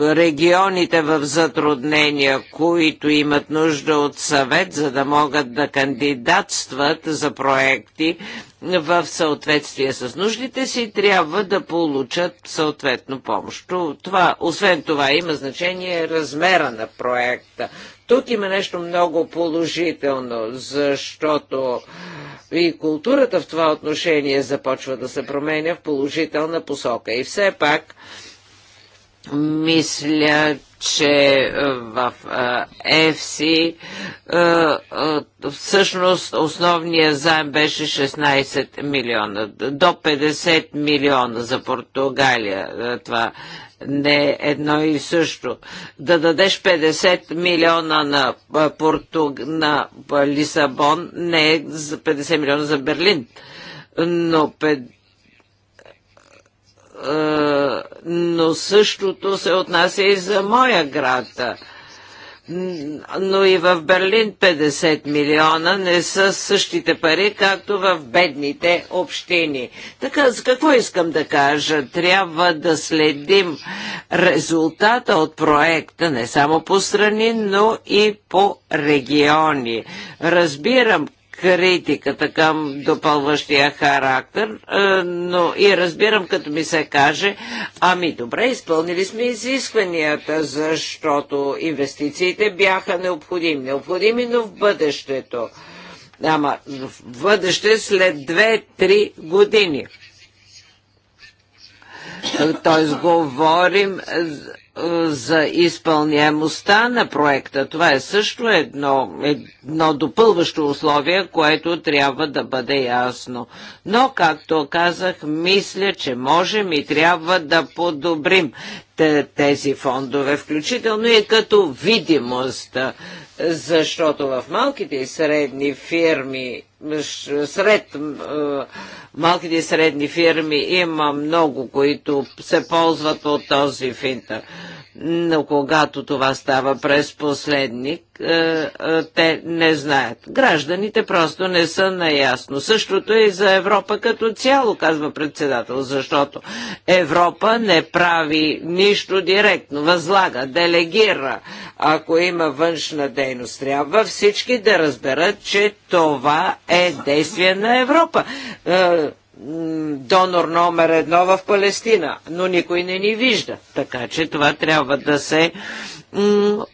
регионите в затруднения, които имат нужда от съвет, за да могат да кандидатстват за проекти в съответствие с нуждите си, трябва да получат съответно помощ. Това, освен това има значение размера на проекта. Тук има нещо много положително, защото и културата в това отношение започва да се променя в положителна посока. И все пак мисля, че е, в е, ЕФСИ е, всъщност основният заем беше 16 милиона, до 50 милиона за Португалия. Това не е едно и също. Да дадеш 50 милиона на, Португ... на Лисабон не е за 50 милиона за Берлин, но е, но същото се отнася и за моя град. Но и в Берлин 50 милиона не са същите пари, както в бедните общини. Така, с какво искам да кажа? Трябва да следим резултата от проекта не само по страни, но и по региони. Разбирам критиката към допълващия характер, е, но и разбирам, като ми се каже, ами добре, изпълнили сме изискванията, защото инвестициите бяха необходими. Необходими, но в бъдещето. Ама в бъдеще след 2-3 години. Тоест говорим за изпълняемостта на проекта. Това е също едно, едно допълващо условие, което трябва да бъде ясно. Но, както казах, мисля, че можем и трябва да подобрим тези фондове, включително и като видимост, защото в малките и средни фирми сред е, малките и средни фирми има много, които се ползват от този финтър. Но когато това става през последник, е, е, те не знаят. Гражданите просто не са наясно. Същото е и за Европа като цяло, казва председател, защото Европа не прави нищо директно, възлага, делегира. Ако има външна дейност, трябва всички да разберат, че това е действие на Европа. Е, донор номер едно в Палестина, но никой не ни вижда. Така че това трябва да се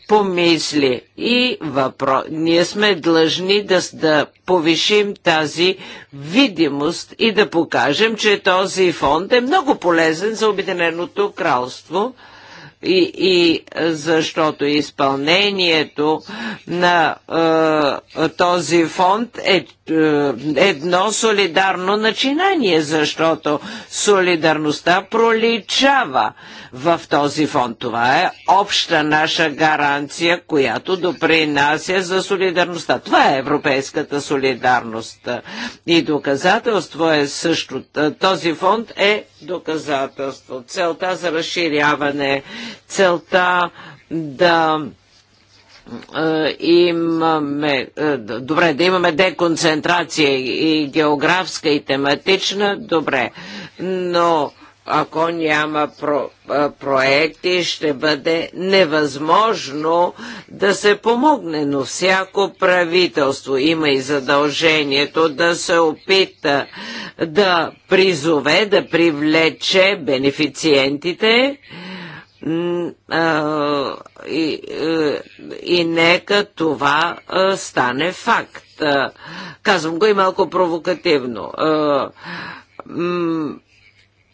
помисли. И въпрос. Ние сме длъжни да, да повишим тази видимост и да покажем, че този фонд е много полезен за Обединеното кралство и, и защото изпълнението на е, този фонд е е, едно солидарно начинание, защото солидарността проличава в този фонд. Това е обща наша гаранция, която допринася за солидарността. Това е европейската солидарност. И доказателство е също. Този фонд е доказателство. Целта за разширяване, целта да е, имаме, е, добре, да имаме деконцентрация и географска и тематична, добре, но ако няма про, е, проекти, ще бъде невъзможно да се помогне, но всяко правителство има и задължението да се опита да призове, да привлече бенефициентите, и, е, и нека това е, стане факт. Е, казвам го и малко провокативно.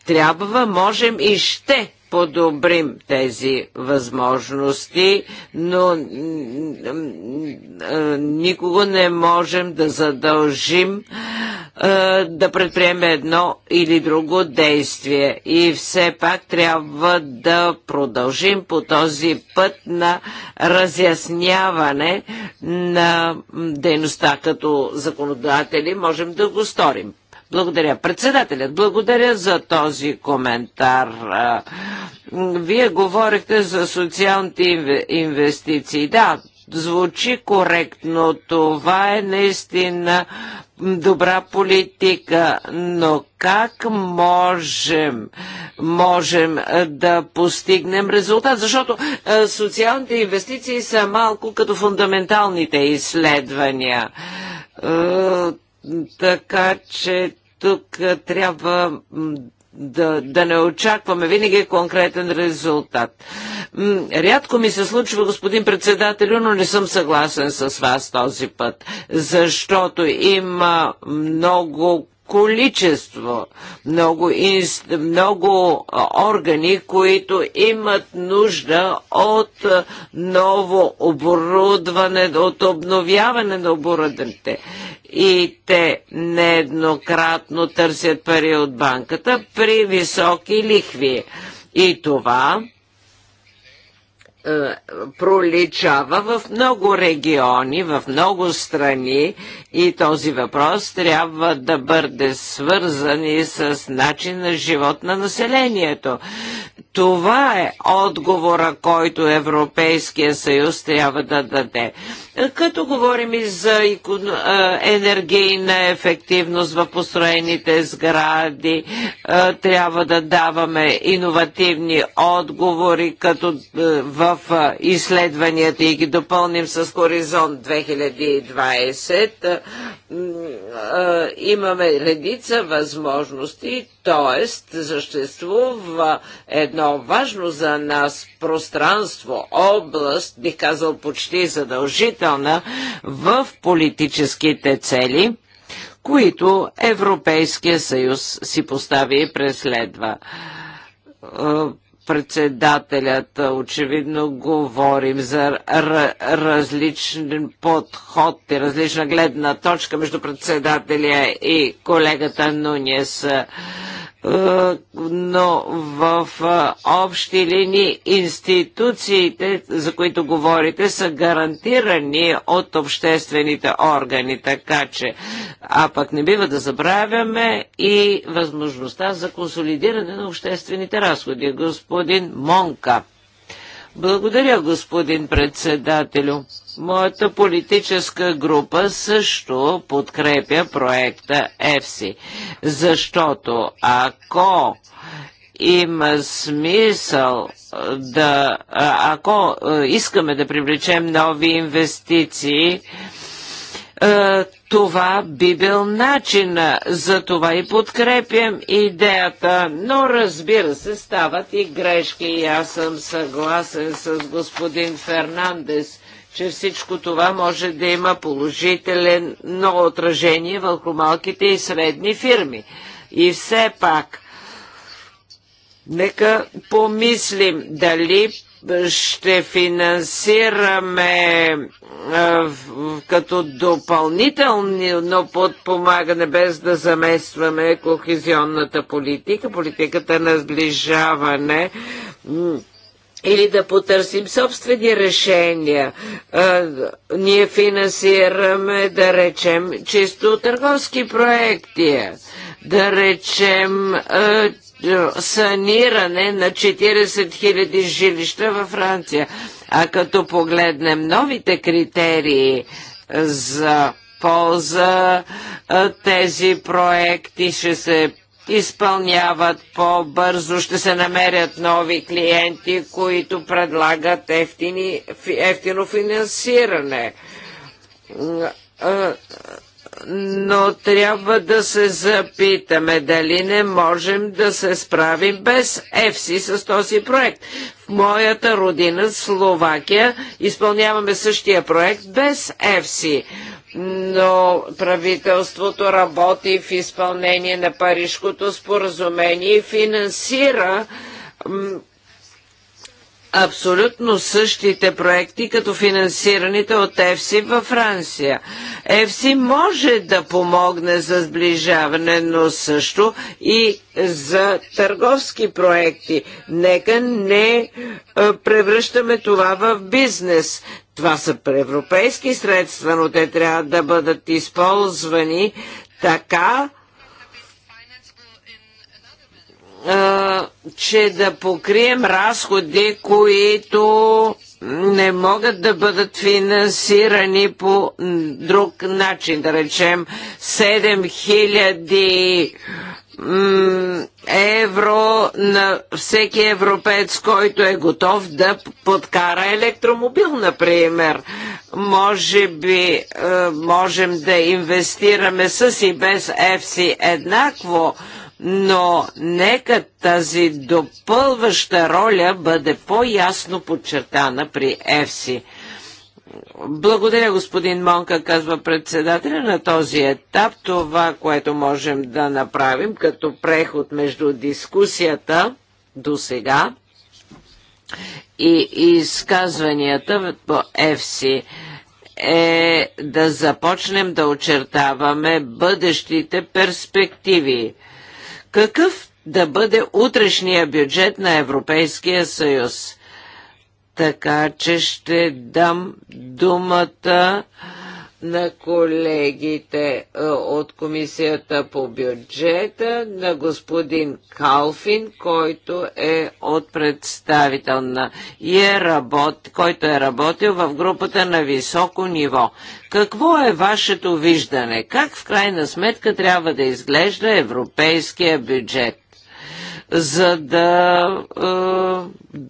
Трябва, можем и ще подобрим тези възможности, но никого не можем да задължим да предприеме едно или друго действие. И все пак трябва да продължим по този път на разясняване на дейността като законодатели. Можем да го сторим. Благодаря. Председателят, благодаря за този коментар. Вие говорихте за социалните инвестиции. Да, звучи коректно. Това е наистина добра политика, но как можем, можем да постигнем резултат? Защото социалните инвестиции са малко като фундаменталните изследвания. така че тук трябва да, да не очакваме винаги конкретен резултат. Рядко ми се случва, господин председателю, но не съм съгласен с вас този път, защото има много количество, много, инст, много органи, които имат нужда от ново оборудване, от обновяване на оборудването. И те нееднократно търсят пари от банката при високи лихви. И това е, проличава в много региони, в много страни и този въпрос трябва да бъде свързан и с начин на живот на населението. Това е отговора, който Европейския съюз трябва да даде. Като говорим и за енергийна ефективност в построените сгради, трябва да даваме иновативни отговори, като в изследванията и ги допълним с Хоризонт 2020. Имаме редица възможности, т.е. съществува едно важно за нас пространство, област, бих казал почти задължително, милиона в политическите цели, които Европейския съюз си постави и преследва е, председателят. Е, очевидно говорим за различен подход и различна гледна точка между председателя и колегата Нунес. Е, но в е, общи линии институциите, за които говорите, са гарантирани от обществените органи, така че, а пък не бива да забравяме и възможността за консолидиране на обществените разходи. Господин Монка. Благодаря, господин председателю. Моята политическа група също подкрепя проекта ЕФСИ, защото ако има смисъл да, ако искаме да привлечем нови инвестиции, е, това би бил начина. За това и подкрепям идеята, но разбира се, стават и грешки и аз съм съгласен с господин Фернандес че всичко това може да има положителен много отражение върху малките и средни фирми. И все пак, нека помислим дали ще финансираме като допълнително подпомагане, без да заместваме кохезионната политика, политиката на сближаване или да потърсим собствени решения. А, ние финансираме, да речем, чисто търговски проекти. Да речем, а, саниране на 40 000 жилища във Франция. А като погледнем новите критерии е, за полза, е, тези проекти ще се изпълняват по-бързо, ще се намерят нови клиенти, които предлагат ефтини, ефтино финансиране е, но трябва да се запитаме дали не можем да се справим без ЕФСИ с този проект. В моята родина, Словакия, изпълняваме същия проект без ЕФСИ но правителството работи в изпълнение на Парижското споразумение и финансира абсолютно същите проекти, като финансираните от ЕФСИ във Франция. ЕФСИ може да помогне за сближаване, но също и за търговски проекти. Нека не е, превръщаме това в бизнес. Това са европейски средства, но те трябва да бъдат използвани така, че да покрием разходи, които не могат да бъдат финансирани по друг начин, да речем 7000 евро на всеки европеец, който е готов да подкара електромобил, например. Може би е, можем да инвестираме с и без FC еднакво, но нека тази допълваща роля бъде по-ясно подчертана при ЕФСИ. Благодаря, господин Монка, казва председателя. На този етап това, което можем да направим като преход между дискусията до сега и изказванията по ЕФСИ е да започнем да очертаваме бъдещите перспективи какъв да бъде утрешния бюджет на Европейския съюз? Така че ще дам думата на колегите е, от Комисията по бюджета, на господин Калфин, който е от представител на и е работ, който е работил в групата на високо ниво. Какво е вашето виждане? Как в крайна сметка трябва да изглежда европейския бюджет? за да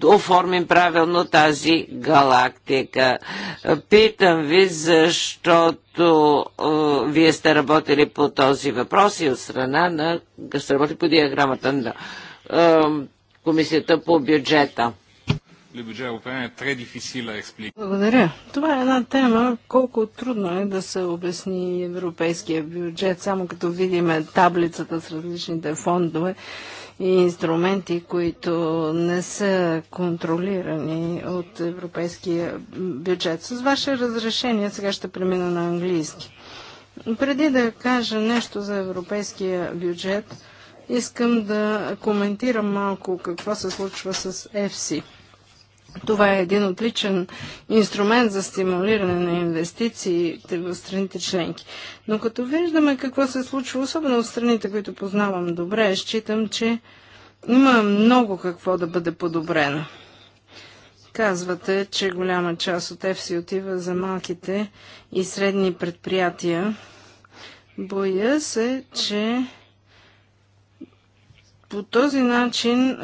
е, оформим правилно тази галактика. Питам ви, защото е, вие сте работили по този въпрос и от страна на... сте работили по диаграмата на е, Комисията по бюджета. Благодаря. Това е една тема, колко трудно е да се обясни европейския бюджет, само като видим таблицата с различните фондове инструменти, които не са контролирани от европейския бюджет. С ваше разрешение сега ще премина на английски. Преди да кажа нещо за европейския бюджет, искам да коментирам малко какво се случва с ЕФСИ. Това е един отличен инструмент за стимулиране на инвестициите в страните членки. Но като виждаме какво се случва, особено в страните, които познавам добре, считам, че има много какво да бъде подобрено. Казвате, че голяма част от ЕФСИ отива за малките и средни предприятия. Боя се, че по този начин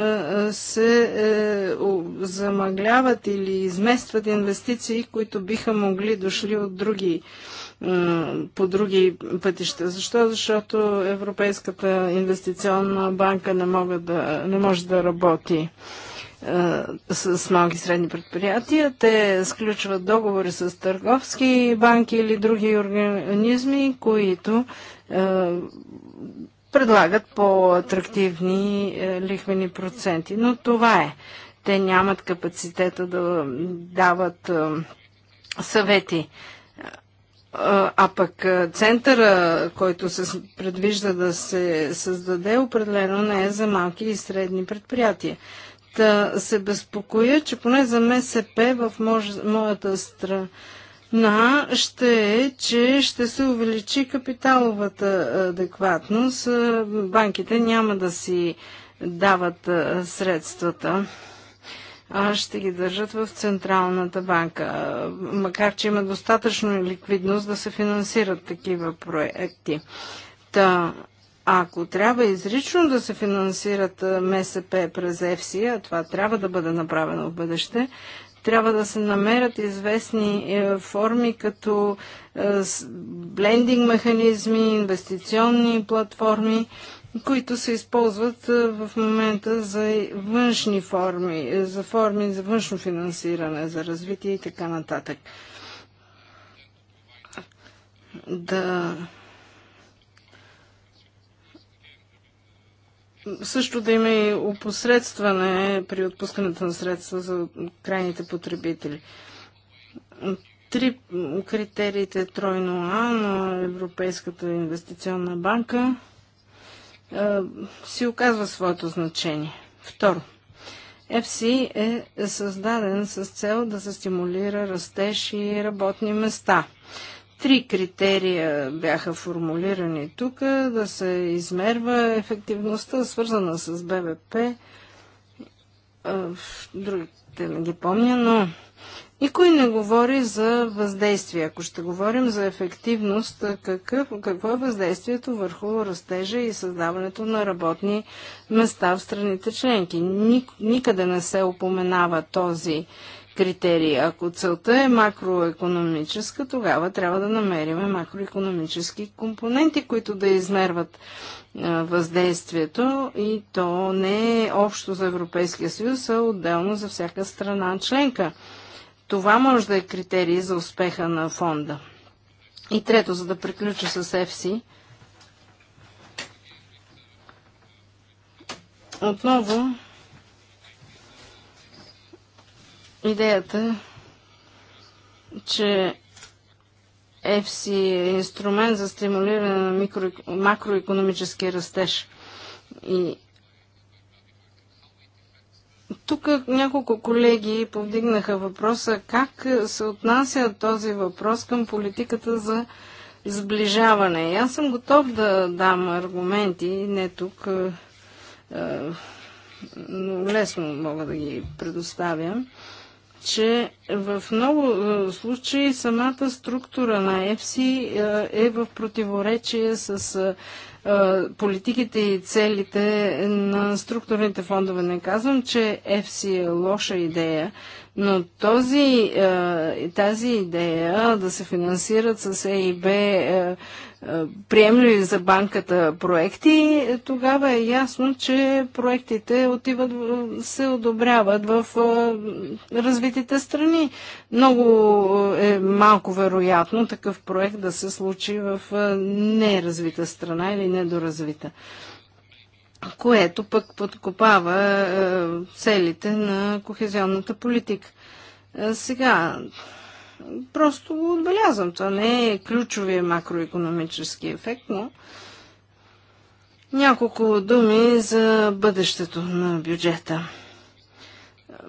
се е, замъгляват или изместват инвестиции, които биха могли дошли от други по други пътища. Защо? Защото Европейската инвестиционна банка не, мога да, не може да работи с малки и средни предприятия. Те сключват договори с търговски банки или други организми, които е, предлагат по-атрактивни е, лихвени проценти. Но това е. Те нямат капацитета да дават е, съвети. Е, а пък центъра, който се предвижда да се създаде, определено не е за малки и средни предприятия. Та се безпокоя, че поне за МСП в моята страна на ще е, че ще се увеличи капиталовата адекватност. Е, банките няма да си дават е, средствата, а ще ги държат в Централната банка, е, макар че има достатъчно ликвидност да се финансират такива проекти. Та, ако трябва изрично да се финансират МСП през ЕФСИ, а това трябва да бъде направено в бъдеще, трябва да се намерят известни е, форми като е, блендинг механизми, инвестиционни платформи, които се използват е, в момента за външни форми, за форми за външно финансиране, за развитие и така нататък. Да също да има и опосредстване при отпускането на средства за крайните потребители. Три критериите е тройно А на Европейската инвестиционна банка е, си оказва своето значение. Второ, FC е създаден с цел да се стимулира растеж и работни места – Три критерия бяха формулирани тук да се измерва ефективността, свързана с БВП. Е, другите не ги помня, но никой не говори за въздействие. Ако ще говорим за ефективност, какъв, какво е въздействието върху растежа и създаването на работни места в страните членки? никъде не се упоменава този критерии. Ако целта е макроекономическа, тогава трябва да намерим макроекономически компоненти, които да измерват въздействието и то не е общо за Европейския съюз, а отделно за всяка страна членка. Това може да е критерий за успеха на фонда. И трето, за да приключа с ЕФСИ, отново идеята, е, че FC е инструмент за стимулиране на микро, макроекономически растеж. И тук няколко колеги повдигнаха въпроса как се отнася този въпрос към политиката за сближаване. И аз съм готов да дам аргументи, не тук, е, е, но лесно мога да ги предоставям че в много е, случаи самата структура на ЕФСИ е, е в противоречие с е, политиките и целите на структурните фондове. Не казвам, че ЕФСИ е лоша идея, но този, е, тази идея да се финансират с ЕИБ е, приемливи за банката проекти, е, тогава е ясно, че проектите отиват, се одобряват в развитите страни. Много е малко вероятно такъв проект да се случи в неразвита страна или недоразвита което пък подкопава е, целите на кохезионната политика. Е, сега, просто отбелязвам, това не е ключовия макроекономически ефект, но няколко думи за бъдещето на бюджета.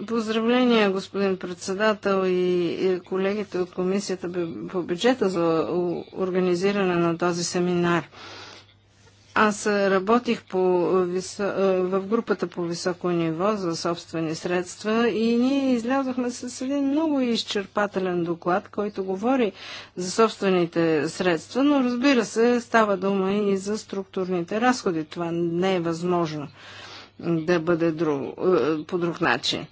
Поздравления, господин председател и колегите от Комисията по бюджета за организиране на този семинар. Аз работих по, в групата по високо ниво за собствени средства и ние излязохме с един много изчерпателен доклад, който говори за собствените средства, но разбира се, става дума и за структурните разходи. Това не е възможно да бъде друг, по друг начин.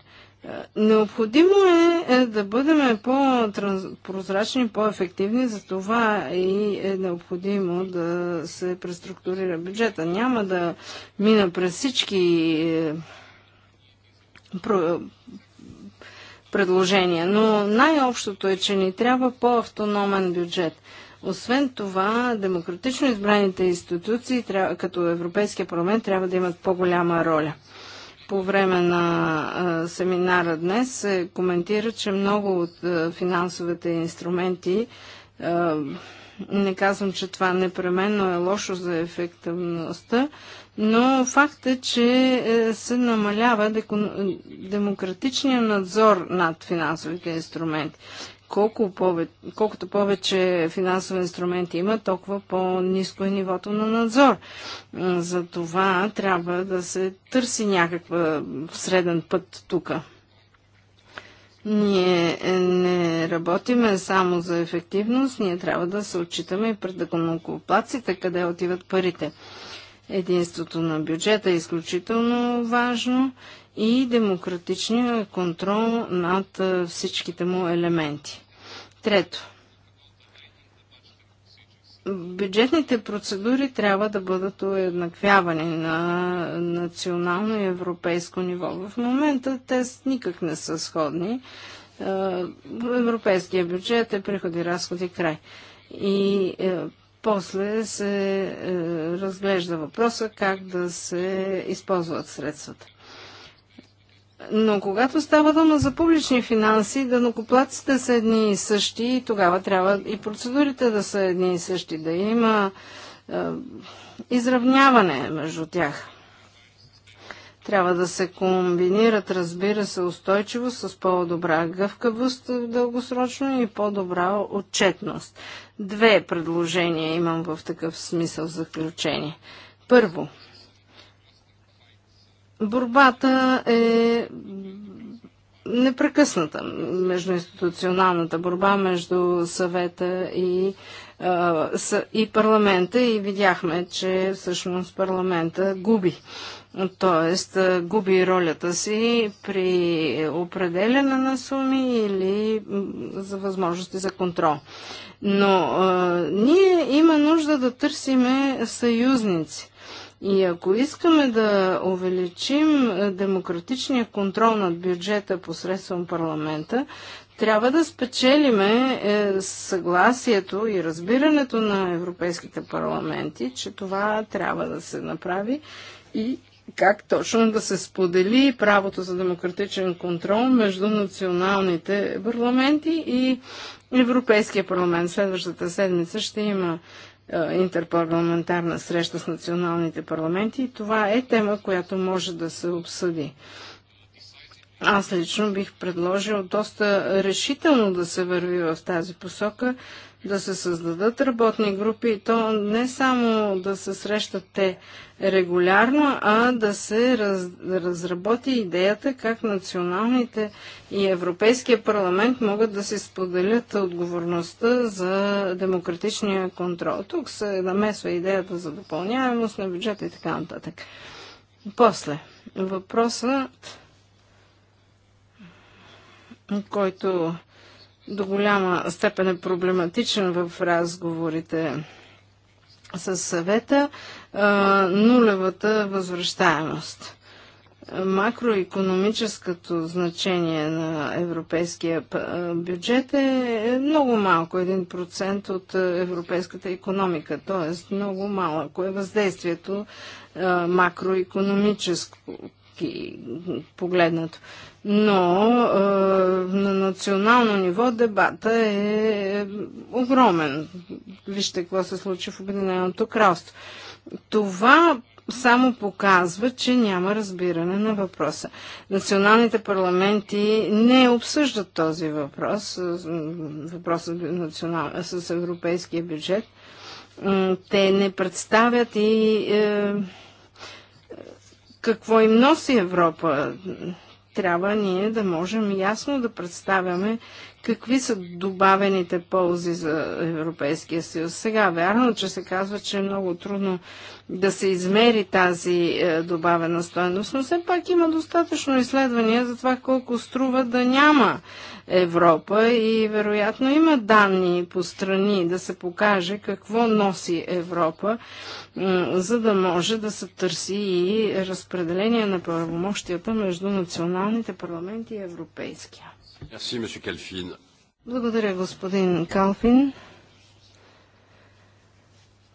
Е, необходимо е, е да бъдем по-прозрачни, по-ефективни, за това и е необходимо да се преструктурира бюджета. Няма да мина през всички е, предложения, но най-общото е, че ни трябва по-автономен бюджет. Освен това, демократично избраните институции, като Европейския парламент, трябва да имат по-голяма роля – по време на семинара днес се коментира, че много от финансовите инструменти, не казвам, че това непременно е лошо за ефективността, но факт е, че е, се намалява демократичния надзор над финансовите инструменти колко повече, колкото повече финансови инструменти има, толкова по-низко е нивото на надзор. За това трябва да се търси някаква среден път тук. Ние не работиме само за ефективност, ние трябва да се отчитаме и пред дъконокоплаците, къде отиват парите. Единството на бюджета е изключително важно и демократичния контрол над всичките му елементи. Трето. Бюджетните процедури трябва да бъдат уеднаквявани на национално и европейско ниво. В момента те никак не са сходни. Европейския бюджет е приходи, разходи, край. И е, после се е, разглежда въпроса как да се използват средствата. Но когато става дума за публични финанси, да накоплаците са едни и същи и тогава трябва и процедурите да са едни и същи, да има е, изравняване между тях. Трябва да се комбинират, разбира се, устойчиво с по-добра гъвкавост дългосрочно и по-добра отчетност. Две предложения имам в такъв смисъл заключение. Първо, Борбата е непрекъсната междуинституционалната борба между съвета и, и парламента и видяхме, че всъщност парламента губи Тоест, губи ролята си при определена на суми или за възможности за контрол. Но а, ние има нужда да търсиме съюзници. И ако искаме да увеличим демократичния контрол над бюджета посредством парламента, трябва да спечелиме е, съгласието и разбирането на европейските парламенти, че това трябва да се направи и как точно да се сподели правото за демократичен контрол между националните парламенти и Европейския парламент. Следващата седмица ще има интерпарламентарна среща с националните парламенти и това е тема, която може да се обсъди. Аз лично бих предложил доста решително да се върви в тази посока, да се създадат работни групи и то не само да се срещат те регулярно, а да се раз, разработи идеята как националните и Европейския парламент могат да се споделят отговорността за демократичния контрол. Тук се намесва идеята за допълняемост на бюджета и така нататък. После, въпросът, който до голяма степен е проблематичен в разговорите с съвета, нулевата възвръщаемост. Макроекономическото значение на европейския бюджет е, е много малко, 1% от европейската економика, т.е. много малко е въздействието макроекономическо погледнато но а, е, на национално ниво дебата е, е огромен. Вижте какво се случи в Обединеното кралство. Това само показва, че няма разбиране на въпроса. Националните парламенти не обсъждат този въпрос, е, въпросът национал... с европейския бюджет. Те не представят и е, какво им носи Европа трябва ние да можем ясно да представяме какви са добавените ползи за Европейския съюз. Сега, вярно, че се казва, че е много трудно да се измери тази е, добавена стоеност, но все пак има достатъчно изследвания за това колко струва да няма Европа и вероятно има данни по страни да се покаже какво носи Европа, за да може да се търси и разпределение на правомощията между националните парламенти и европейския. Благодаря, господин Калфин.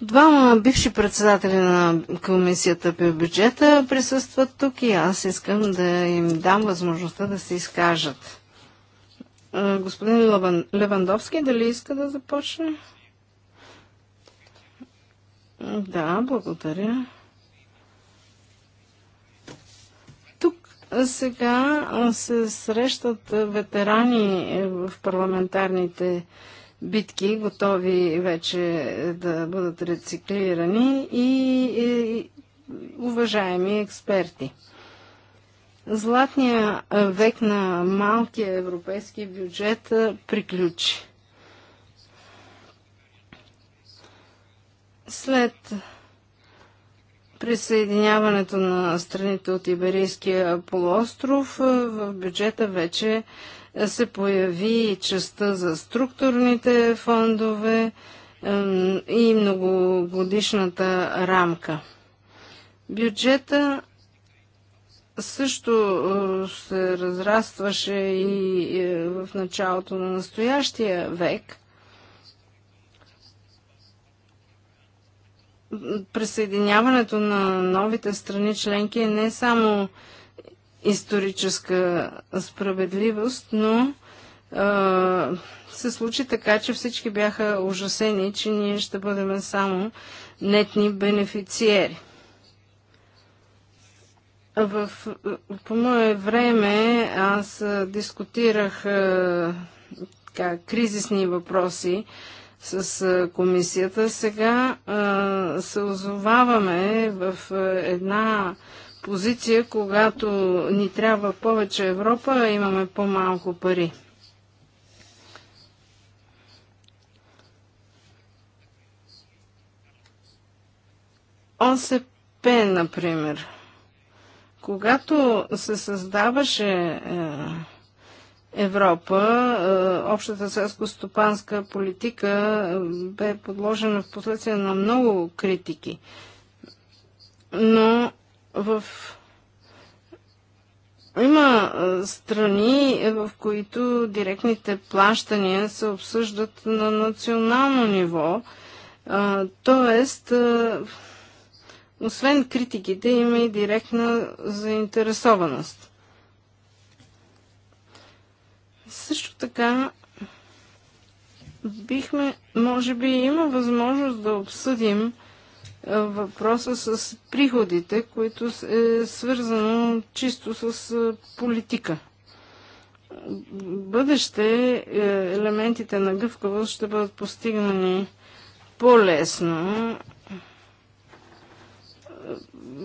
Двама бивши председатели на комисията по бюджета присъстват тук и аз искам да им дам възможността да се изкажат. Господин Левандовски, дали иска да започне? Да, благодаря. Сега се срещат ветерани е, в парламентарните битки, готови вече е, да бъдат рециклирани и, е, и уважаеми експерти. Златния век на малкия европейски бюджет приключи. След присъединяването на страните от Иберийския полуостров в бюджета вече се появи частта за структурните фондове и многогодишната рамка. Бюджета също се разрастваше и в началото на настоящия век присъединяването на новите страни членки е не само историческа справедливост, но се случи така, че всички бяха ужасени, че ние ще бъдем само нетни бенефициери. В, по мое време аз дискутирах така, кризисни въпроси, с комисията. Сега се озоваваме в една позиция, когато ни трябва повече Европа, а имаме по-малко пари. ОСП, например. Когато се създаваше е, Европа, е, общата селско-стопанска политика е, бе подложена в последствие на много критики. Но в има е, страни, в които директните плащания се обсъждат на национално ниво. Тоест, освен критиките, има и директна заинтересованост. Също така, бихме, може би има възможност да обсъдим е, въпроса с приходите, които е свързано чисто с е, политика. Бъдеще е, елементите на гъвкавост ще бъдат постигнани по-лесно.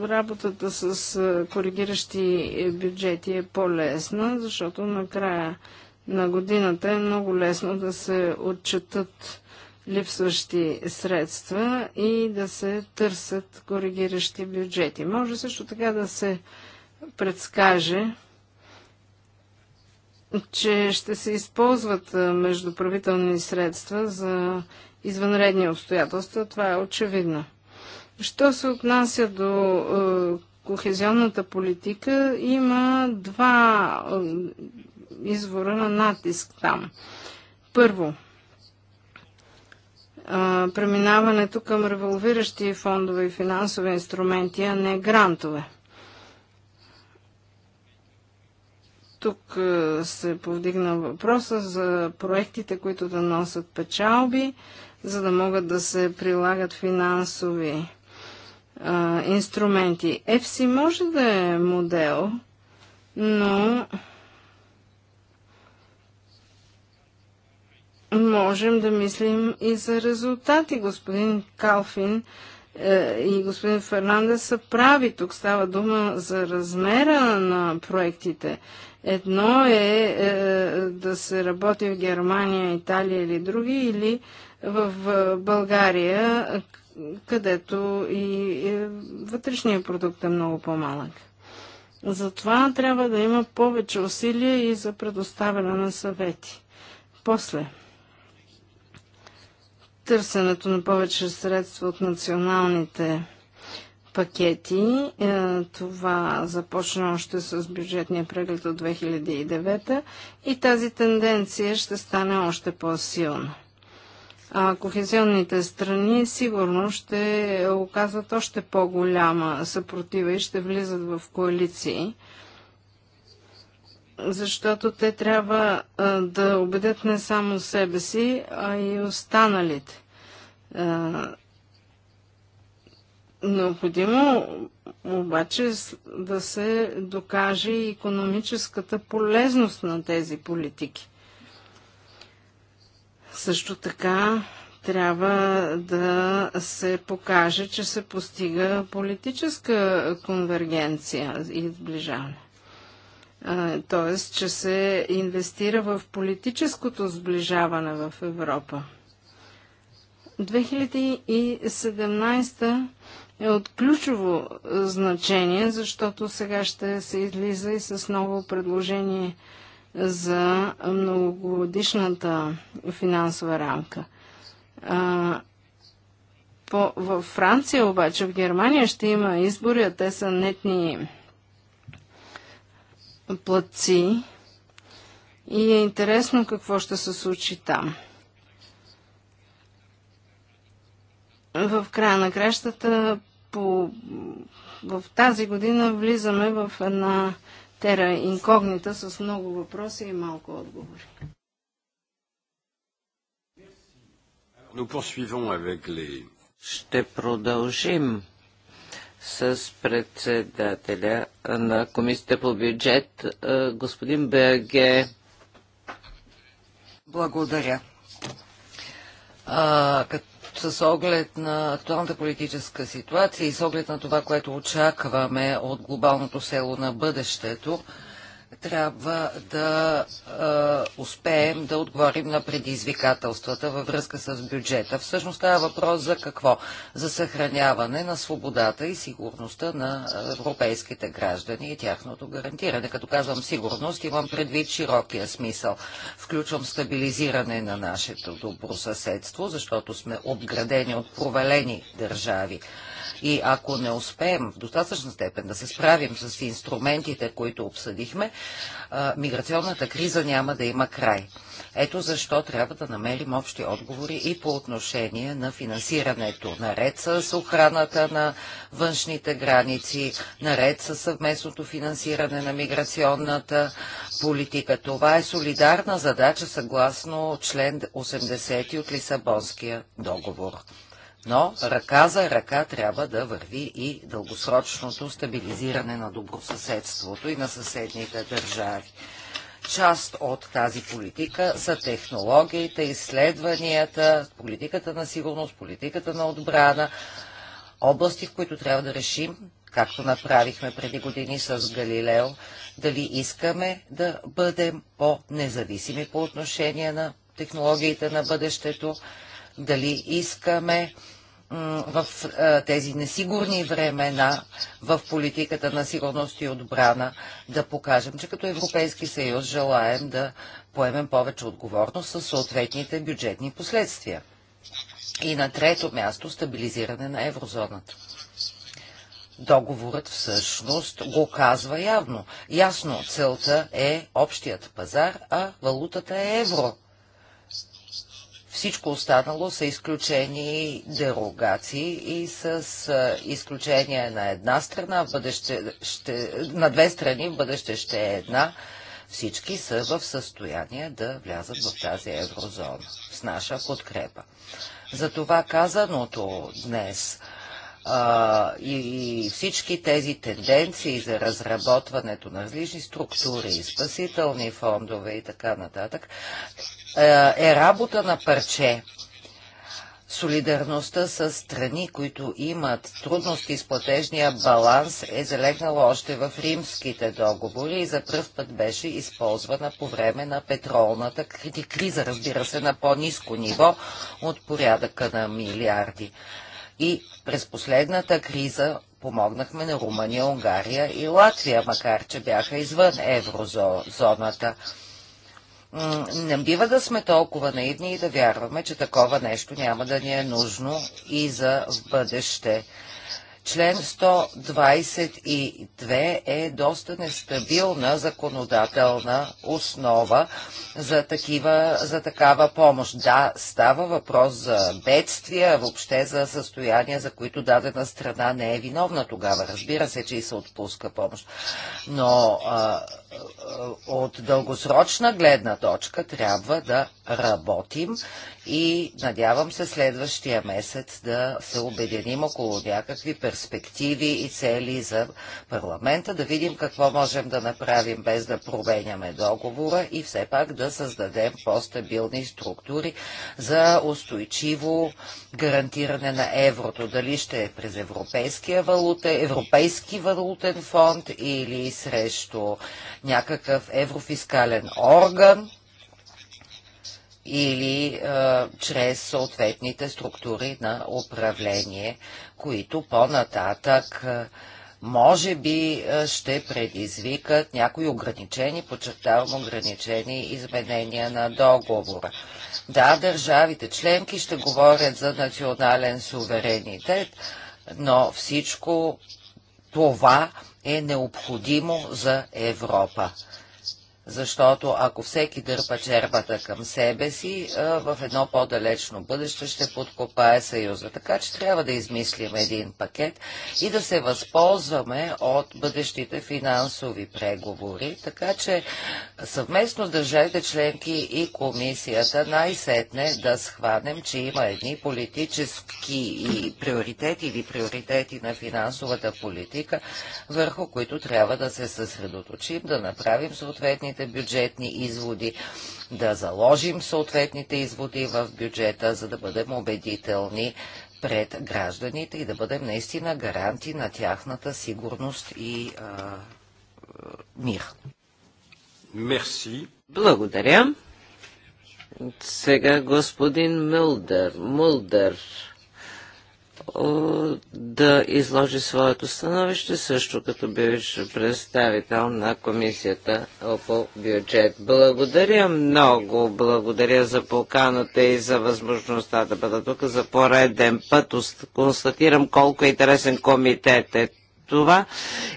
Работата с коригиращи бюджети е по-лесна, защото накрая на годината е много лесно да се отчетат липсващи средства и да се търсят коригиращи бюджети. Може също така да се предскаже, че ще се използват междуправителни средства за извънредни обстоятелства. Това е очевидно. Що се отнася до кохезионната политика, има два извора на натиск там. Първо, преминаването към револвиращи фондове и финансови инструменти, а не грантове. Тук се повдигна въпроса за проектите, които да носят печалби, за да могат да се прилагат финансови а, инструменти. ЕФСИ може да е модел, но можем да мислим и за резултати. Господин Калфин е, и господин Фернандес са прави. Тук става дума за размера на проектите. Едно е, е да се работи в Германия, Италия или други, или в България, където и е, вътрешния продукт е много по-малък. Затова трябва да има повече усилия и за предоставяне на съвети. После, търсенето на повече средства от националните пакети. Е, това започна още с бюджетния преглед от 2009 и тази тенденция ще стане още по-силна. А кохезионните страни сигурно ще оказват още по-голяма съпротива и ще влизат в коалиции защото те трябва а, да убедят не само себе си, а и останалите. А, необходимо обаче да се докаже и економическата полезност на тези политики. Също така трябва да се покаже, че се постига политическа конвергенция и сближаване т.е. че се инвестира в политическото сближаване в Европа. 2017 е от ключово значение, защото сега ще се излиза и с ново предложение за многогодишната финансова рамка. А, по, във Франция обаче, в Германия ще има избори, а те са нетни платци и е интересно какво ще се случи там. В края на кращата по... в тази година влизаме в една тера инкогнита с много въпроси и малко отговори. Ще продължим с председателя на Комисията по бюджет, е, господин Берге. Благодаря. А, като с оглед на актуалната политическа ситуация и с оглед на това, което очакваме от глобалното село на бъдещето, трябва да е, успеем да отговорим на предизвикателствата във връзка с бюджета. Всъщност става въпрос за какво? За съхраняване на свободата и сигурността на европейските граждани и тяхното гарантиране. Като казвам сигурност, имам предвид широкия смисъл. Включвам стабилизиране на нашето добросъседство, защото сме обградени от провалени държави и ако не успеем в достатъчна степен да се справим с инструментите, които обсъдихме, миграционната криза няма да има край. Ето защо трябва да намерим общи отговори и по отношение на финансирането, наред с охраната на външните граници, наред с съвместното финансиране на миграционната политика. Това е солидарна задача съгласно член 80 от Лисабонския договор но ръка за ръка трябва да върви и дългосрочното стабилизиране на добросъседството и на съседните държави. Част от тази политика са технологиите, изследванията, политиката на сигурност, политиката на отбрана, области, в които трябва да решим, както направихме преди години с Галилео, дали искаме да бъдем по-независими по отношение на технологиите на бъдещето, дали искаме в е, тези несигурни времена в политиката на сигурност и отбрана да покажем, че като Европейски съюз желаем да поемем повече отговорност със съответните бюджетни последствия. И на трето място стабилизиране на еврозоната. Договорът всъщност го казва явно. Ясно, целта е общият пазар, а валутата е евро. Всичко останало са изключени дерогации и с изключение на една страна, в бъдеще, ще, на две страни, в бъдеще ще е една, всички са в състояние да влязат в тази еврозона с наша подкрепа. Затова казаното днес а, и, и всички тези тенденции за разработването на различни структури, спасителни фондове и така нататък, е, е работа на парче. Солидарността с страни, които имат трудности с платежния баланс, е залегнала още в римските договори и за пръв път беше използвана по време на петролната криза, разбира се, на по-низко ниво от порядъка на милиарди. И през последната криза помогнахме на Румъния, Унгария и Латвия, макар че бяха извън еврозоната не бива да сме толкова наивни и да вярваме, че такова нещо няма да ни е нужно и за в бъдеще. Член 122 е доста нестабилна законодателна основа за, такива, за такава помощ. Да, става въпрос за бедствия, въобще за състояния, за които дадена страна не е виновна тогава. Разбира се, че и се отпуска помощ. Но а, от дългосрочна гледна точка трябва да работим и надявам се следващия месец да се обединим около някакви перспективи и цели за парламента, да видим какво можем да направим без да променяме договора и все пак да създадем по-стабилни структури за устойчиво гарантиране на еврото. Дали ще е през Европейския валута, Европейски валутен фонд или срещу някакъв еврофискален орган или а, е, чрез съответните структури на управление, които по-нататък е, може би е, ще предизвикат някои ограничени, подчертавам ограничени изменения на договора. Да, държавите членки ще говорят за национален суверенитет, но всичко това е необходимо за Европа. Защото ако всеки дърпа черпата към себе си, в едно по-далечно бъдеще ще подкопае Съюза. Така че трябва да измислим един пакет и да се възползваме от бъдещите финансови преговори. Така че съвместно с държавите членки и комисията най-сетне да схванем, че има едни политически и приоритети или приоритети на финансовата политика, върху които трябва да се съсредоточим, да направим съответните съответните бюджетни изводи, да заложим съответните изводи в бюджета, за да бъдем убедителни пред гражданите и да бъдем наистина гаранти на тяхната сигурност и а, мир. Мерси. Благодаря. Сега господин Мулдър. Мулдър. Е, да изложи своето становище, също като бивш представител на комисията по бюджет. Благодаря много, благодаря за поканата и за възможността да бъда тук за пореден път. Констатирам колко е интересен комитет е това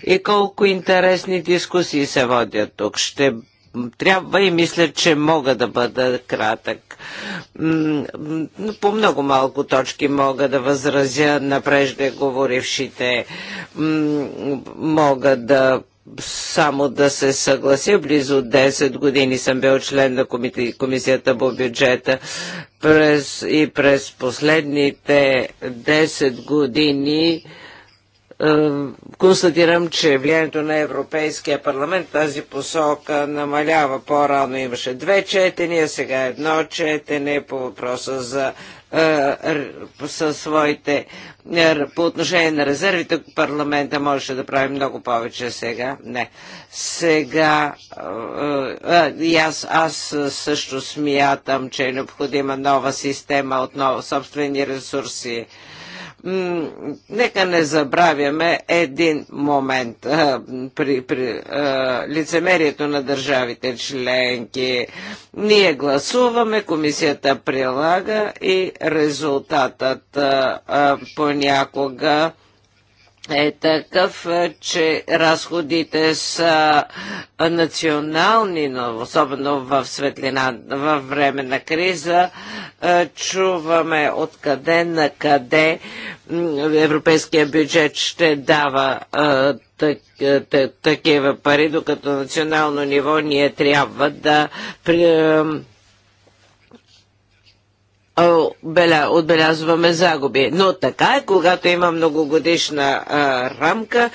и колко интересни дискусии се водят тук. Ще трябва и мисля, че мога да бъда кратък. По много малко точки мога да възразя на преждеговорившите. Мога да само да се съглася, близо 10 години съм бил член на комисията по бюджета през, и през последните 10 години е, констатирам, че влиянието на Европейския парламент тази посока намалява. По-рано имаше две четения, сега едно четене по въпроса за със е, своите е, по отношение на резервите парламента можеше да прави много повече сега. Не. Сега и аз, аз също смятам, че е необходима нова система от нова собствени ресурси. Нека не забравяме един момент а, е, при, при а, е, лицемерието на държавите членки. Ние гласуваме, комисията прилага и резултатът а, е, понякога е такъв, е, че разходите са национални, но особено в светлина, във време на криза, е, чуваме откъде на къде европейския бюджет ще дава е, такива пари, докато национално ниво ние трябва да отбелязваме загуби. Но така е, когато има многогодишна а, рамка,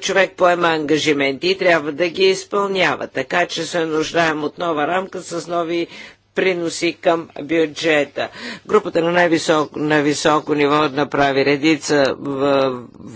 човек поема ангажименти и трябва да ги изпълнява. Така че се нуждаем от нова рамка с нови приноси към бюджета. Групата на най-високо, на високо ниво направи редица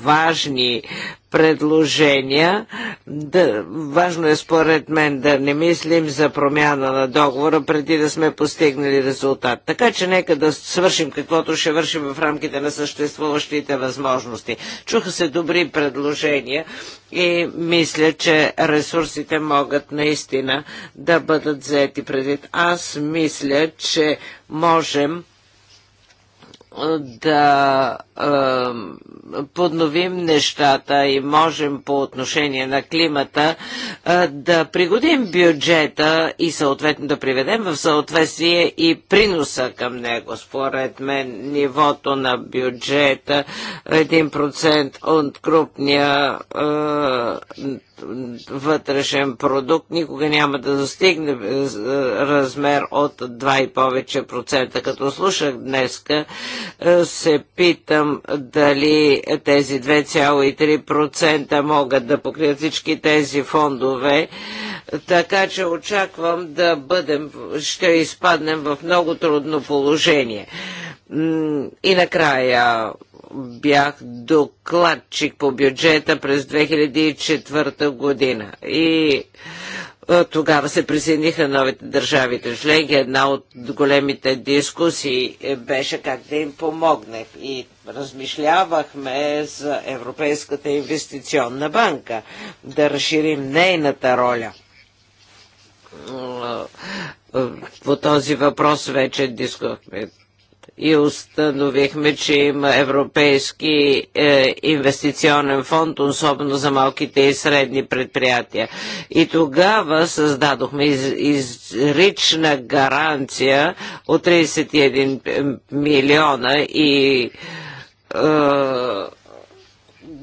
важни предложения. Да, важно е според мен да не мислим за промяна на договора преди да сме постигнали резултат. Така че нека да свършим каквото ще вършим в рамките на съществуващите възможности. Чуха се добри предложения и мисля, че ресурсите могат наистина да бъдат взети предвид. Аз мисля, че можем да е, подновим нещата и можем по отношение на климата е, да пригодим бюджета и съответно да приведем в съответствие и приноса към него. Според мен нивото на бюджета 1% от крупния е, вътрешен продукт никога няма да достигне е, е, размер от 2 и повече процента. Като слушах днеска, е, се питам дали тези 2,3% могат да покрият всички тези фондове, така че очаквам да бъдем, ще изпаднем в много трудно положение. И накрая бях докладчик по бюджета през 2004 година. И е, тогава се присъединиха новите държавите членки. Една от големите дискусии е, беше как да им помогне. И размишлявахме за Европейската инвестиционна банка, да разширим нейната роля. Е, по този въпрос вече дискутирахме и установихме, че има Европейски е, инвестиционен фонд, особено за малките и средни предприятия. И тогава създадохме из, изрична гаранция от 31 милиона и е,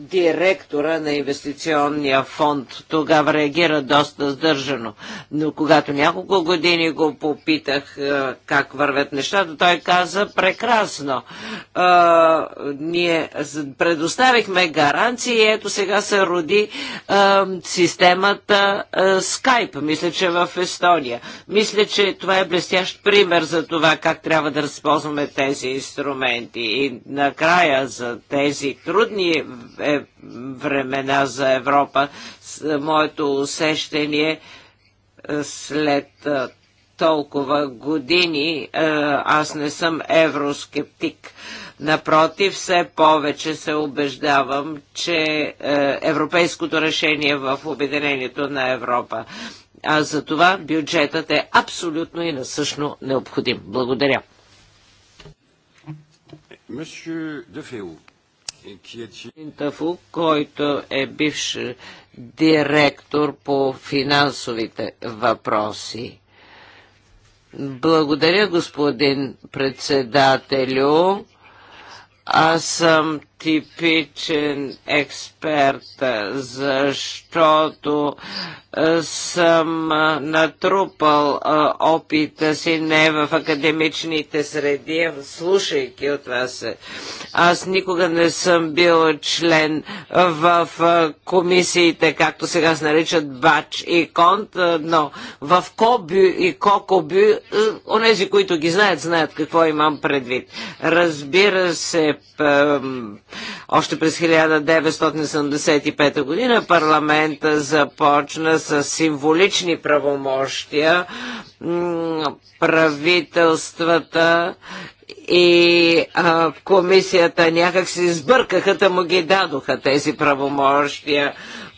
директора на инвестиционния фонд. Тогава реагира доста сдържано. Но когато няколко години го попитах е, как вървят нещата, той каза прекрасно. Е, ние предоставихме гаранции и ето сега се роди е, системата Skype, мисля, че в Естония. Мисля, че това е блестящ пример за това как трябва да разползваме тези инструменти. И накрая за тези трудни е, времена за Европа. Е, моето усещение е, след е, толкова години аз не съм евроскептик. Напротив, все повече се убеждавам, че европейското решение в Обединението на Европа. А за това бюджетът е абсолютно и насъщно необходим. Благодаря. Monsieur Дефео. Тафу, който е бивш директор по финансовите въпроси. Благодаря, господин председателю. Аз съм типичен експерт, защото съм натрупал опита си не в академичните среди, слушайки от вас. Аз никога не съм бил член в комисиите, както сега се наричат Бач и Конт, но в Кобю и Кокобю, онези, които ги знаят, знаят какво имам предвид. Разбира се, още през 1975 година парламента започна с символични правомощия правителствата и а, комисията някак се избъркаха, да му ги дадоха тези правомощия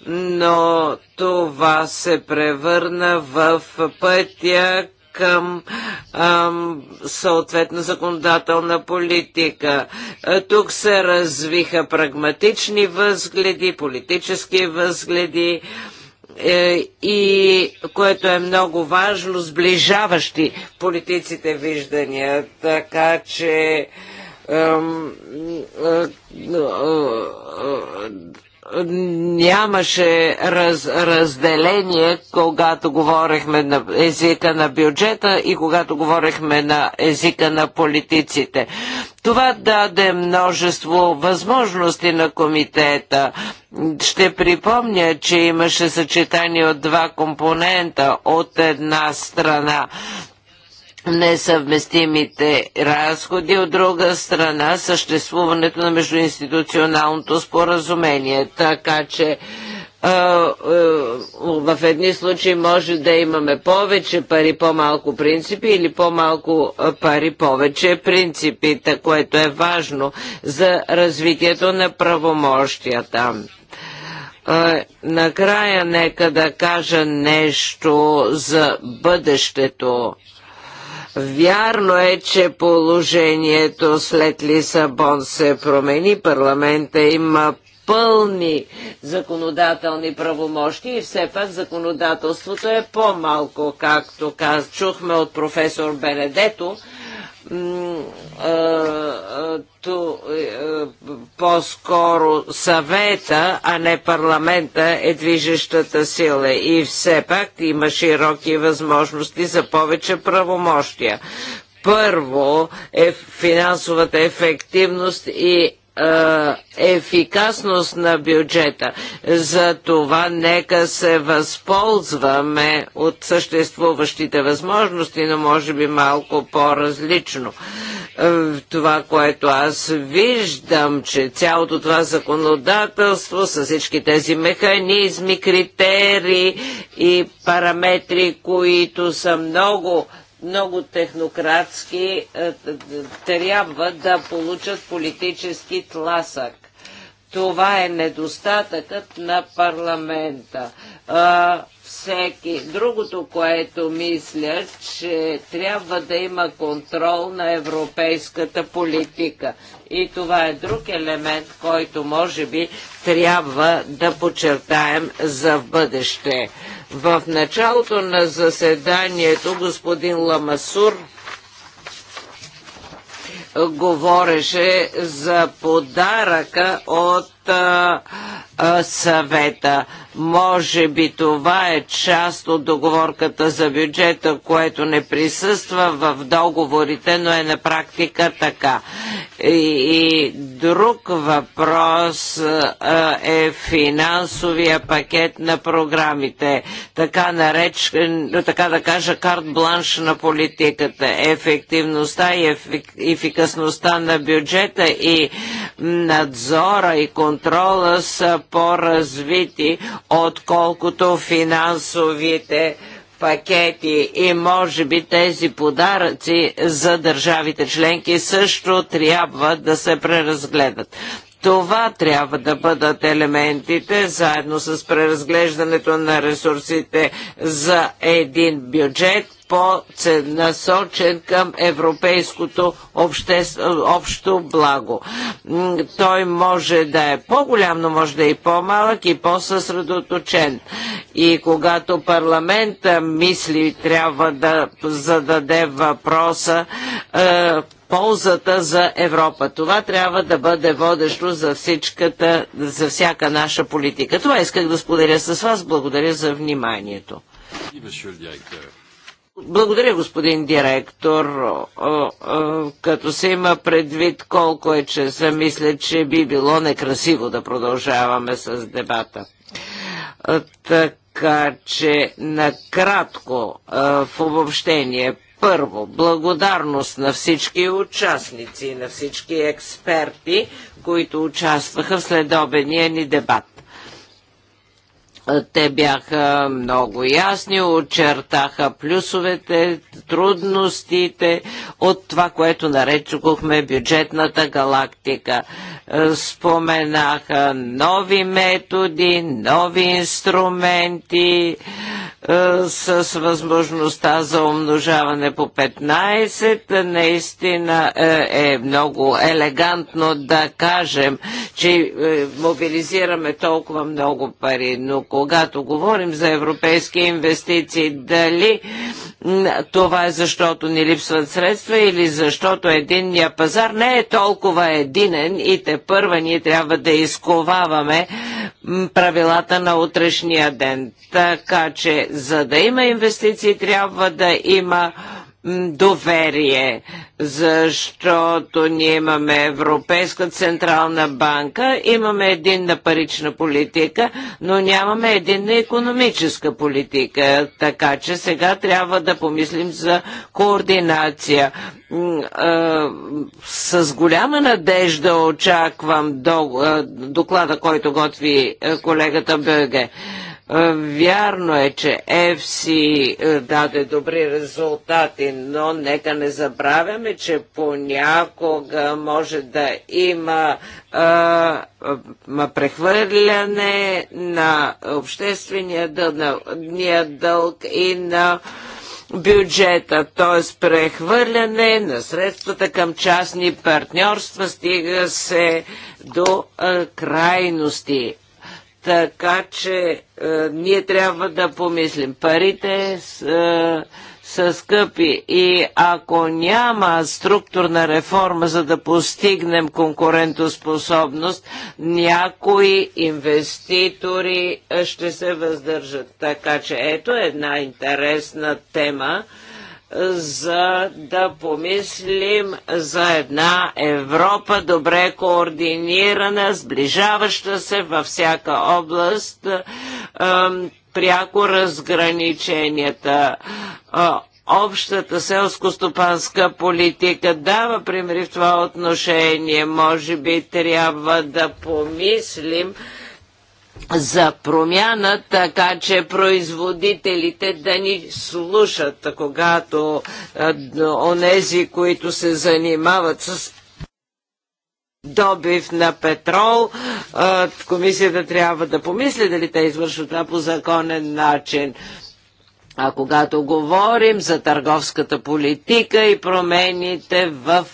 но това се превърна в пътя към ам, съответно законодателна политика. Тук се развиха прагматични възгледи, политически възгледи е, и което е много важно, сближаващи политиците виждания. Така че нямаше раз, разделение, когато говорехме на езика на бюджета и когато говорехме на езика на политиците. Това даде множество възможности на комитета. Ще припомня, че имаше съчетание от два компонента. От една страна несъвместимите разходи, от друга страна съществуването на междуинституционалното споразумение. Така че в едни случаи може да имаме повече пари, по-малко принципи или по-малко пари, повече принципи, което е важно за развитието на правомощията. Накрая нека да кажа нещо за бъдещето Вярно е, че положението след Лисабон се промени. Парламента има пълни законодателни правомощи и все пак законодателството е по-малко, както чухме от професор Бенедето е, е, по-скоро съвета, а не парламента е движещата сила и все пак има широки възможности за повече правомощия първо е финансовата ефективност и ефикасност на бюджета. За това нека се възползваме от съществуващите възможности, но може би малко по-различно. Това, което аз виждам, че цялото това законодателство с всички тези механизми, критерии и параметри, които са много много технократски е, е, трябва да получат политически тласък. Това е недостатъкът на парламента. А, всеки. Другото, което мисля, че трябва да има контрол на европейската политика. И това е друг елемент, който може би трябва да подчертаем за бъдеще. В началото на заседанието господин Ламасур говореше за подаръка от а, а, съвета. Може би това е част от договорката за бюджета, което не присъства в договорите, но е на практика така. И, и друг въпрос а, е финансовия пакет на програмите. Така, нареч, така да кажа карт бланш на политиката. Ефективността и ефикасността на бюджета и надзора и контролът контрола са по-развити, отколкото финансовите пакети и може би тези подаръци за държавите членки също трябва да се преразгледат. Това трябва да бъдат елементите, заедно с преразглеждането на ресурсите за един бюджет, по-насочен към европейското обще... общо благо. Той може да е по-голям, но може да е и по-малък и по-съсредоточен. И когато парламента мисли, трябва да зададе въпроса е, ползата за Европа. Това трябва да бъде водещо за, всичката, за всяка наша политика. Това исках да споделя с вас. Благодаря за вниманието. Благодаря, господин директор. Като се има предвид колко е часа, мисля, че би било некрасиво да продължаваме с дебата. Е, така че, накратко, е, в обобщение, първо, благодарност на всички участници, на всички експерти, които участваха в следобения ни дебат. Те бяха много ясни, очертаха плюсовете, трудностите от това, което наречохме бюджетната галактика. Е, споменаха нови методи, нови инструменти е, с възможността за умножаване по 15. Наистина е, е много елегантно да кажем, че мобилизираме толкова много пари, но когато говорим за европейски инвестиции, дали това е защото ни липсват средства или защото единния пазар не е толкова единен и те първа ние трябва да изковаваме правилата на утрешния ден. Така че, за да има инвестиции, трябва да има доверие, защото ние имаме Европейска централна банка, имаме единна парична политика, но нямаме единна економическа политика. Така че сега трябва да помислим за координация. С голяма надежда очаквам доклада, който готви колегата Бърге Вярно е, че FC е, даде добри резултати, но нека не забравяме, че понякога може да има а, прехвърляне на обществения дълг, на, дълг и на бюджета, т.е. прехвърляне на средствата към частни партньорства, стига се до а, крайности. Така че е, ние трябва да помислим. Парите са, са скъпи и ако няма структурна реформа, за да постигнем конкурентоспособност, някои инвеститори е, ще се въздържат. Така че ето една интересна тема за да помислим за една Европа добре координирана, сближаваща се във всяка област, пряко разграниченията общата селско-стопанска политика дава примери в това отношение. Може би трябва да помислим за промяна, така че производителите да ни слушат, когато онези, които се занимават с добив на петрол, комисията трябва да помисли дали те извършват това по законен начин. А когато говорим за търговската политика и промените в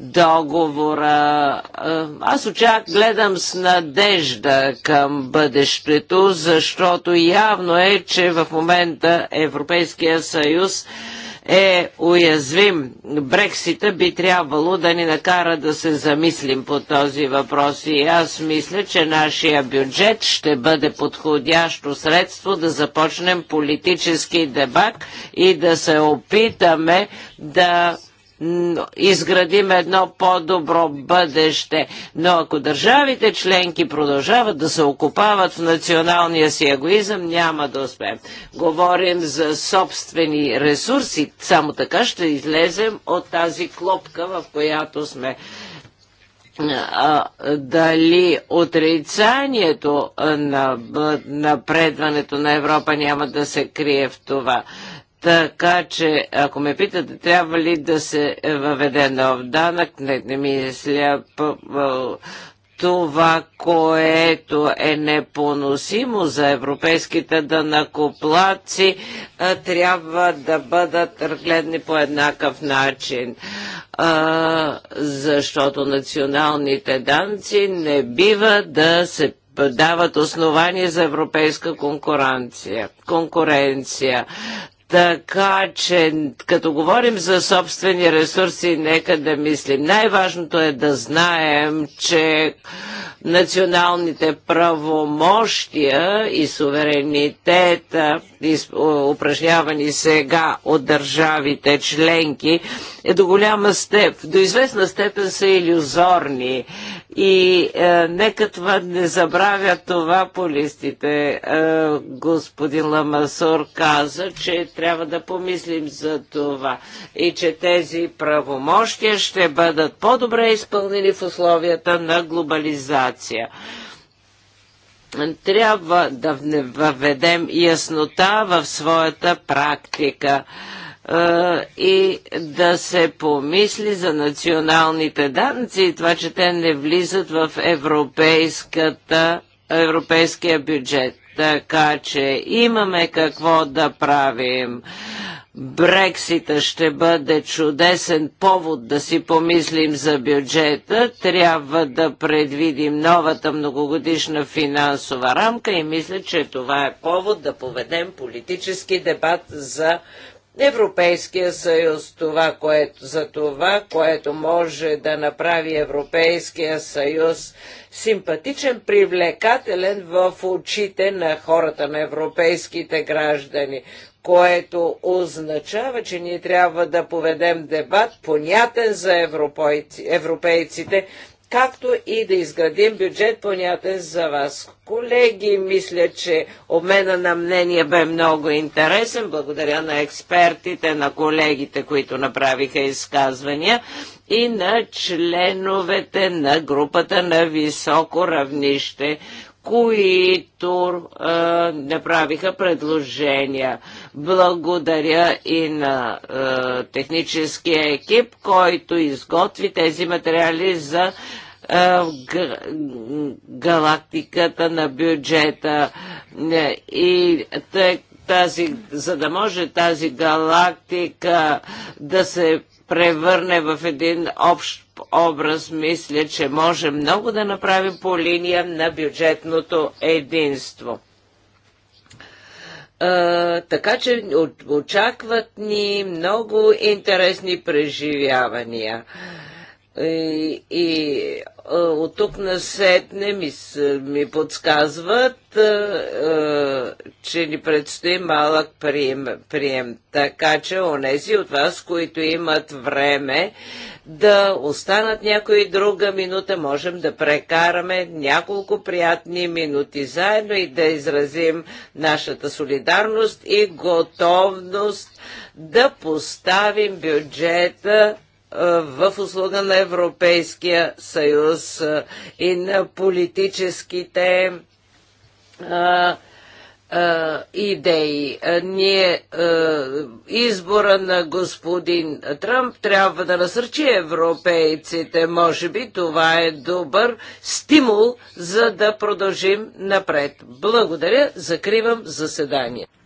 договора. Е, аз очак гледам с надежда към бъдещето, защото явно е, че в момента Европейския съюз е уязвим. Брексита би трябвало да ни накара да се замислим по този въпрос и аз мисля, че нашия бюджет ще бъде подходящо средство да започнем политически дебат и да се опитаме да изградим едно по-добро бъдеще. Но ако държавите членки продължават да се окупават в националния си егоизъм, няма да успеем. Говорим за собствени ресурси. Само така ще излезем от тази клопка, в която сме дали отрицанието на напредването на Европа няма да се крие в това. Така че, ако ме питате, трябва ли да се въведе нов данък, не, не мисля, е това, което е непоносимо за европейските данакоплаци, трябва да бъдат разгледани по еднакъв начин. А, защото националните данци не бива да се дават основания за европейска конкуренция. конкуренция. Така че, като говорим за собствени ресурси, нека да мислим. Най-важното е да знаем, че националните правомощия и суверенитета, упражнявани сега от държавите членки, е до голяма степ, до известна степен са иллюзорни. И е, нека това не забравя това полистите. Е, господин Ламасор каза, че трябва да помислим за това и че тези правомощия ще бъдат по-добре изпълнени в условията на глобализация трябва да въведем яснота в своята практика и да се помисли за националните данъци и това, че те не влизат в европейската, европейския бюджет. Така че имаме какво да правим. Брексита ще бъде чудесен повод да си помислим за бюджета. Трябва да предвидим новата многогодишна финансова рамка и мисля, че това е повод да поведем политически дебат за Европейския съюз, това, което, за това, което може да направи Европейския съюз симпатичен, привлекателен в очите на хората, на европейските граждани, което означава, че ние трябва да поведем дебат понятен за европейците, както и да изградим бюджет понятен за вас. Колеги, мисля, че обмена на мнение бе много интересен. Благодаря на експертите, на колегите, които направиха изказвания и на членовете на групата на високо равнище, които а, направиха предложения. Благодаря и на а, техническия екип, който изготви тези материали за галактиката на бюджета. И тази, за да може тази галактика да се превърне в един общ образ, мисля, че може много да направим по линия на бюджетното единство. А, така че очакват ни много интересни преживявания. И, от тук на сетне ми, ми подсказват, че ни предстои малък прием, прием. Така че онези от вас, които имат време да останат някои друга минута, можем да прекараме няколко приятни минути заедно и да изразим нашата солидарност и готовност да поставим бюджета в услуга на Европейския съюз и на политическите идеи. Ние избора на господин Трамп трябва да насърчи европейците. Може би това е добър стимул за да продължим напред. Благодаря. Закривам заседание.